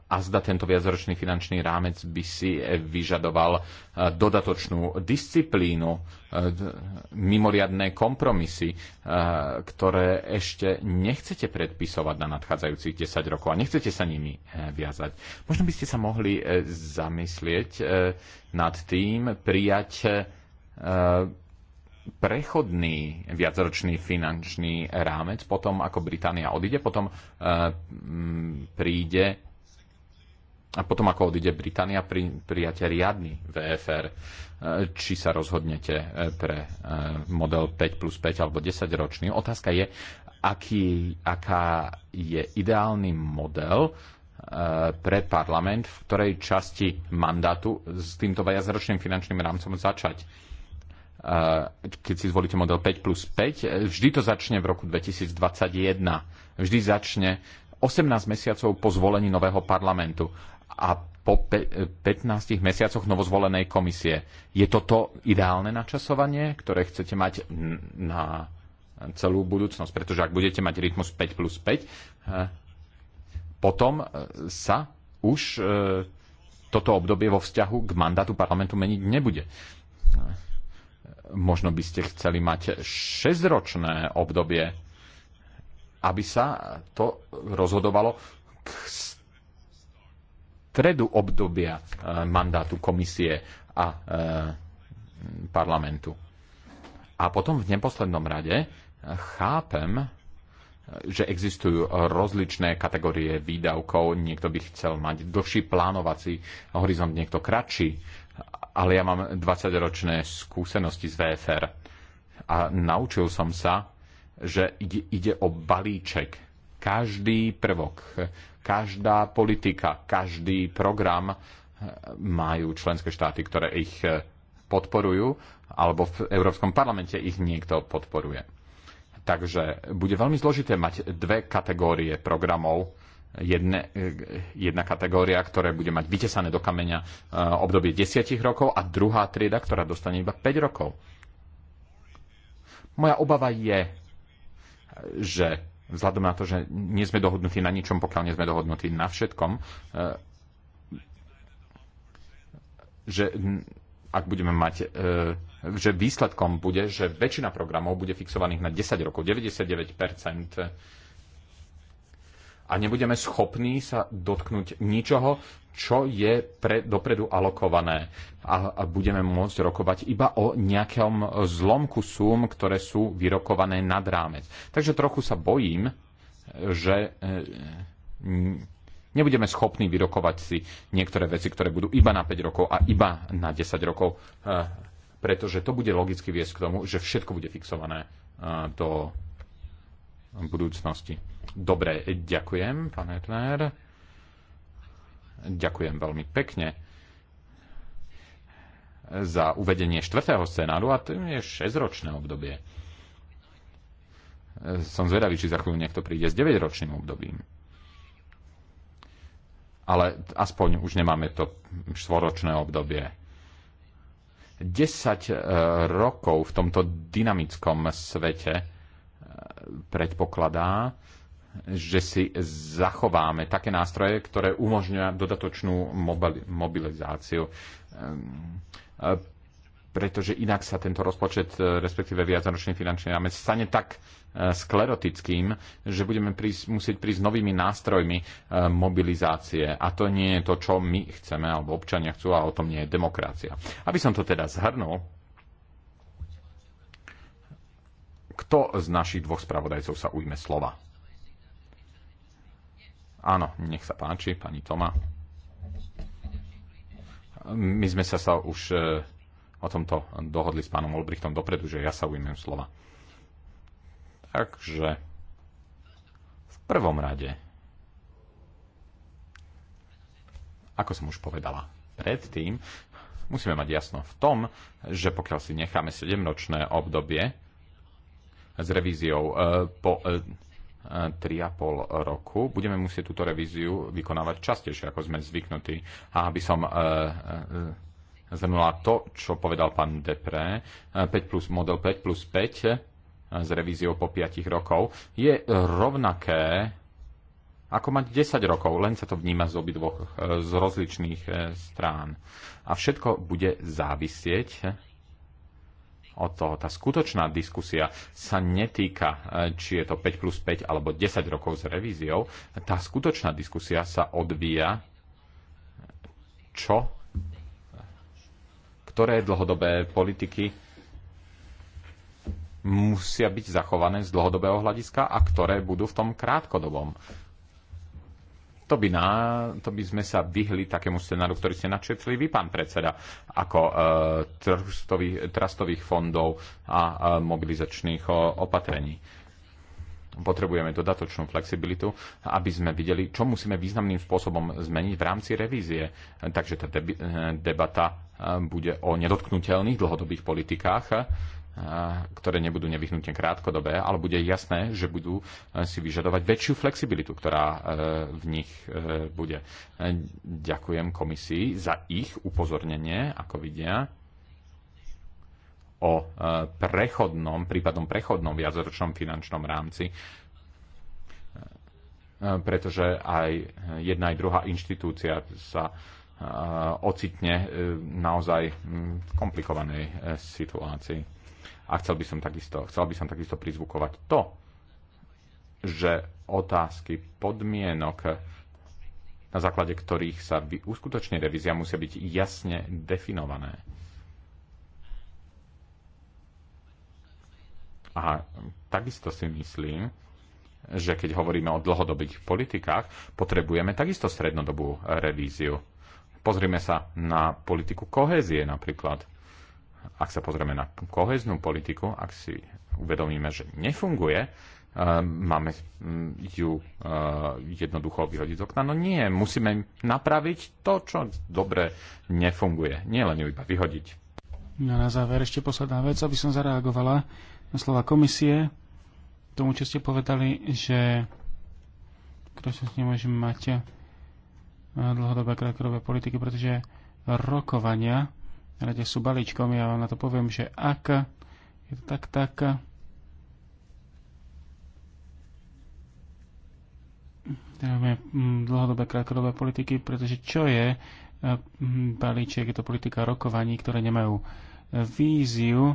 A zda tento viacročný finančný rámec by si vyžadoval e, dodatočnú disciplínu, e, mimoriadné kompromisy, e, ktoré ešte nechcete predpisovať na nadchádzajúcich 10 rokov a nechcete sa nimi viazať. Možno by ste sa mohli zamyslieť nad tým, prijať prechodný viacročný finančný rámec, potom ako Británia odíde, potom e, príde a potom ako odíde Británia, pri, prijate riadny VFR, e, či sa rozhodnete e, pre model 5 plus 5 alebo 10 ročný. Otázka je, aký, aká je ideálny model pre parlament, v ktorej časti mandátu s týmto viacročným finančným rámcom začať keď si zvolíte model 5 plus 5, e, vždy to začne v roku 2021. Vždy začne 18 mesiacov po zvolení nového parlamentu a po 15 e, mesiacoch novozvolenej komisie. Je to to ideálne načasovanie, ktoré chcete mať na celú budúcnosť? Pretože ak budete mať rytmus 5 plus 5, e, potom sa už toto obdobie vo vzťahu k mandátu parlamentu meniť nebude. Možno by ste chceli mať 6-ročné obdobie, aby sa to rozhodovalo k stredu obdobia e, mandátu komisie a e, parlamentu. A potom v neposlednom rade chápem, že existujú rozličné kategórie výdavkov. Niekto by chcel mať dlhší plánovací horizont, niekto kratší ale ja mám 20-ročné skúsenosti z VFR a naučil som sa, že ide, ide o balíček. Každý prvok, každá politika, každý program eh, majú členské štáty, ktoré ich eh, podporujú, alebo v Európskom parlamente ich niekto podporuje. Takže bude veľmi zložité mať dve kategórie programov, jedne, jedna kategória, ktoré bude mať vytesané do kameňa e, obdobie 10 rokov a druhá trieda, ktorá dostane iba 5 rokov. Moja obava je, že vzhľadom na to, že nie sme dohodnutí na ničom, pokiaľ nie sme dohodnutí na všetkom, e, že ak budeme mať, e, že výsledkom bude, že väčšina programov bude fixovaných na 10 rokov, 99 a nebudeme schopní sa dotknúť ničoho, čo je pre, dopredu alokované. A, a budeme môcť rokovať iba o nejakom zlomku súm, ktoré sú vyrokované nad rámec. Takže trochu sa bojím, že e, nebudeme schopní vyrokovať si niektoré veci, ktoré budú iba na 5 rokov a iba na 10 rokov, e, pretože to bude logicky viesť k tomu, že všetko bude fixované e, do v budúcnosti. Dobre, ďakujem, pán Edler. Ďakujem veľmi pekne za uvedenie štvrtého scénáru a to je 6-ročné obdobie. Som zvedavý, či za chvíľu niekto príde s 9-ročným obdobím. Ale aspoň už nemáme to štvoročné obdobie. 10 eh, rokov v tomto dynamickom svete predpokladá, že si zachováme také nástroje, ktoré umožňujú dodatočnú mobilizáciu. Ehm, pretože inak sa tento rozpočet, e, respektíve viacročný finančný rámec, stane tak e, sklerotickým, že budeme prísť, musieť prísť novými nástrojmi e, mobilizácie. A to nie je to, čo my chceme, alebo občania chcú, a o tom nie je demokracia. Aby som to teda zhrnul, kto z našich dvoch spravodajcov sa ujme slova. Áno, nech sa páči, pani Toma. My sme sa, sa už e, o tomto dohodli s pánom Olbrichtom dopredu, že ja sa ujmem slova. Takže v prvom rade, ako som už povedala predtým, musíme mať jasno v tom, že pokiaľ si necháme 7-ročné obdobie, s revíziou. E, po 3,5 e, e, roku budeme musieť túto revíziu vykonávať častejšie, ako sme zvyknutí. A aby som zhrnula to, čo povedal pán Depre, 5 plus, model 5 plus 5 s revíziou po 5 rokov je rovnaké ako mať 10 rokov, len sa to vníma z obidvoch z rozličných strán. A všetko bude závisieť od toho. Tá skutočná diskusia sa netýka, e, či je to 5 plus 5 alebo 10 rokov s revíziou. Tá skutočná diskusia sa odvíja, čo, ktoré dlhodobé politiky musia byť zachované z dlhodobého hľadiska a ktoré budú v tom krátkodobom to by, na, to by sme sa vyhli takému scenáru, ktorý ste načetli vy, pán predseda, ako e, trustových, trastových fondov a e, mobilizačných o, opatrení. Potrebujeme dodatočnú flexibilitu, aby sme videli, čo musíme významným spôsobom zmeniť v rámci revízie. Takže tá e, debata e, bude o nedotknutelných dlhodobých politikách ktoré nebudú nevyhnutne krátkodobé, ale bude jasné, že budú e, si vyžadovať väčšiu flexibilitu, ktorá e, v nich e, bude. Ďakujem komisii za ich upozornenie, ako vidia, o prechodnom, prípadnom prechodnom viacročnom finančnom rámci, pretože aj jedna aj druhá inštitúcia sa ocitne naozaj v komplikovanej situácii a chcel by som takisto, chcel by som takisto prizvukovať to, že otázky podmienok, na základe ktorých sa uskutoční revízia, musia byť jasne definované. A takisto si myslím, že keď hovoríme o dlhodobých politikách, potrebujeme takisto strednodobú revíziu. Pozrime sa na politiku kohézie napríklad ak sa pozrieme na koheznú politiku, ak si uvedomíme, že nefunguje, eh, máme mm, ju eh, jednoducho vyhodiť z okna. No nie, musíme napraviť to, čo dobre nefunguje. Nie len ju iba vyhodiť. No na záver ešte posledná vec, aby som zareagovala na slova komisie. Tomu, čo ste povedali, že s nemôžeme mať eh, dlhodobé krátkodobé politiky, pretože rokovania rade sú balíčkom. Ja vám na to poviem, že ak je to tak, tak teda máme mm, dlhodobé, krátkodobé politiky, pretože čo je e, mm, balíček, je to politika rokovaní, ktoré nemajú e, víziu, e,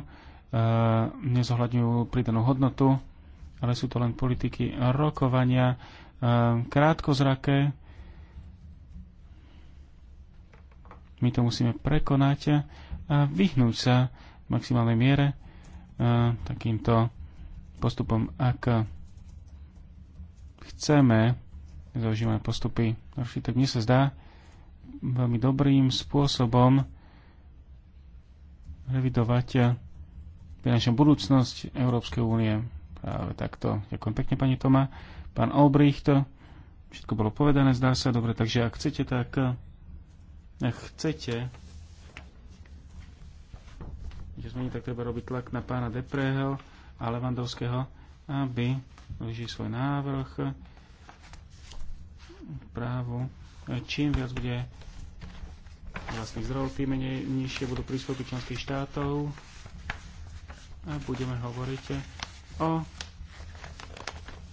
nezohľadňujú pridanú hodnotu, ale sú to len politiky rokovania krátkozraké, My to musíme prekonať a vyhnúť sa v maximálnej miere e, takýmto postupom, ak chceme zaužívať postupy lepšie, tak mne sa zdá veľmi dobrým spôsobom revidovať e, finančnú budúcnosť Európskej únie. Práve takto. Ďakujem pekne, pani Toma. Pán Olbricht, všetko bolo povedané, zdá sa. Dobre, takže ak chcete, tak e, ak chcete že zmeniť, tak treba robiť tlak na pána Depreho a Levandovského, aby vyžil svoj návrh právu. Čím viac bude vlastných zdrojov, tým menej nižšie budú príspevky členských štátov a budeme hovoriť o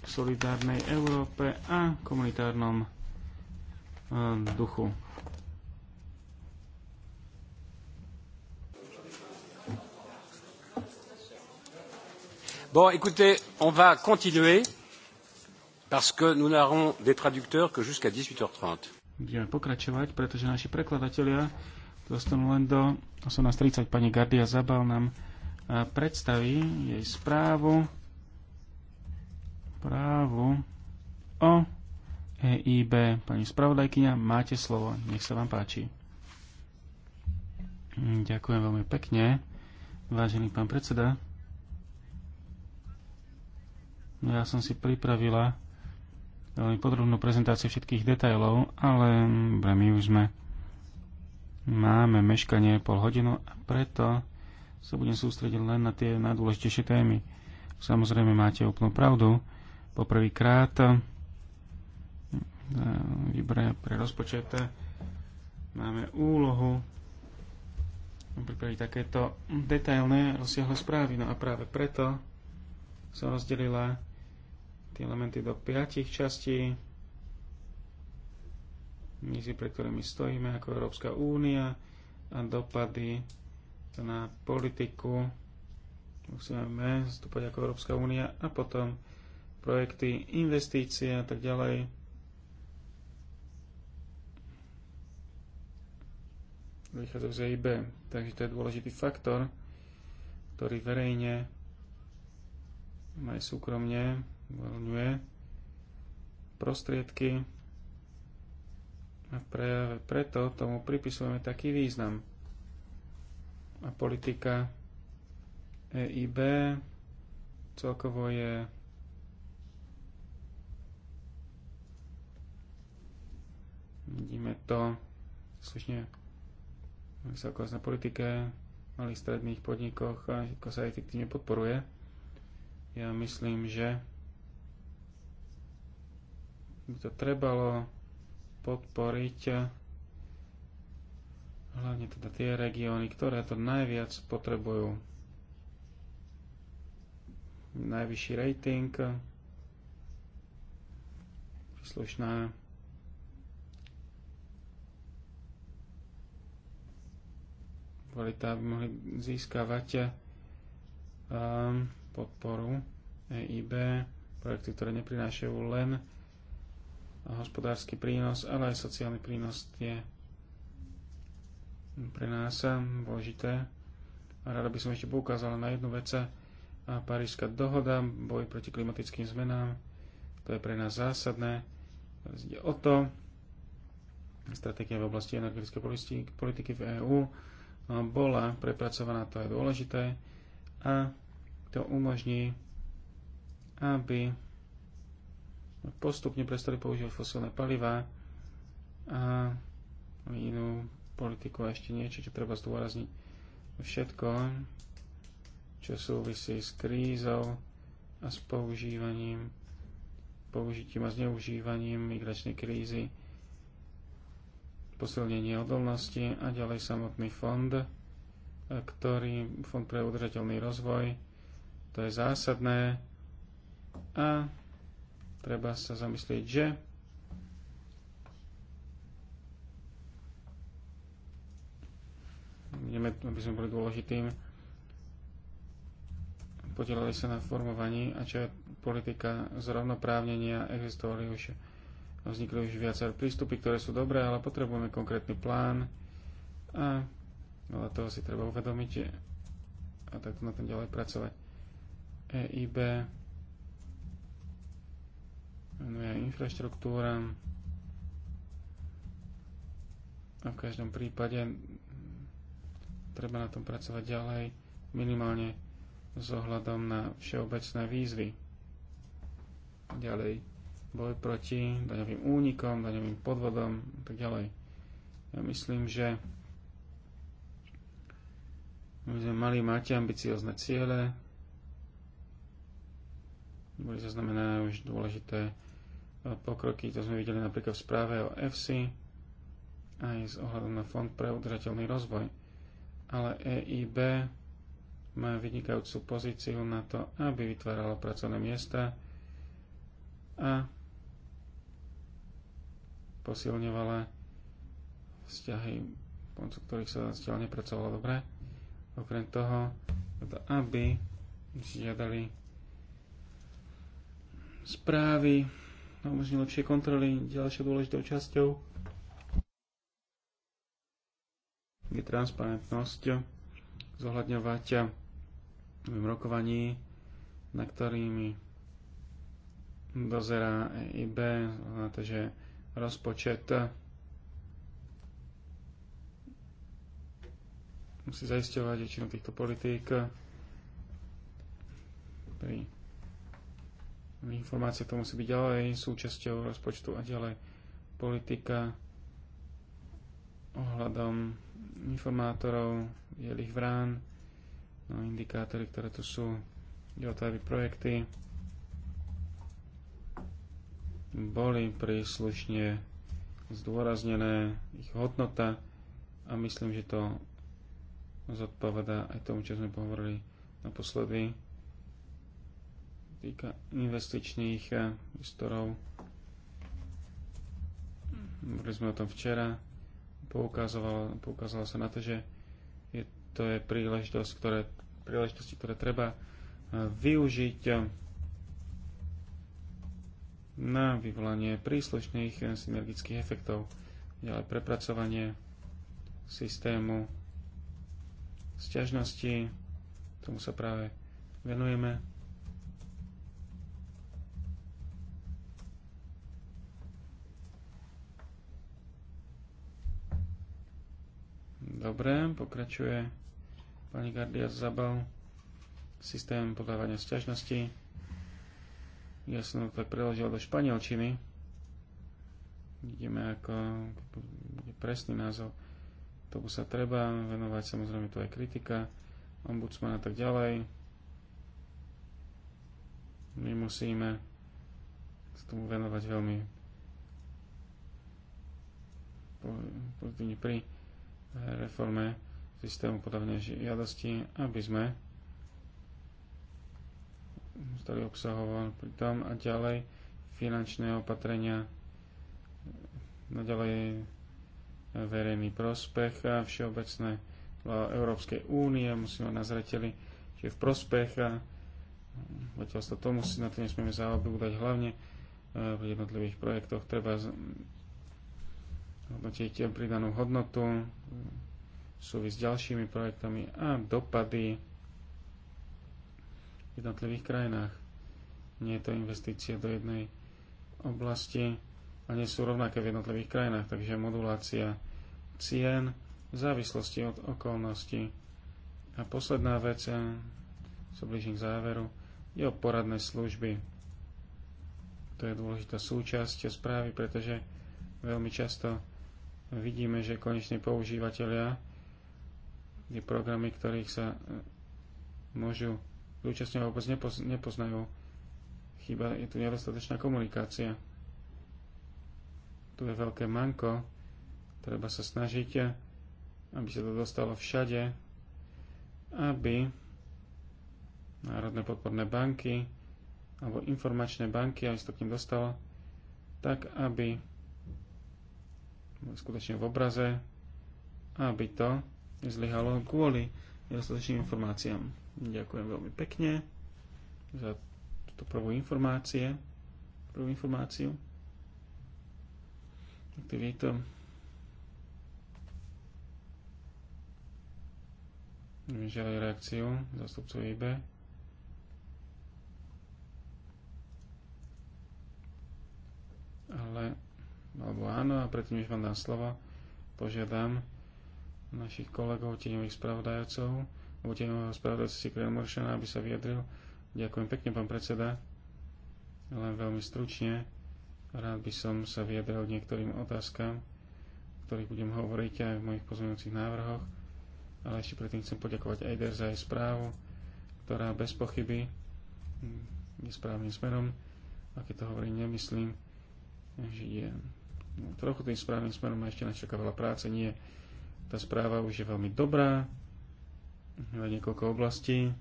solidárnej Európe a komunitárnom eh, duchu. Bon, écoutez, on va continuer parce que nous n'aurons des traducteurs que jusqu'à 18h30. Budeme pokračovať, pretože naši prekladatelia dostanú len do 18.30. Pani Gardia Zabal nám predstaví jej správu o EIB. Pani spravodajkyňa, máte slovo. Nech sa vám páči. Hm, ďakujem veľmi pekne, vážený pán predseda. No ja som si pripravila veľmi podrobnú prezentáciu všetkých detajlov, ale mm, my už sme máme meškanie pol hodinu a preto sa budem sústrediť len na tie najdôležitejšie témy. Samozrejme máte úplnú pravdu. Poprvýkrát mm, vybre pre rozpočet máme úlohu pripraviť takéto detailné rozsiahle správy. No a práve preto som rozdelila tie elementy do piatich častí, mizy, pre ktorými stojíme ako Európska únia a dopady na politiku. Musíme vstúpať ako Európska únia a potom projekty, investície a tak ďalej. Vychádzajú z EIB, takže to je dôležitý faktor, ktorý verejne aj súkromne uvoľňuje prostriedky a pre, preto tomu pripisujeme taký význam. A politika EIB celkovo je vidíme to slušne vysokosť na politike malých stredných podnikoch a ako sa efektívne podporuje. Ja myslím, že by to trebalo podporiť eh, hlavne teda tie regióny, ktoré to najviac potrebujú. Najvyšší rating, príslušná kvalita by mohli získavať eh, podporu EIB, projekty, ktoré neprinášajú len hospodársky prínos, ale aj sociálny prínos je pre nás dôležité. A rada by som ešte poukázala na jednu vec. Parížska dohoda, boj proti klimatickým zmenám, to je pre nás zásadné. ide o to, stratégia v oblasti energetickej politiky v EÚ no, bola prepracovaná, to je dôležité, a to umožní, aby postupne prestali používať fosilné palivá a inú politiku a ešte niečo, čo treba zdôrazniť. Všetko, čo súvisí s krízou a s používaním, použitím a zneužívaním migračnej krízy, posilnenie odolnosti a ďalej samotný fond, ktorý Fond pre udržateľný rozvoj, to je zásadné a treba sa zamyslieť, že ideme, aby sme boli dôležitým, podielali sa na formovaní a čo je politika zrovnoprávnenia, existovali už, vznikli už viacer prístupy, ktoré sú dobré, ale potrebujeme konkrétny plán a veľa toho si treba uvedomiť a takto na tom ďalej pracovať. EIB infraštruktúra. A v každom prípade treba na tom pracovať ďalej, minimálne s ohľadom na všeobecné výzvy. Ďalej boj proti daňovým únikom, daňovým podvodom a tak ďalej. Ja myslím, že my sme mali mať ambiciozne ciele, boli zaznamenané už dôležité pokroky, to sme videli napríklad v správe o EFSI, aj s ohľadom na Fond pre udržateľný rozvoj. Ale EIB má vynikajúcu pozíciu na to, aby vytváralo pracovné miesta a posilňovala vzťahy, pomocou ktorých sa zatiaľ nepracovalo dobre. Okrem toho, aby žiadali správy no, umožní lepšie kontroly. Ďalšou dôležitou časťou je transparentnosť zohľadňovať v rokovaní, na ktorými dozerá EIB, na to, že rozpočet musí zaisťovať väčšinu týchto politík pri informácie to musí byť ďalej súčasťou rozpočtu a ďalej politika ohľadom informátorov, bielých vrán, no, indikátory, ktoré tu sú, ďalej projekty boli príslušne zdôraznené ich hodnota a myslím, že to zodpoveda aj tomu, čo sme pohovorili naposledy týka investičných historov. Eh, hovorili sme o tom včera, poukazovalo, poukázalo sa na to, že je, to je príležitosť, ktoré, príležitosti, ktoré treba eh, využiť eh, na vyvolanie príslušných synergických efektov, ďalej prepracovanie systému sťažnosti, tomu sa práve venujeme. Dobre, pokračuje pani Gardia Zabal. Systém podávania sťažnosti. Ja som to tak preložil do španielčiny. Vidíme, ako je presný názov. Tomu sa treba venovať, samozrejme tu aj kritika, ombudsman a tak ďalej. My musíme sa tomu venovať veľmi pozitívne pri reforme systému podávania žiadosti, aby sme stali obsahovať pri tom a ďalej finančné opatrenia naďalej verejný prospech a všeobecné Európskej únie musíme na zreteli, že v prospech a zatiaľ sa tomu si na to nesmieme zaobúdať hlavne eh, v jednotlivých projektoch treba hodnotiť pridanú hodnotu, súvisť s ďalšími projektami a dopady v jednotlivých krajinách. Nie je to investície do jednej oblasti a nie sú rovnaké v jednotlivých krajinách, takže modulácia cien v závislosti od okolností. A posledná vec, eh, sa blížim k záveru, je o poradné služby. To je dôležitá súčasť správy, pretože veľmi často vidíme, že koneční používateľia tie programy, ktorých sa e, môžu zúčastňovať, vôbec nepoznajú. Chyba je tu nedostatečná komunikácia. Tu je veľké manko. Treba sa snažiť, aby sa to dostalo všade, aby národné podporné banky alebo informačné banky, aby sa to k nim dostalo, tak aby skutočne v obraze, aby to zlyhalo kvôli nedostatočným informáciám. Ďakujem veľmi pekne za túto prvú informácie, prvú informáciu. Aktivitom. Žiadaj reakciu zastupcov IB. predtým, než vám dám slovo, požiadam našich kolegov, tieňových spravodajcov, alebo tieňového spravodajca Sikrena Moršana, aby sa vyjadril. Ďakujem pekne, pán predseda. Len veľmi stručne. Rád by som sa vyjadril niektorým otázkam, o ktorých budem hovoriť aj v mojich pozmeňujúcich návrhoch. Ale ešte predtým chcem poďakovať Eider za jej správu, ktorá bez pochyby je správnym smerom. A keď to hovorím, nemyslím, že je No, trochu tým správnym smerom ma ešte nás veľa práce. Nie, tá správa už je veľmi dobrá, je niekoľko oblastí,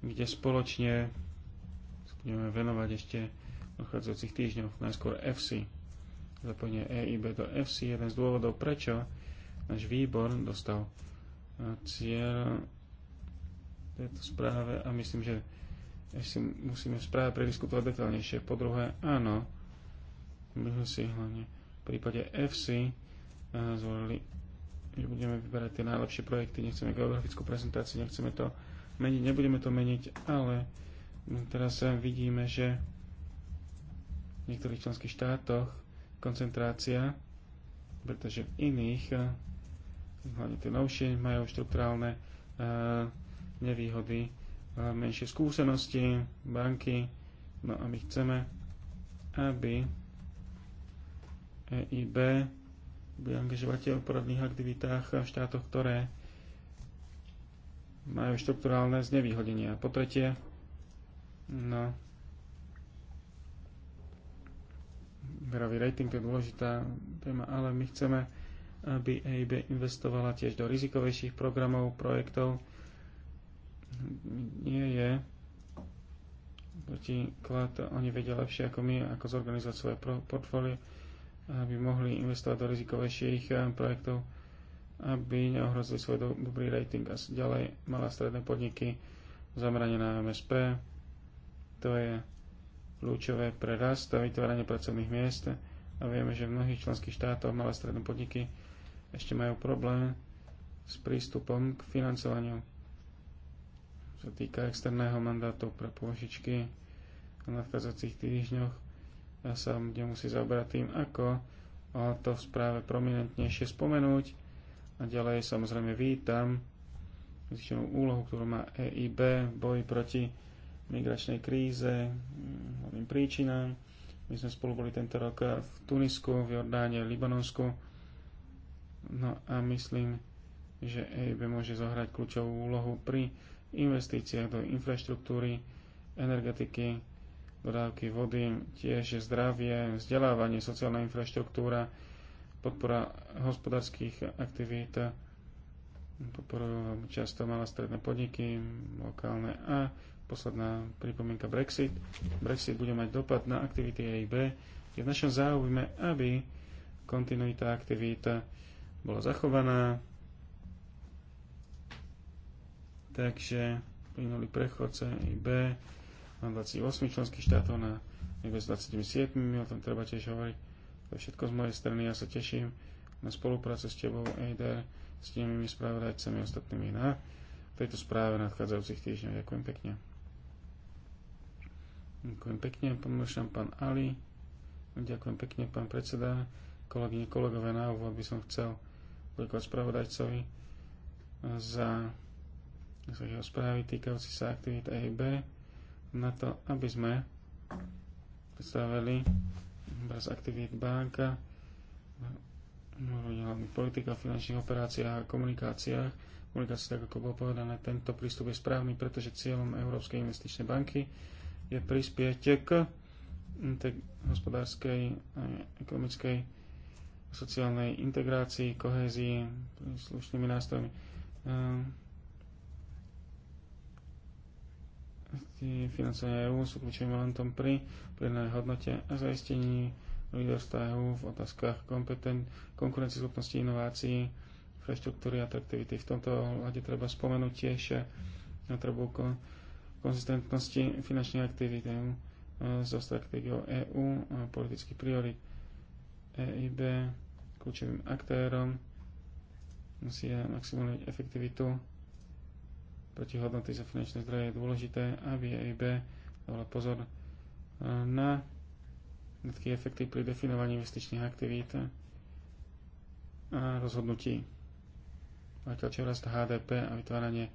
kde spoločne budeme venovať ešte odchádzajúcich týždňov, najskôr FC. Zapojenie EIB do FC jeden z dôvodov, prečo náš výbor dostal e, cieľ tejto správe a myslím, že ešte musíme správe prediskutovať detaľnejšie. Po druhé, áno, my sme si hlavne v prípade FC eh, zvolili, že budeme vyberať tie najlepšie projekty, nechceme geografickú prezentáciu, nechceme to meniť, nebudeme to meniť, ale teraz vidíme, že v niektorých členských štátoch koncentrácia, pretože v iných, eh, hlavne tie novšie, majú štruktúrálne eh, nevýhody, menšie skúsenosti, banky, no a my chceme, aby EIB bude angažovať v poradných aktivitách v štátoch, ktoré majú štruktúrálne znevýhodenia. Po tretie, no, verový rating je dôležitá téma, ale my chceme, aby EIB investovala tiež do rizikovejších programov, projektov. Nie je protiklad, oni vedia lepšie ako my, ako zorganizovať svoje portfólio aby mohli investovať do rizikovejších eh, projektov, aby neohrozili svoj dobrý rating a ďalej malé a stredné podniky zameranie na MSP. To je kľúčové pre rast a vytváranie pracovných miest a vieme, že v mnohých členských štátoch malé a stredné podniky ešte majú problém s prístupom k financovaniu. Čo sa týka externého mandátu pre pôžičky v nadchádzajúcich týždňoch, ja sa budem musieť zaoberať tým, ako to v správe prominentnejšie spomenúť. A ďalej samozrejme vítam zvyšenú úlohu, ktorú má EIB v boji proti migračnej kríze, mm, hlavným príčinám. My sme spolu boli tento rok v Tunisku, v Jordáne, v Libanonsku. No a myslím, že EIB môže zohrať kľúčovú úlohu pri investíciách do infraštruktúry, energetiky, dodávky vody, tiež zdravie, vzdelávanie, sociálna infraštruktúra, podpora hospodárskych aktivít, podporujú často malé stredné podniky, lokálne a posledná pripomienka Brexit. Brexit bude mať dopad na aktivity EIB. Je v našom záujme, aby kontinuita aktivita bola zachovaná, takže plynulý prechod EIB na 28 členských štátov, na niekto s 27, o tom treba tiež hovoriť. To je všetko z mojej strany, ja sa teším na spoluprácu s tebou, Eider, s tými spravodajcami ostatnými na tejto správe nadchádzajúcich týždňov. Ďakujem pekne. Ďakujem pekne, pomôžem pán Ali. Ďakujem pekne, pán predseda. Kolegyne, kolegové, na úvod by som chcel poďakovať spravodajcovi za, za jeho správy týkajúci sa aktivít EIB na to, aby sme predstavili obraz aktivít banka, politika, politikách, finančných operáciách a komunikáciách. Komunikácia, tak ako bolo povedané, tento prístup je správny, pretože cieľom Európskej investičnej banky je prispieť k hospodárskej, ekonomickej, sociálnej integrácii, kohézii, slušnými nástrojmi. Ehm, financovania EÚ sú kľúčovým momentom pri pridanej hodnote a zaistení líderstva EÚ v otázkach kompetent, konkurencieschopnosti inovácií, infraštruktúry a atraktivity. V tomto hľade treba spomenúť tiež na trebu konzistentnosti finančných aktivity EÚ so stratégiou EÚ a politických priorit EIB kľúčovým aktérom musí maximálne efektivitu hodnoty za finančné zdroje je dôležité, aby EIB dala pozor e, na všetky efekty pri definovaní investičných aktivít a rozhodnutí. to čo rast HDP a vytváranie e,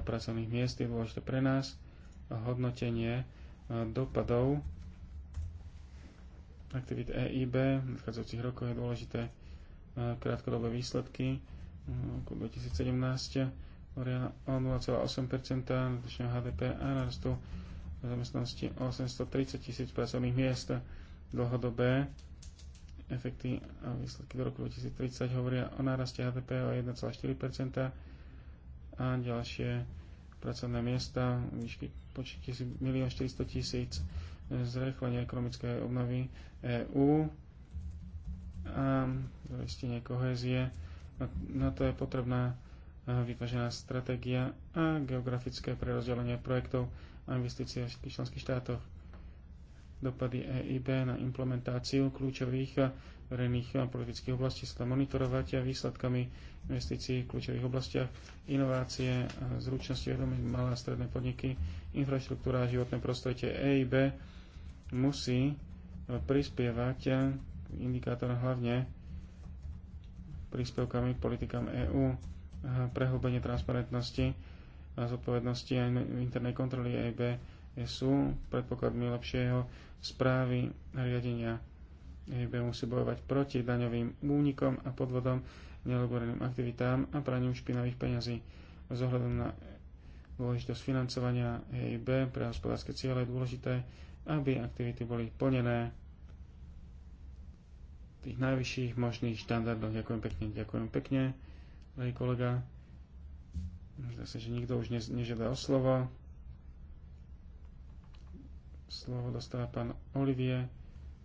pracovných miest je dôležité pre nás, a hodnotenie e, dopadov aktivít EIB v nadchádzajúcich rokoch je dôležité krátkodobé výsledky roku 2017 o 0,8 medzičného HDP a narastu zamestnanosti 830 tisíc pracovných miest. Dlhodobé efekty a výsledky do roku 2030 hovoria o náraste HDP o 1,4 a ďalšie pracovné miesta, výšky počet 1 400 tisíc, zrechlenie ekonomickej obnovy EÚ a zaistenie kohézie. No, na to je potrebná vyvážená stratégia a geografické prerozdelenie projektov a investície v členských štátoch. Dopady EIB na implementáciu kľúčových verejných politických oblastí sa monitorovať a výsledkami investícií v kľúčových oblastiach, inovácie, zručnosti vedomí malé a stredné podniky, infraštruktúra a životné prostredie EIB musí prispievať indikátor indikátorom hlavne príspevkami politikám EÚ prehlbenie transparentnosti a zodpovednosti aj internej kontroly EIB sú predpokladmi lepšieho správy a riadenia. EIB musí bojovať proti daňovým únikom a podvodom, neloboreným aktivitám a praniu špinavých peňazí. S na dôležitosť financovania EIB pre hospodárske ciele je dôležité, aby aktivity boli plnené tých najvyšších možných štandardov. Ďakujem pekne, ďakujem pekne drahý kolega. Zdá sa, že nikto už nežiada o slovo. Slovo dostáva pán Olivier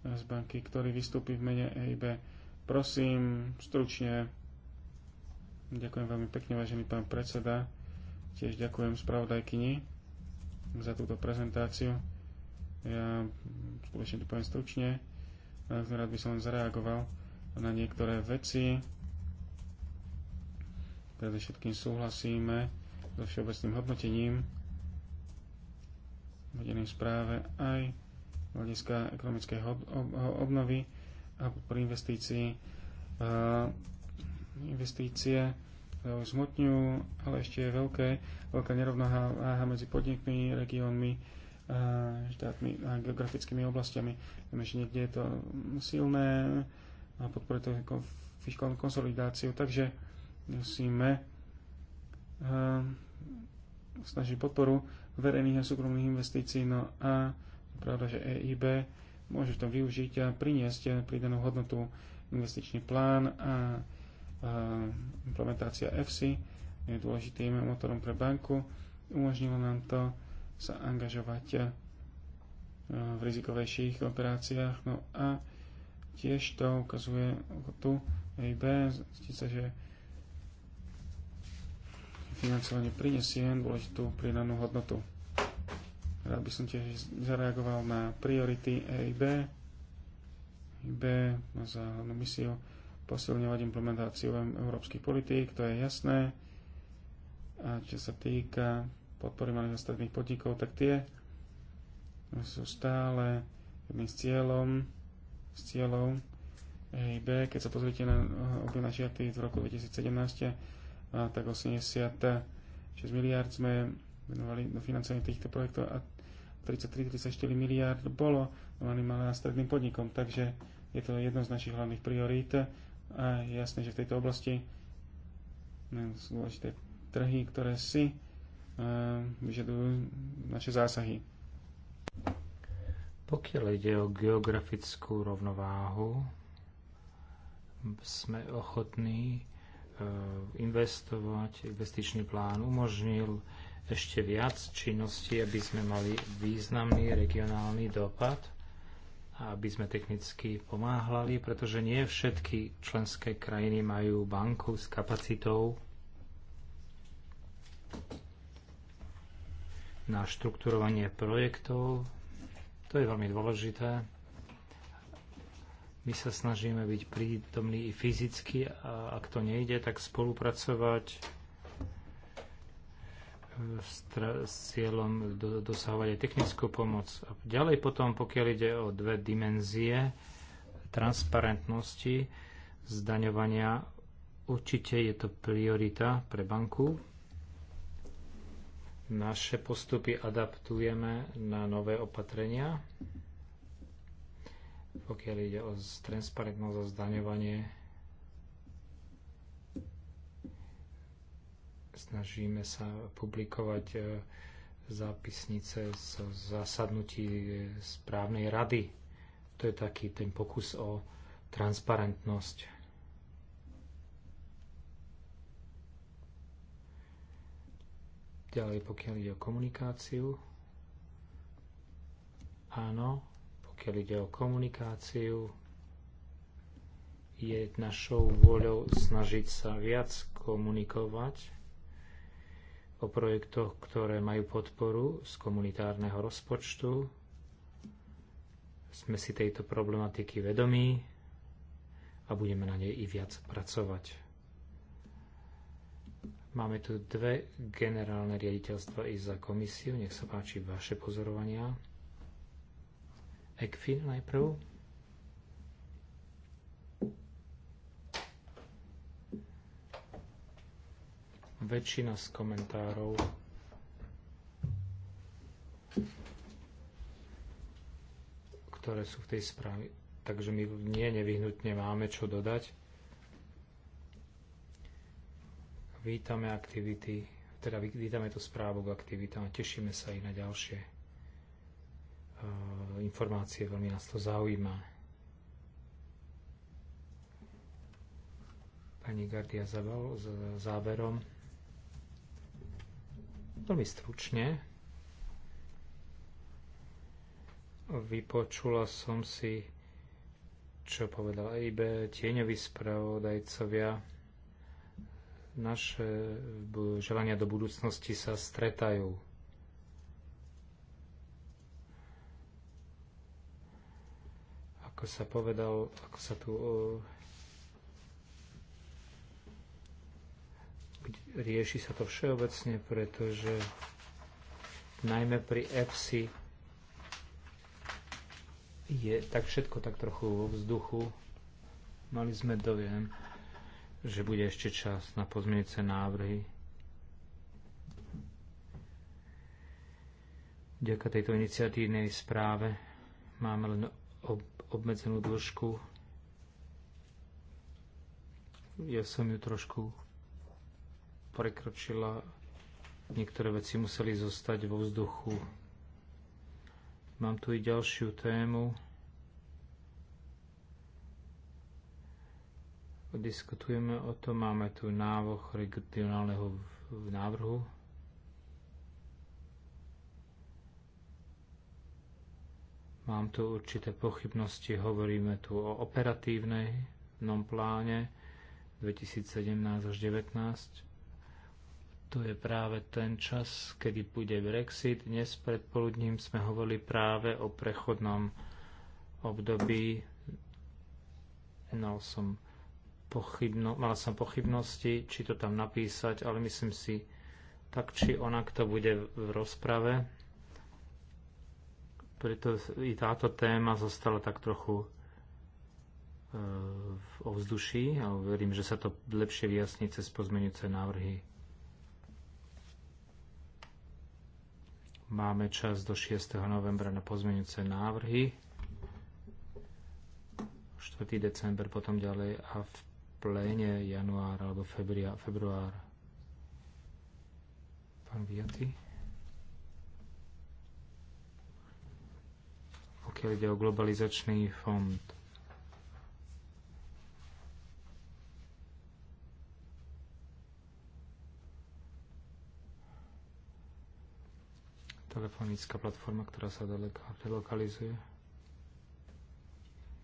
z banky, ktorý vystúpi v mene EIB. Prosím, stručne. Ďakujem veľmi pekne, vážený pán predseda. Tiež ďakujem spravodajkyni za túto prezentáciu. Ja skutočne to poviem stručne. Rád by som zareagoval na niektoré veci všetkým súhlasíme so všeobecným hodnotením vedeným správe aj hľadiska ekonomickej obnovy a pri investícii. Investície zmotňujú, ale ešte je veľké, veľká nerovnováha medzi podnikmi, regiónmi, štátmi a geografickými oblastiami. Vieme, že niekde je to silné a podporuje to fiskálnu konsolidáciu, takže musíme eh, snažiť podporu verejných a súkromných investícií. No a pravda, že EIB môže to využiť a priniesť pridanú hodnotu investičný plán a, a eh, implementácia EFSI je dôležitým motorom pre banku. Umožnilo nám to sa angažovať eh, v rizikovejších operáciách. No a tiež to ukazuje tu EIB, zistí sa, že financovanie prinesie dôležitú pridanú hodnotu. Rád by som tiež zareagoval na priority EIB. EIB má za hlavnú misiu posilňovať implementáciu európskych politík, to je jasné. A čo sa týka podpory malých a stredných podnikov, tak tie sú stále jedným z cieľom, z cieľov EIB. Keď sa pozriete na objem aktivít v roku 2017, tak 86 miliard sme venovali do financovania týchto projektov a 33-34 miliard bolo venovaný malým a stredným podnikom, takže je to jedno z našich hlavných priorít a je jasné, že v tejto oblasti no, sú dôležité trhy, ktoré si e, vyžadujú naše zásahy. Pokiaľ ide o geografickú rovnováhu, sme ochotní Eh, investovať, investičný plán umožnil ešte viac činností, aby sme mali významný regionálny dopad a aby sme technicky pomáhali, pretože nie všetky členské krajiny majú banku s kapacitou na štrukturovanie projektov. To je veľmi dôležité my sa snažíme byť prítomní i fyzicky a ak to nejde, tak spolupracovať e, s cieľom do, dosahovať aj technickú pomoc. A ďalej potom, pokiaľ ide o dve dimenzie transparentnosti, zdaňovania, určite je to priorita pre banku. Naše postupy adaptujeme na nové opatrenia pokiaľ ide o transparentnosť a zdaňovanie, snažíme sa publikovať e, zápisnice z zasadnutí e, správnej rady. To je taký ten pokus o transparentnosť. Ďalej, pokiaľ ide o komunikáciu, áno, pokiaľ ide o komunikáciu, je našou vôľou snažiť sa viac komunikovať o projektoch, ktoré majú podporu z komunitárneho rozpočtu. Sme si tejto problematiky vedomí a budeme na nej i viac pracovať. Máme tu dve generálne riaditeľstva i za komisiu. Nech sa páči vaše pozorovania. ECFIN najprv. Väčšina z komentárov ktoré sú v tej správe. Takže my nie nevyhnutne máme čo dodať. Vítame aktivity, teda vítame tú správu k aktivitám a tešíme sa aj na ďalšie. Eh, informácie, veľmi nás to zaujíma. Pani Gardia Zabal s záverom. Veľmi stručne. Vypočula som si, čo povedal EIB, tieňoví spravodajcovia. Naše želania do budúcnosti sa stretajú ako sa povedal, ako sa tu rieši sa to všeobecne, pretože najmä pri EPSI je tak všetko tak trochu vo vzduchu. Mali sme dojem, že bude ešte čas na pozmienice návrhy. Vďaka tejto iniciatívnej správe máme len ob, obmedzenú dĺžku. Ja som ju trošku prekročila. Niektoré veci museli zostať vo vzduchu. Mám tu i ďalšiu tému. Diskutujeme o tom, máme tu návrh regionálneho návrhu Mám tu určité pochybnosti, hovoríme tu o operatívnom pláne 2017 až 2019. To je práve ten čas, kedy bude Brexit. Dnes predpoludním sme hovorili práve o prechodnom období. Mal som, pochybno, mal som pochybnosti, či to tam napísať, ale myslím si, tak či onak to bude v rozprave preto i táto téma zostala tak trochu e, v ovzduší a verím, že sa to lepšie vyjasní cez pozmenujúce návrhy. Máme čas do 6. novembra na pozmenujúce návrhy. 4. december potom ďalej a v pléne január alebo február. február. Pán Viaty. pokiaľ ide o globalizačný fond. Telefonická platforma, ktorá sa delokalizuje.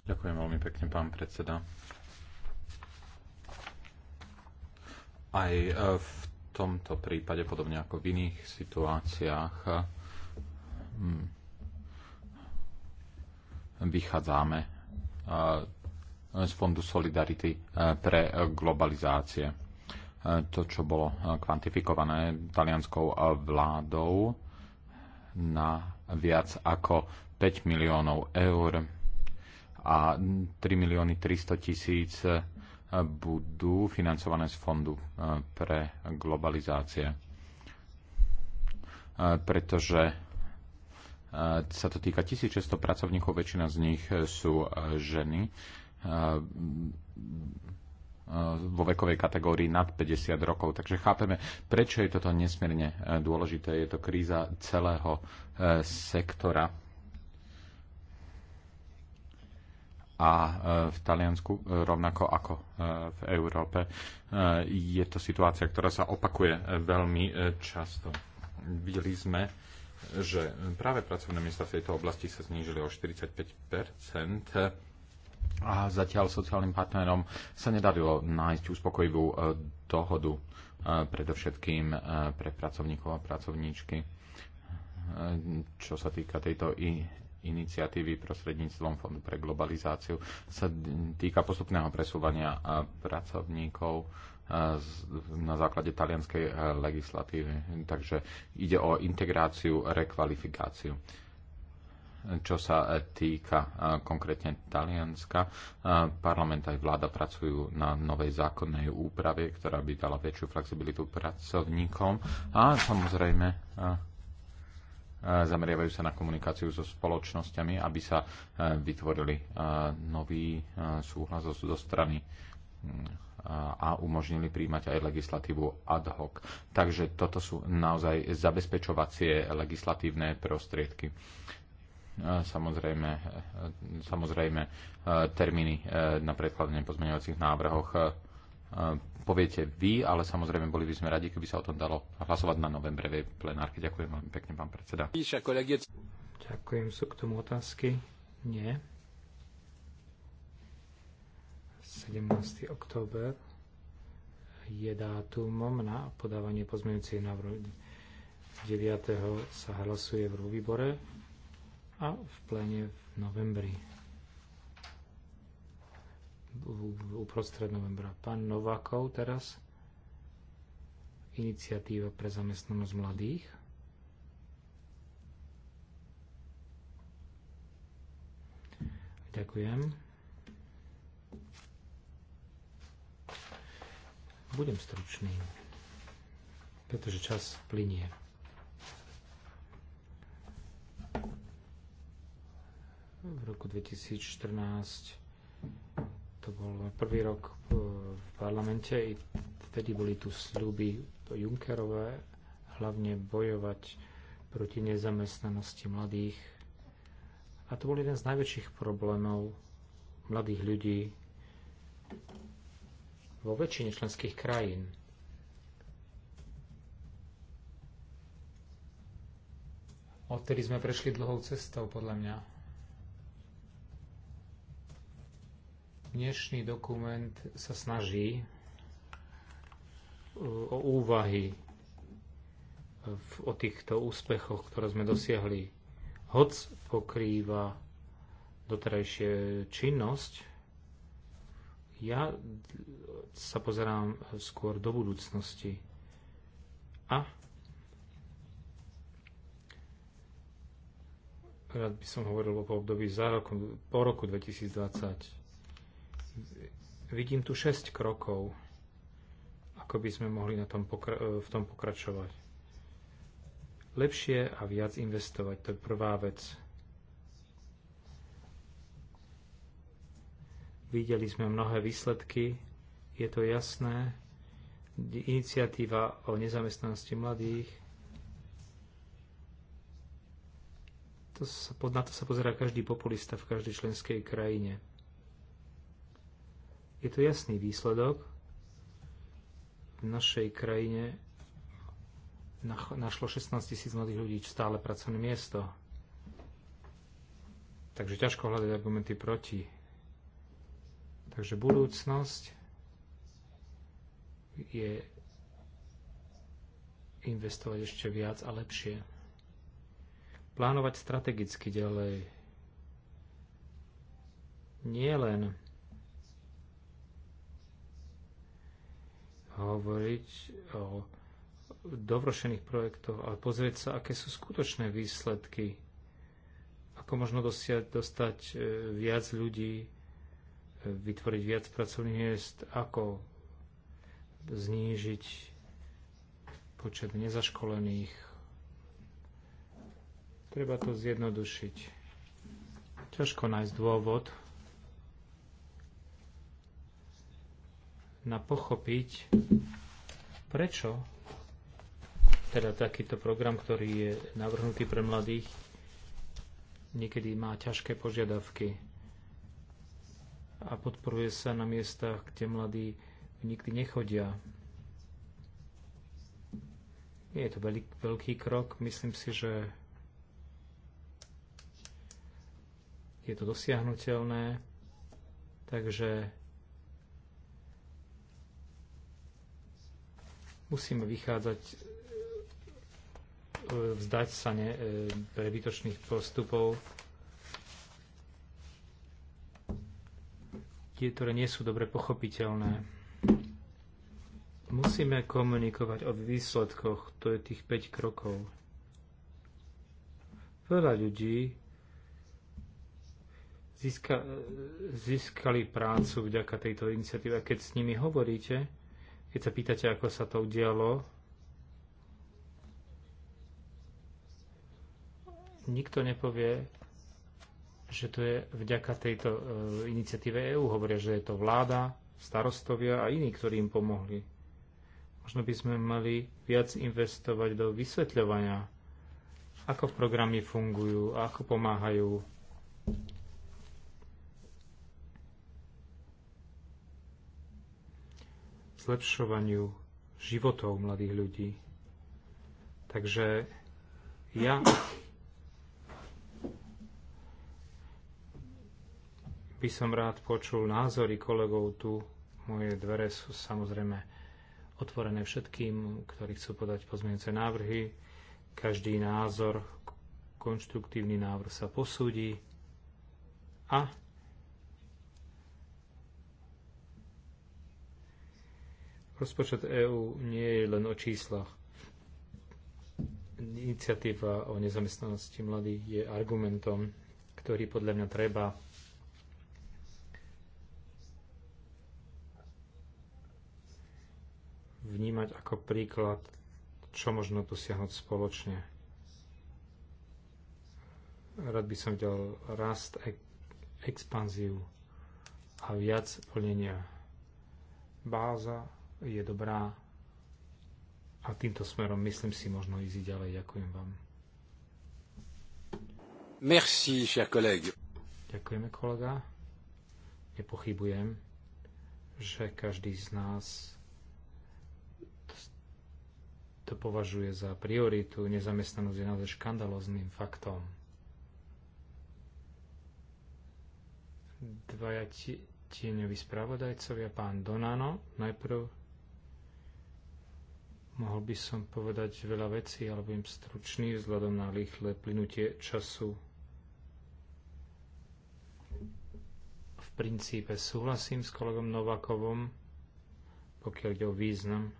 Ďakujem veľmi pekne, pán predseda. Aj e, v tomto prípade, podobne ako v iných situáciách, vychádzame eh, z Fondu Solidarity eh, pre globalizácie. Eh, to, čo bolo kvantifikované talianskou vládou na viac ako 5 miliónov eur a 3 milióny 300 tisíc budú financované z Fondu pre globalizácie. Pretože sa to týka 1600 pracovníkov, väčšina z nich sú e, ženy e, e, vo vekovej kategórii nad 50 rokov. Takže chápeme, prečo je toto nesmierne dôležité. Je to kríza celého sektora. A v Taliansku, rovnako ako v Európe, je to situácia, ktorá sa opakuje veľmi často. Videli sme, že práve pracovné miesta v tejto oblasti sa znížili o 45 a zatiaľ sociálnym partnerom sa nedarilo nájsť uspokojivú e, dohodu e, predovšetkým e, pre pracovníkov a pracovníčky. Čo sa týka tejto iniciatívy prostredníctvom Fondu pre globalizáciu, sa týka postupného presúvania pracovníkov na základe talianskej e, legislatívy. Takže ide o integráciu, rekvalifikáciu. Čo sa e, týka e, konkrétne Talianska, parlament aj vláda pracujú na novej zákonnej úprave, ktorá by dala väčšiu flexibilitu pracovníkom a samozrejme zameriavajú sa na komunikáciu so spoločnosťami, aby sa vytvorili nový súhlas zo strany a umožnili príjmať aj legislatívu ad hoc. Takže toto sú naozaj zabezpečovacie legislatívne prostriedky. E, samozrejme, e, samozrejme e, termíny na predkladanie pozmeňovacích návrhoch poviete vy, ale samozrejme boli by sme radi, keby sa o tom dalo hlasovať na novembrevej plenárke. Ďakujem veľmi pekne, pán predseda. Ďakujem. Sú k tomu otázky? Nie. 17. október je dátumom na podávanie pozmeňujúcej návrhu. 9. sa hlasuje v výbore a v plene v novembri. Uprostred novembra. Pán Novakov teraz iniciatíva pre zamestnanosť mladých. Ďakujem. Budem stručný, pretože čas plinie. V roku 2014 to bol prvý rok e, v parlamente i vtedy boli tu sľuby Junckerové, hlavne bojovať proti nezamestnanosti mladých. A to bol jeden z najväčších problémov mladých ľudí vo väčšine členských krajín. Odtedy sme prešli dlhou cestou, podľa mňa. Dnešný dokument sa snaží e, o úvahy o týchto úspechoch, ktoré sme dosiahli. Hoc pokrýva doterajšie činnosť, ja sa pozerám skôr do budúcnosti. A rád by som hovoril o období za roku, po roku 2020. Vidím tu 6 krokov, ako by sme mohli na tom v tom pokračovať. Lepšie a viac investovať, to je prvá vec Videli sme mnohé výsledky, je to jasné. Iniciatíva o nezamestnanosti mladých. To sa, na to sa pozerá každý populista v každej členskej krajine. Je to jasný výsledok. V našej krajine našlo 16 tisíc mladých ľudí stále pracovné miesto. Takže ťažko hľadať argumenty proti Takže budúcnosť je investovať ešte viac a lepšie. Plánovať strategicky ďalej. Nie len hovoriť o dovršených projektoch, ale pozrieť sa, aké sú skutočné výsledky, ako možno dosiať, dostať e, viac ľudí vytvoriť viac pracovných miest, ako znížiť počet nezaškolených. Treba to zjednodušiť. Ťažko nájsť dôvod na pochopiť, prečo teda takýto program, ktorý je navrhnutý pre mladých, niekedy má ťažké požiadavky a podporuje sa na miestach, kde mladí nikdy nechodia. Nie je to veľký, veľký krok, myslím si, že je to dosiahnutelné, takže musíme vychádzať e, vzdať sa ne, e, prebytočných postupov tie, ktoré nie sú dobre pochopiteľné. Musíme komunikovať o výsledkoch, to je tých 5 krokov. Veľa ľudí získa, získali prácu vďaka tejto iniciatíve. A keď s nimi hovoríte, keď sa pýtate, ako sa to udialo, nikto nepovie, že to je vďaka tejto e, iniciatíve EÚ. Hovoria, že je to vláda, starostovia a iní, ktorí im pomohli. Možno by sme mali viac investovať do vysvetľovania, ako programy fungujú, ako pomáhajú. zlepšovaniu životov mladých ľudí. Takže ja by som rád počul názory kolegov tu. Moje dvere sú samozrejme otvorené všetkým, ktorí chcú podať pozmeňujúce návrhy. Každý názor, konštruktívny návrh sa posúdi a rozpočet EÚ nie je len o číslach. Iniciatíva o nezamestnanosti mladých je argumentom, ktorý podľa mňa treba vnímať ako príklad, čo možno dosiahnuť spoločne. Rád by som videl rast, ek, expanziu a viac plnenia. Báza je dobrá a týmto smerom myslím si možno ísť ďalej. Ďakujem vám. Merci, cher collègue. Ďakujeme, kolega. Nepochybujem, že každý z nás to považuje za prioritu. Nezamestnanosť je naozaj škandalozným faktom. Dvaja tieňoví spravodajcovia, pán Donano, najprv mohol by som povedať veľa vecí, ale budem stručný vzhľadom na rýchle plynutie času. V princípe súhlasím s kolegom Novakovom, pokiaľ ide o význam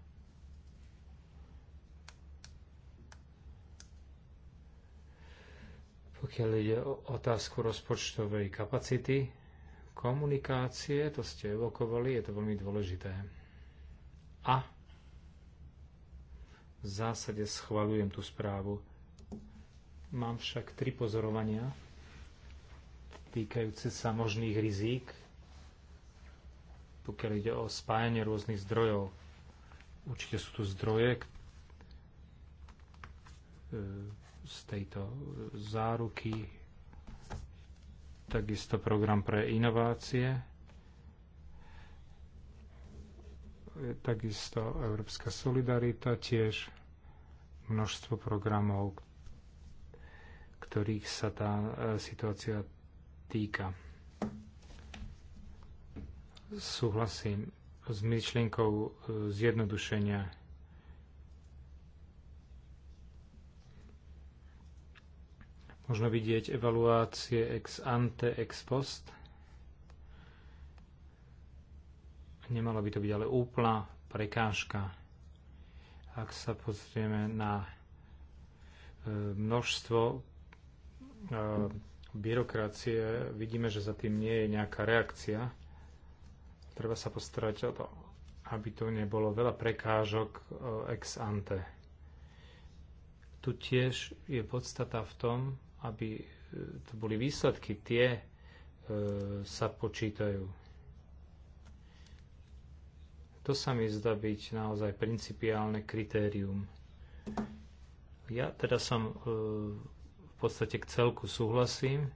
Pokiaľ ide o otázku rozpočtovej kapacity, komunikácie, to ste evokovali, je to veľmi dôležité. A v zásade schvalujem tú správu. Mám však tri pozorovania týkajúce sa možných rizík, pokiaľ ide o spájanie rôznych zdrojov. Určite sú tu zdroje, e, z tejto záruky, takisto program pre inovácie, takisto Európska solidarita tiež množstvo programov, ktorých sa tá e, situácia týka. Súhlasím s myšlienkou e, zjednodušenia Možno vidieť evaluácie ex ante, ex post. Nemala by to byť ale úplná prekážka. Ak sa pozrieme na e, množstvo e, byrokracie, vidíme, že za tým nie je nejaká reakcia. Treba sa postarať o to, aby to nebolo veľa prekážok e, ex ante. Tu tiež je podstata v tom, aby e, to boli výsledky, tie e, sa počítajú. To sa mi zdá byť naozaj principiálne kritérium. Ja teda som e, v podstate k celku súhlasím.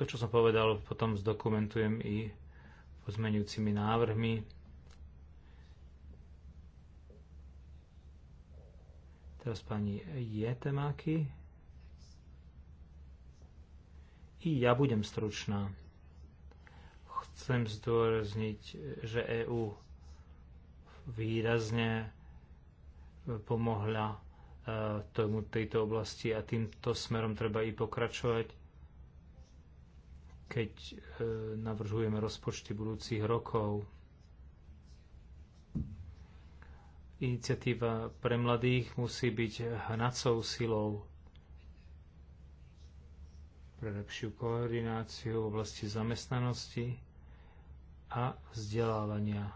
To, čo som povedal, potom zdokumentujem i pozmeňujúcimi návrhmi. Teraz pani Jetemáky. I ja budem stručná. Chcem zdôrazniť, že EÚ výrazne pomohla e, tomu, tejto oblasti a týmto smerom treba i pokračovať, keď e, navrhujeme rozpočty budúcich rokov. Iniciatíva pre mladých musí byť hnacou silou pre lepšiu koordináciu v oblasti zamestnanosti a vzdelávania.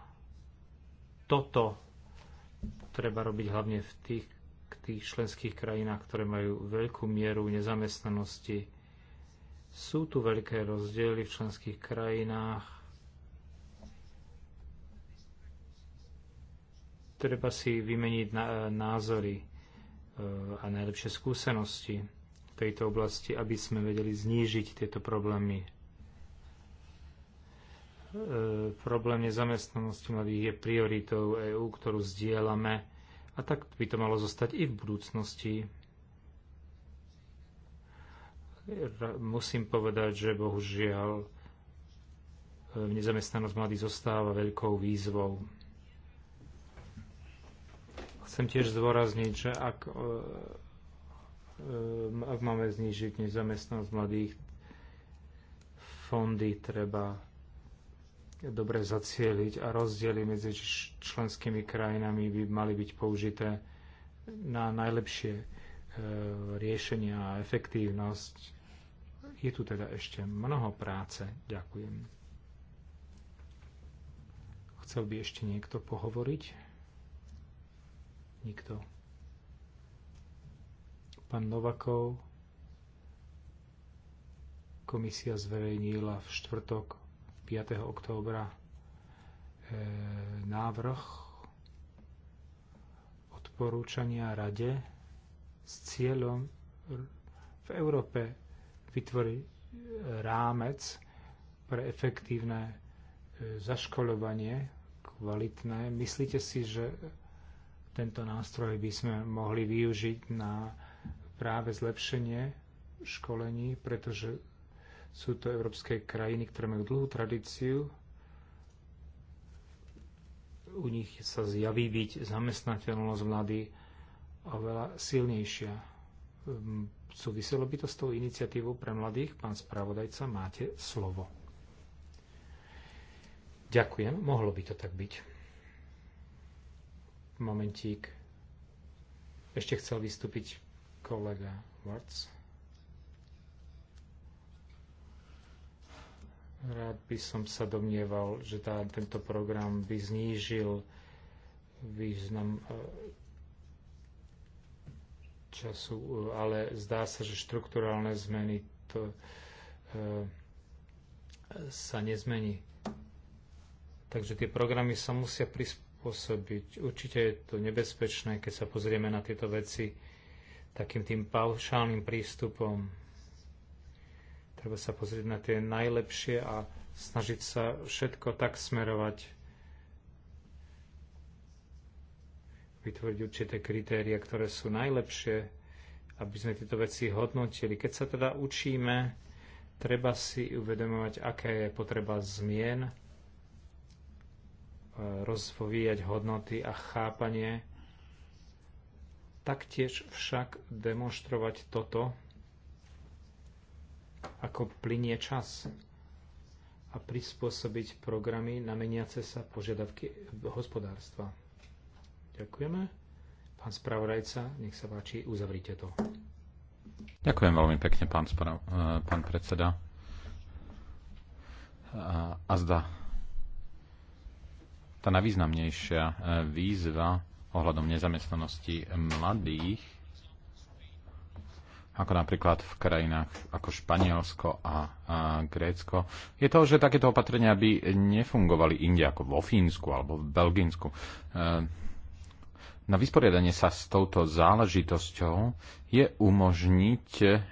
Toto treba robiť hlavne v tých, tých členských krajinách, ktoré majú veľkú mieru nezamestnanosti. Sú tu veľké rozdiely v členských krajinách Treba si vymeniť eh, názory eh, a najlepšie skúsenosti v tejto oblasti, aby sme vedeli znížiť tieto problémy. Eh, problém nezamestnanosti mladých je prioritou EÚ, ktorú zdieľame a tak by to malo zostať i v budúcnosti musím povedať, že bohužiaľ nezamestnanosť mladých zostáva veľkou výzvou. Chcem tiež zdôrazniť, že ak, e, e, ak máme znižiť nezamestnanosť mladých, fondy treba dobre zacieliť a rozdiely medzi členskými krajinami by mali byť použité na najlepšie e, riešenia a efektívnosť. Je tu teda ešte mnoho práce. Ďakujem. Chcel by ešte niekto pohovoriť? Nikto. Pán Novakov, komisia zverejnila v štvrtok 5. októbra e, návrh odporúčania rade s cieľom v Európe vytvoriť e, rámec pre efektívne e, zaškolovanie, kvalitné. Myslíte si, že tento nástroj by sme mohli využiť na práve zlepšenie školení, pretože sú to európske krajiny, ktoré majú dlhú tradíciu. U nich sa zjaví byť zamestnateľnosť vlády oveľa silnejšia. Ehm, súviselo by to s tou iniciatívou pre mladých? Pán spravodajca, máte slovo. Ďakujem, mohlo by to tak byť. Momentík. Ešte chcel vystúpiť kolega Warts. Rád by som sa domnieval, že tá, tento program by znížil význam e, času, e, ale zdá sa, že štrukturálne zmeny to e, sa nezmení. Takže tie programy sa musia prispôsobiť pôsobiť. Určite je to nebezpečné, keď sa pozrieme na tieto veci takým tým paušálnym prístupom. Treba sa pozrieť na tie najlepšie a snažiť sa všetko tak smerovať, vytvoriť určité kritéria, ktoré sú najlepšie, aby sme tieto veci hodnotili. Keď sa teda učíme, treba si uvedomovať, aká je potreba zmien, rozvíjať hodnoty a chápanie, taktiež však demonstrovať toto, ako plinie čas a prispôsobiť programy na meniace sa požiadavky hospodárstva. Ďakujeme. Pán spravodajca, nech sa páči, uzavrite to. Ďakujem veľmi pekne, pán, sprav, eh, pán predseda. A, a zda tá najvýznamnejšia e, výzva ohľadom nezamestnanosti mladých, ako napríklad v krajinách ako Španielsko a, a Grécko, je to, že takéto opatrenia by nefungovali inde ako vo Fínsku alebo v Belgínsku. E, na vysporiadanie sa s touto záležitosťou je umožniť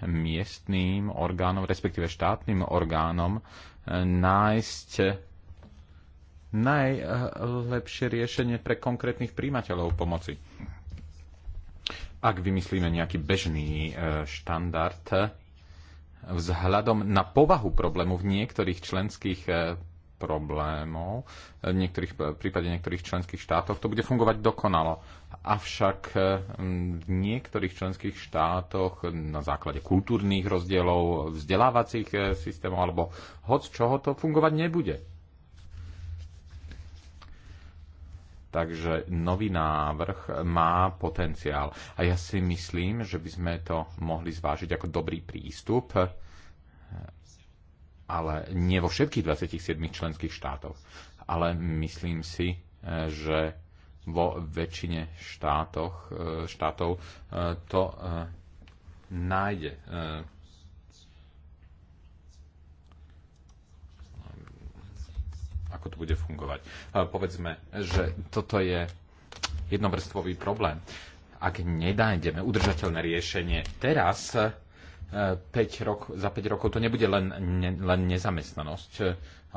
miestným orgánom, respektíve štátnym orgánom, e, nájsť najlepšie riešenie pre konkrétnych príjimateľov pomoci. Ak vymyslíme nejaký bežný e, štandard, e, vzhľadom na povahu problému v niektorých členských e, problémov, v niektorých, v prípade niektorých členských štátoch, to bude fungovať dokonalo. Avšak v niektorých členských štátoch na základe kultúrnych rozdielov, vzdelávacích systémov alebo hoc čoho to fungovať nebude. Takže nový návrh má potenciál. A ja si myslím, že by sme to mohli zvážiť ako dobrý prístup, ale nie vo všetkých 27 členských štátoch. Ale myslím si, že vo väčšine štátoch, e, štátov e, to e, nájde ako to bude fungovať. E, povedzme, že toto je jednovrstvový problém. Ak nedájdeme udržateľné riešenie teraz, 5 e, rok, za 5 rokov to nebude len, ne, len nezamestnanosť, e,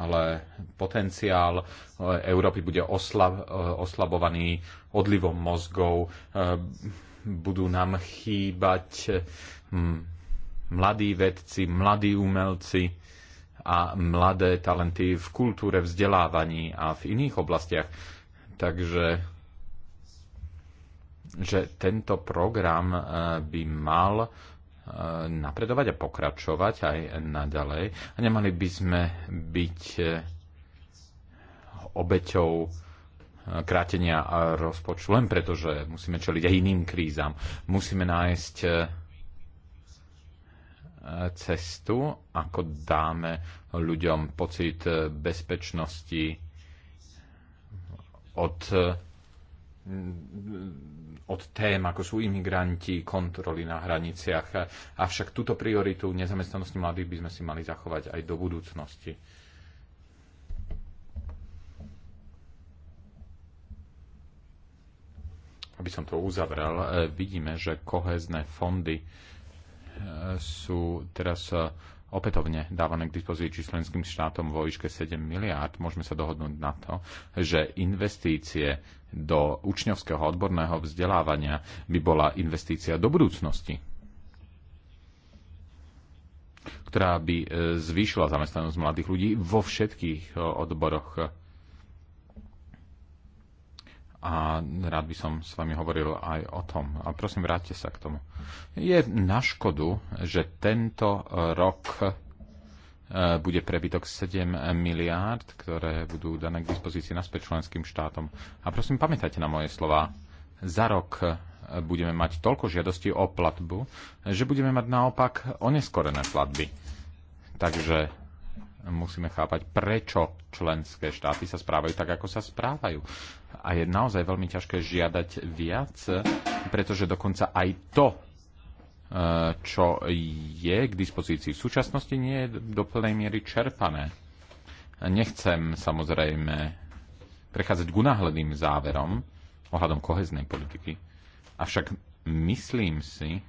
ale potenciál Európy bude oslab, oslabovaný odlivom mozgov, budú nám chýbať hm, mladí vedci, mladí umelci, a mladé talenty v kultúre, vzdelávaní a v iných oblastiach. Takže že tento program e, by mal e, napredovať a pokračovať aj naďalej. A nemali by sme byť e, obeťou krátenia rozpočtu len preto, že musíme čeliť aj iným krízam. Musíme nájsť cestu, ako dáme ľuďom pocit bezpečnosti od, od tém, ako sú imigranti, kontroly na hraniciach. Avšak túto prioritu nezamestnanosti mladých by sme si mali zachovať aj do budúcnosti. Aby som to uzavrel, vidíme, že kohezné fondy sú teraz eh, opätovne dávané k dispozícii členským štátom vo výške 7 miliárd. Môžeme sa dohodnúť na to, že investície do učňovského odborného vzdelávania by bola investícia do budúcnosti ktorá by eh, zvýšila zamestnanosť mladých ľudí vo všetkých eh, odboroch a rád by som s vami hovoril aj o tom. A prosím, vráťte sa k tomu. Je na škodu, že tento rok e, bude prebytok 7 miliárd, ktoré budú dané k dispozícii naspäť členským štátom. A prosím, pamätajte na moje slova. Za rok e, budeme mať toľko žiadostí o platbu, že budeme mať naopak oneskorené platby. Takže musíme chápať, prečo členské štáty sa správajú tak, ako sa správajú. A je naozaj veľmi ťažké žiadať viac, pretože dokonca aj to, e, čo je k dispozícii v súčasnosti, nie je do plnej miery čerpané. Nechcem samozrejme prechádzať k unáhledným záverom ohľadom koheznej politiky, avšak myslím si,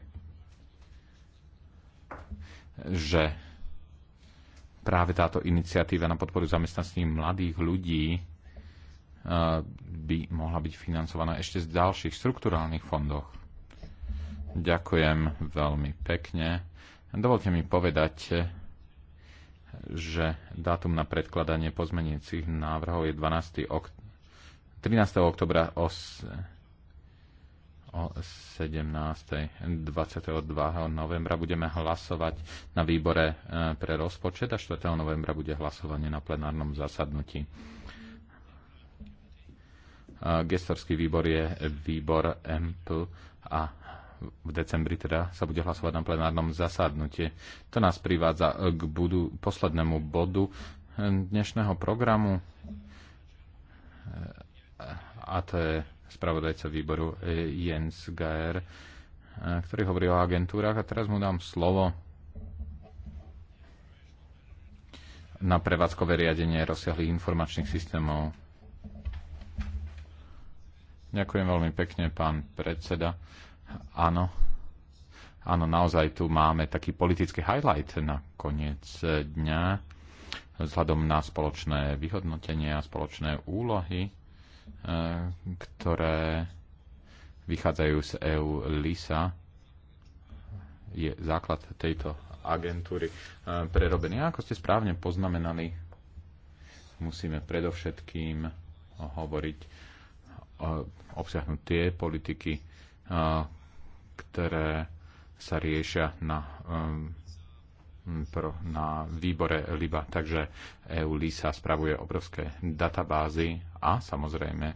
že práve táto iniciatíva na podporu zamestnaní mladých ľudí eh, by mohla byť financovaná ešte z ďalších štrukturálnych fondoch. Ďakujem veľmi pekne. Dovolte mi povedať, že dátum na predkladanie pozmeniecich návrhov je 12. Ok- 13. oktobra 8 o 17.22. novembra budeme hlasovať na výbore e, pre rozpočet a 4. novembra bude hlasovanie na plenárnom zasadnutí. E, gestorský výbor je výbor MP a v decembri teda sa bude hlasovať na plenárnom zasadnutie. To nás privádza e, k budu, poslednému bodu dnešného programu a to je spravodajca výboru e, Jens Geier, e, ktorý hovorí o agentúrach a teraz mu dám slovo na prevádzkové riadenie rozsiahlých informačných systémov. Ďakujem veľmi pekne, pán predseda. Áno, áno, naozaj tu máme taký politický highlight na koniec e, dňa vzhľadom na spoločné vyhodnotenie a spoločné úlohy E, ktoré vychádzajú z EU LISA, je základ tejto agentúry e, prerobený. A ako ste správne poznamenali, musíme predovšetkým hovoriť, obsiahnuť tie politiky, e, ktoré sa riešia na Hm, pro, na výbore LIBA, takže EU LISA spravuje obrovské databázy a samozrejme e,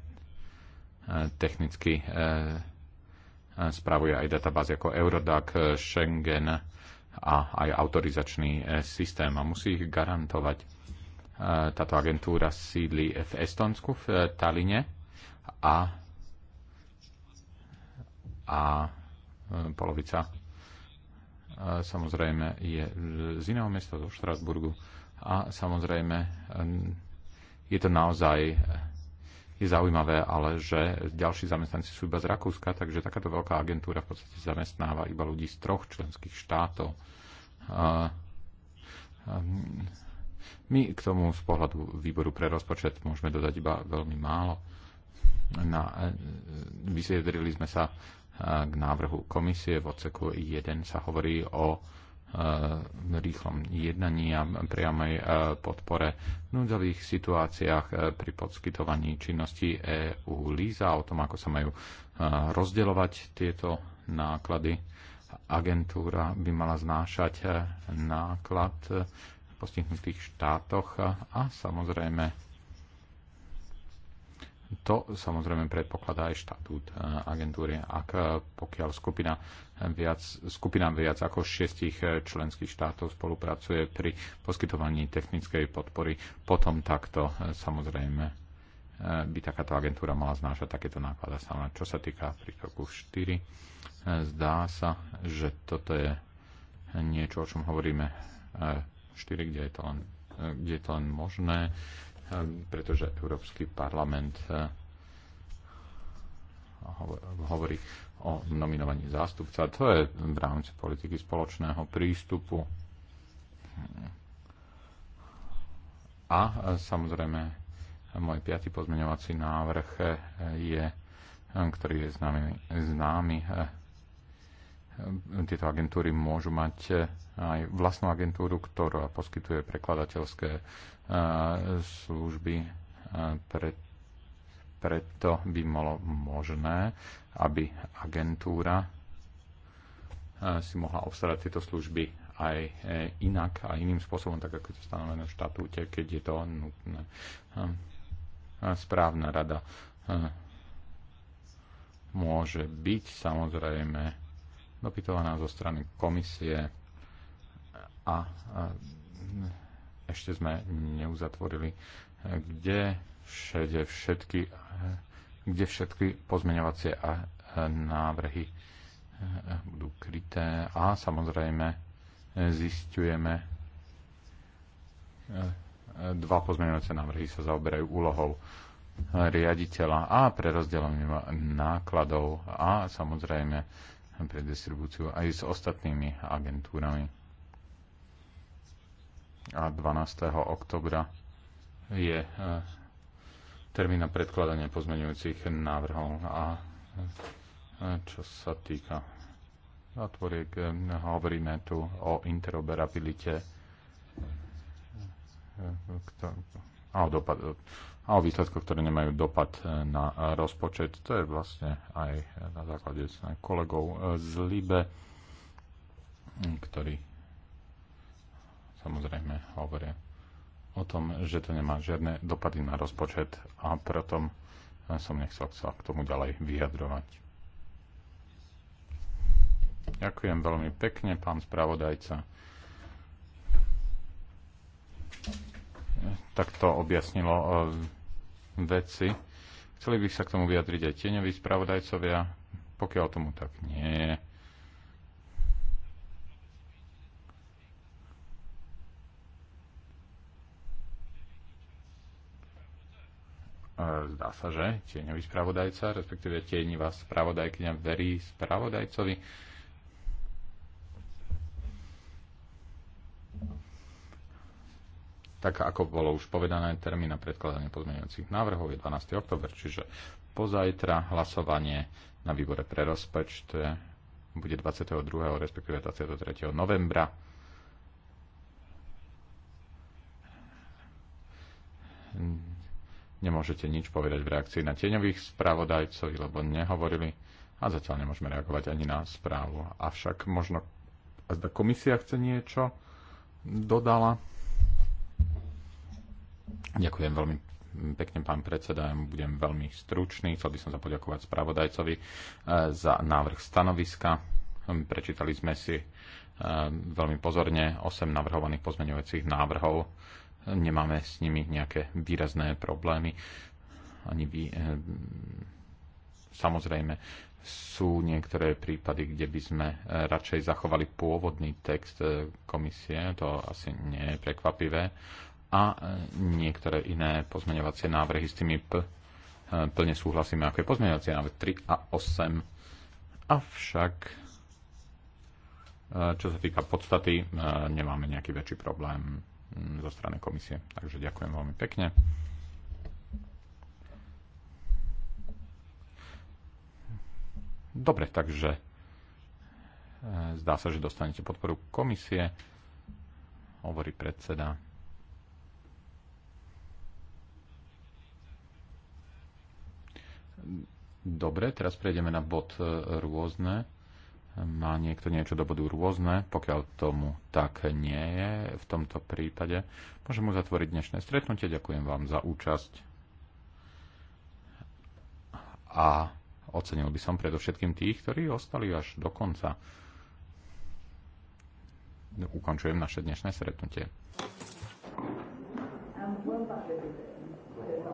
technicky e, e, spravuje aj databázy ako Eurodac, Schengen a aj autorizačný systém a musí ich garantovať. Táto agentúra sídli v Estonsku, v Taline a, a polovica samozrejme je z iného mesta, zo Štrasburgu a samozrejme je to naozaj je zaujímavé, ale že ďalší zamestnanci sú iba z Rakúska, takže takáto veľká agentúra v podstate zamestnáva iba ľudí z troch členských štátov. My k tomu z pohľadu výboru pre rozpočet môžeme dodať iba veľmi málo. Na, vysiedrili sme sa k návrhu komisie. V odseku 1 sa hovorí o e, rýchlom jednaní a priamej e, podpore v núdzových situáciách e, pri poskytovaní činnosti EU LISA, o tom, ako sa majú rozdeľovať tieto náklady. Agentúra by mala znášať náklad v postihnutých štátoch a samozrejme to samozrejme predpokladá aj štatút e, agentúry. Ak e, pokiaľ skupina viac, skupina viac ako šiestich e, členských štátov spolupracuje pri poskytovaní technickej podpory, potom takto samozrejme by takáto agentúra mala znášať takéto náklady sama. Čo sa týka príkroku 4, zdá sa, že toto je niečo, o čom hovoríme 4, kde je to len, kde je to len možné Ehm, pretože Európsky parlament eh, hovorí o nominovaní zástupca. To je v rámci politiky spoločného prístupu. A eh, samozrejme, môj piatý pozmeňovací návrh eh, je, ktorý je známy, známy tieto agentúry môžu mať eh, aj vlastnú agentúru, ktorá poskytuje prekladateľské eh, služby. Eh, pre, preto by bolo možné, aby agentúra si mohla obstarať tieto služby aj inak a iným spôsobom, tak ako je to stanovené v štatúte, keď je to nutné. Správna rada môže byť samozrejme dopytovaná zo strany komisie a ešte sme neuzatvorili, kde všade všetky, kde všetky pozmeňovacie a návrhy e, budú kryté a samozrejme zistujeme e, dva pozmeňovacie návrhy sa zaoberajú úlohou riaditeľa a prerozdelením nákladov a samozrejme pre distribúciu aj s ostatnými agentúrami. A 12. oktobra je e, termín na predkladanie pozmeňujúcich návrhov a e, čo sa týka zatvoriek, e, hovoríme tu o interoperabilite a o a o výsledkoch, ktoré nemajú dopad e, na rozpočet. To je vlastne aj na základe kolegov z Libe, ktorí samozrejme hovoria o tom, že to nemá žiadne dopady na rozpočet a preto e, som nechcel sa k tomu ďalej vyjadrovať. Ďakujem veľmi pekne, pán spravodajca. E, tak to objasnilo veci. Chceli by sa k tomu vyjadriť aj tieňoví spravodajcovia, pokiaľ tomu tak nie je. Zdá sa, že tieňový spravodajca, respektíve tieňová spravodajkyňa verí spravodajcovi Tak ako bolo už povedané, termín na predkladanie pozmeňujúcich návrhov je 12. oktober, čiže pozajtra hlasovanie na výbore pre rozpočt eh, bude 22. respektíve 23. novembra. Nemôžete nič povedať v reakcii na tieňových spravodajcov, lebo nehovorili a zatiaľ nemôžeme reagovať ani na správu. Avšak možno komisia chce niečo dodala. Ďakujem veľmi pekne, pán predseda. Budem veľmi stručný. Chcel by som sa poďakovať spravodajcovi eh, za návrh stanoviska. Hm, prečítali sme si eh, veľmi pozorne 8 navrhovaných pozmeňovacích návrhov. Nemáme s nimi nejaké výrazné problémy. Ani vy, eh, samozrejme, sú niektoré prípady, kde by sme radšej zachovali pôvodný text komisie, to asi nie je prekvapivé, a e, niektoré iné pozmeňovacie návrhy s tými p, e, plne súhlasíme, ako je pozmeňovacie návrhy 3 a 8. Avšak, e, čo sa týka podstaty, nemáme nejaký väčší problém zo strany komisie. Takže ďakujem veľmi pekne. Dobre, takže zdá sa, že dostanete podporu komisie, hovorí predseda. Dobre, teraz prejdeme na bod e, rôzne. Má niekto niečo do bodu rôzne? Pokiaľ tomu tak nie je, v tomto prípade môžem uzatvoriť dnešné stretnutie. Ďakujem vám za účasť. A ocenil by som predovšetkým tých, ktorí ostali až do konca. Ukončujem naše dnešné stretnutie.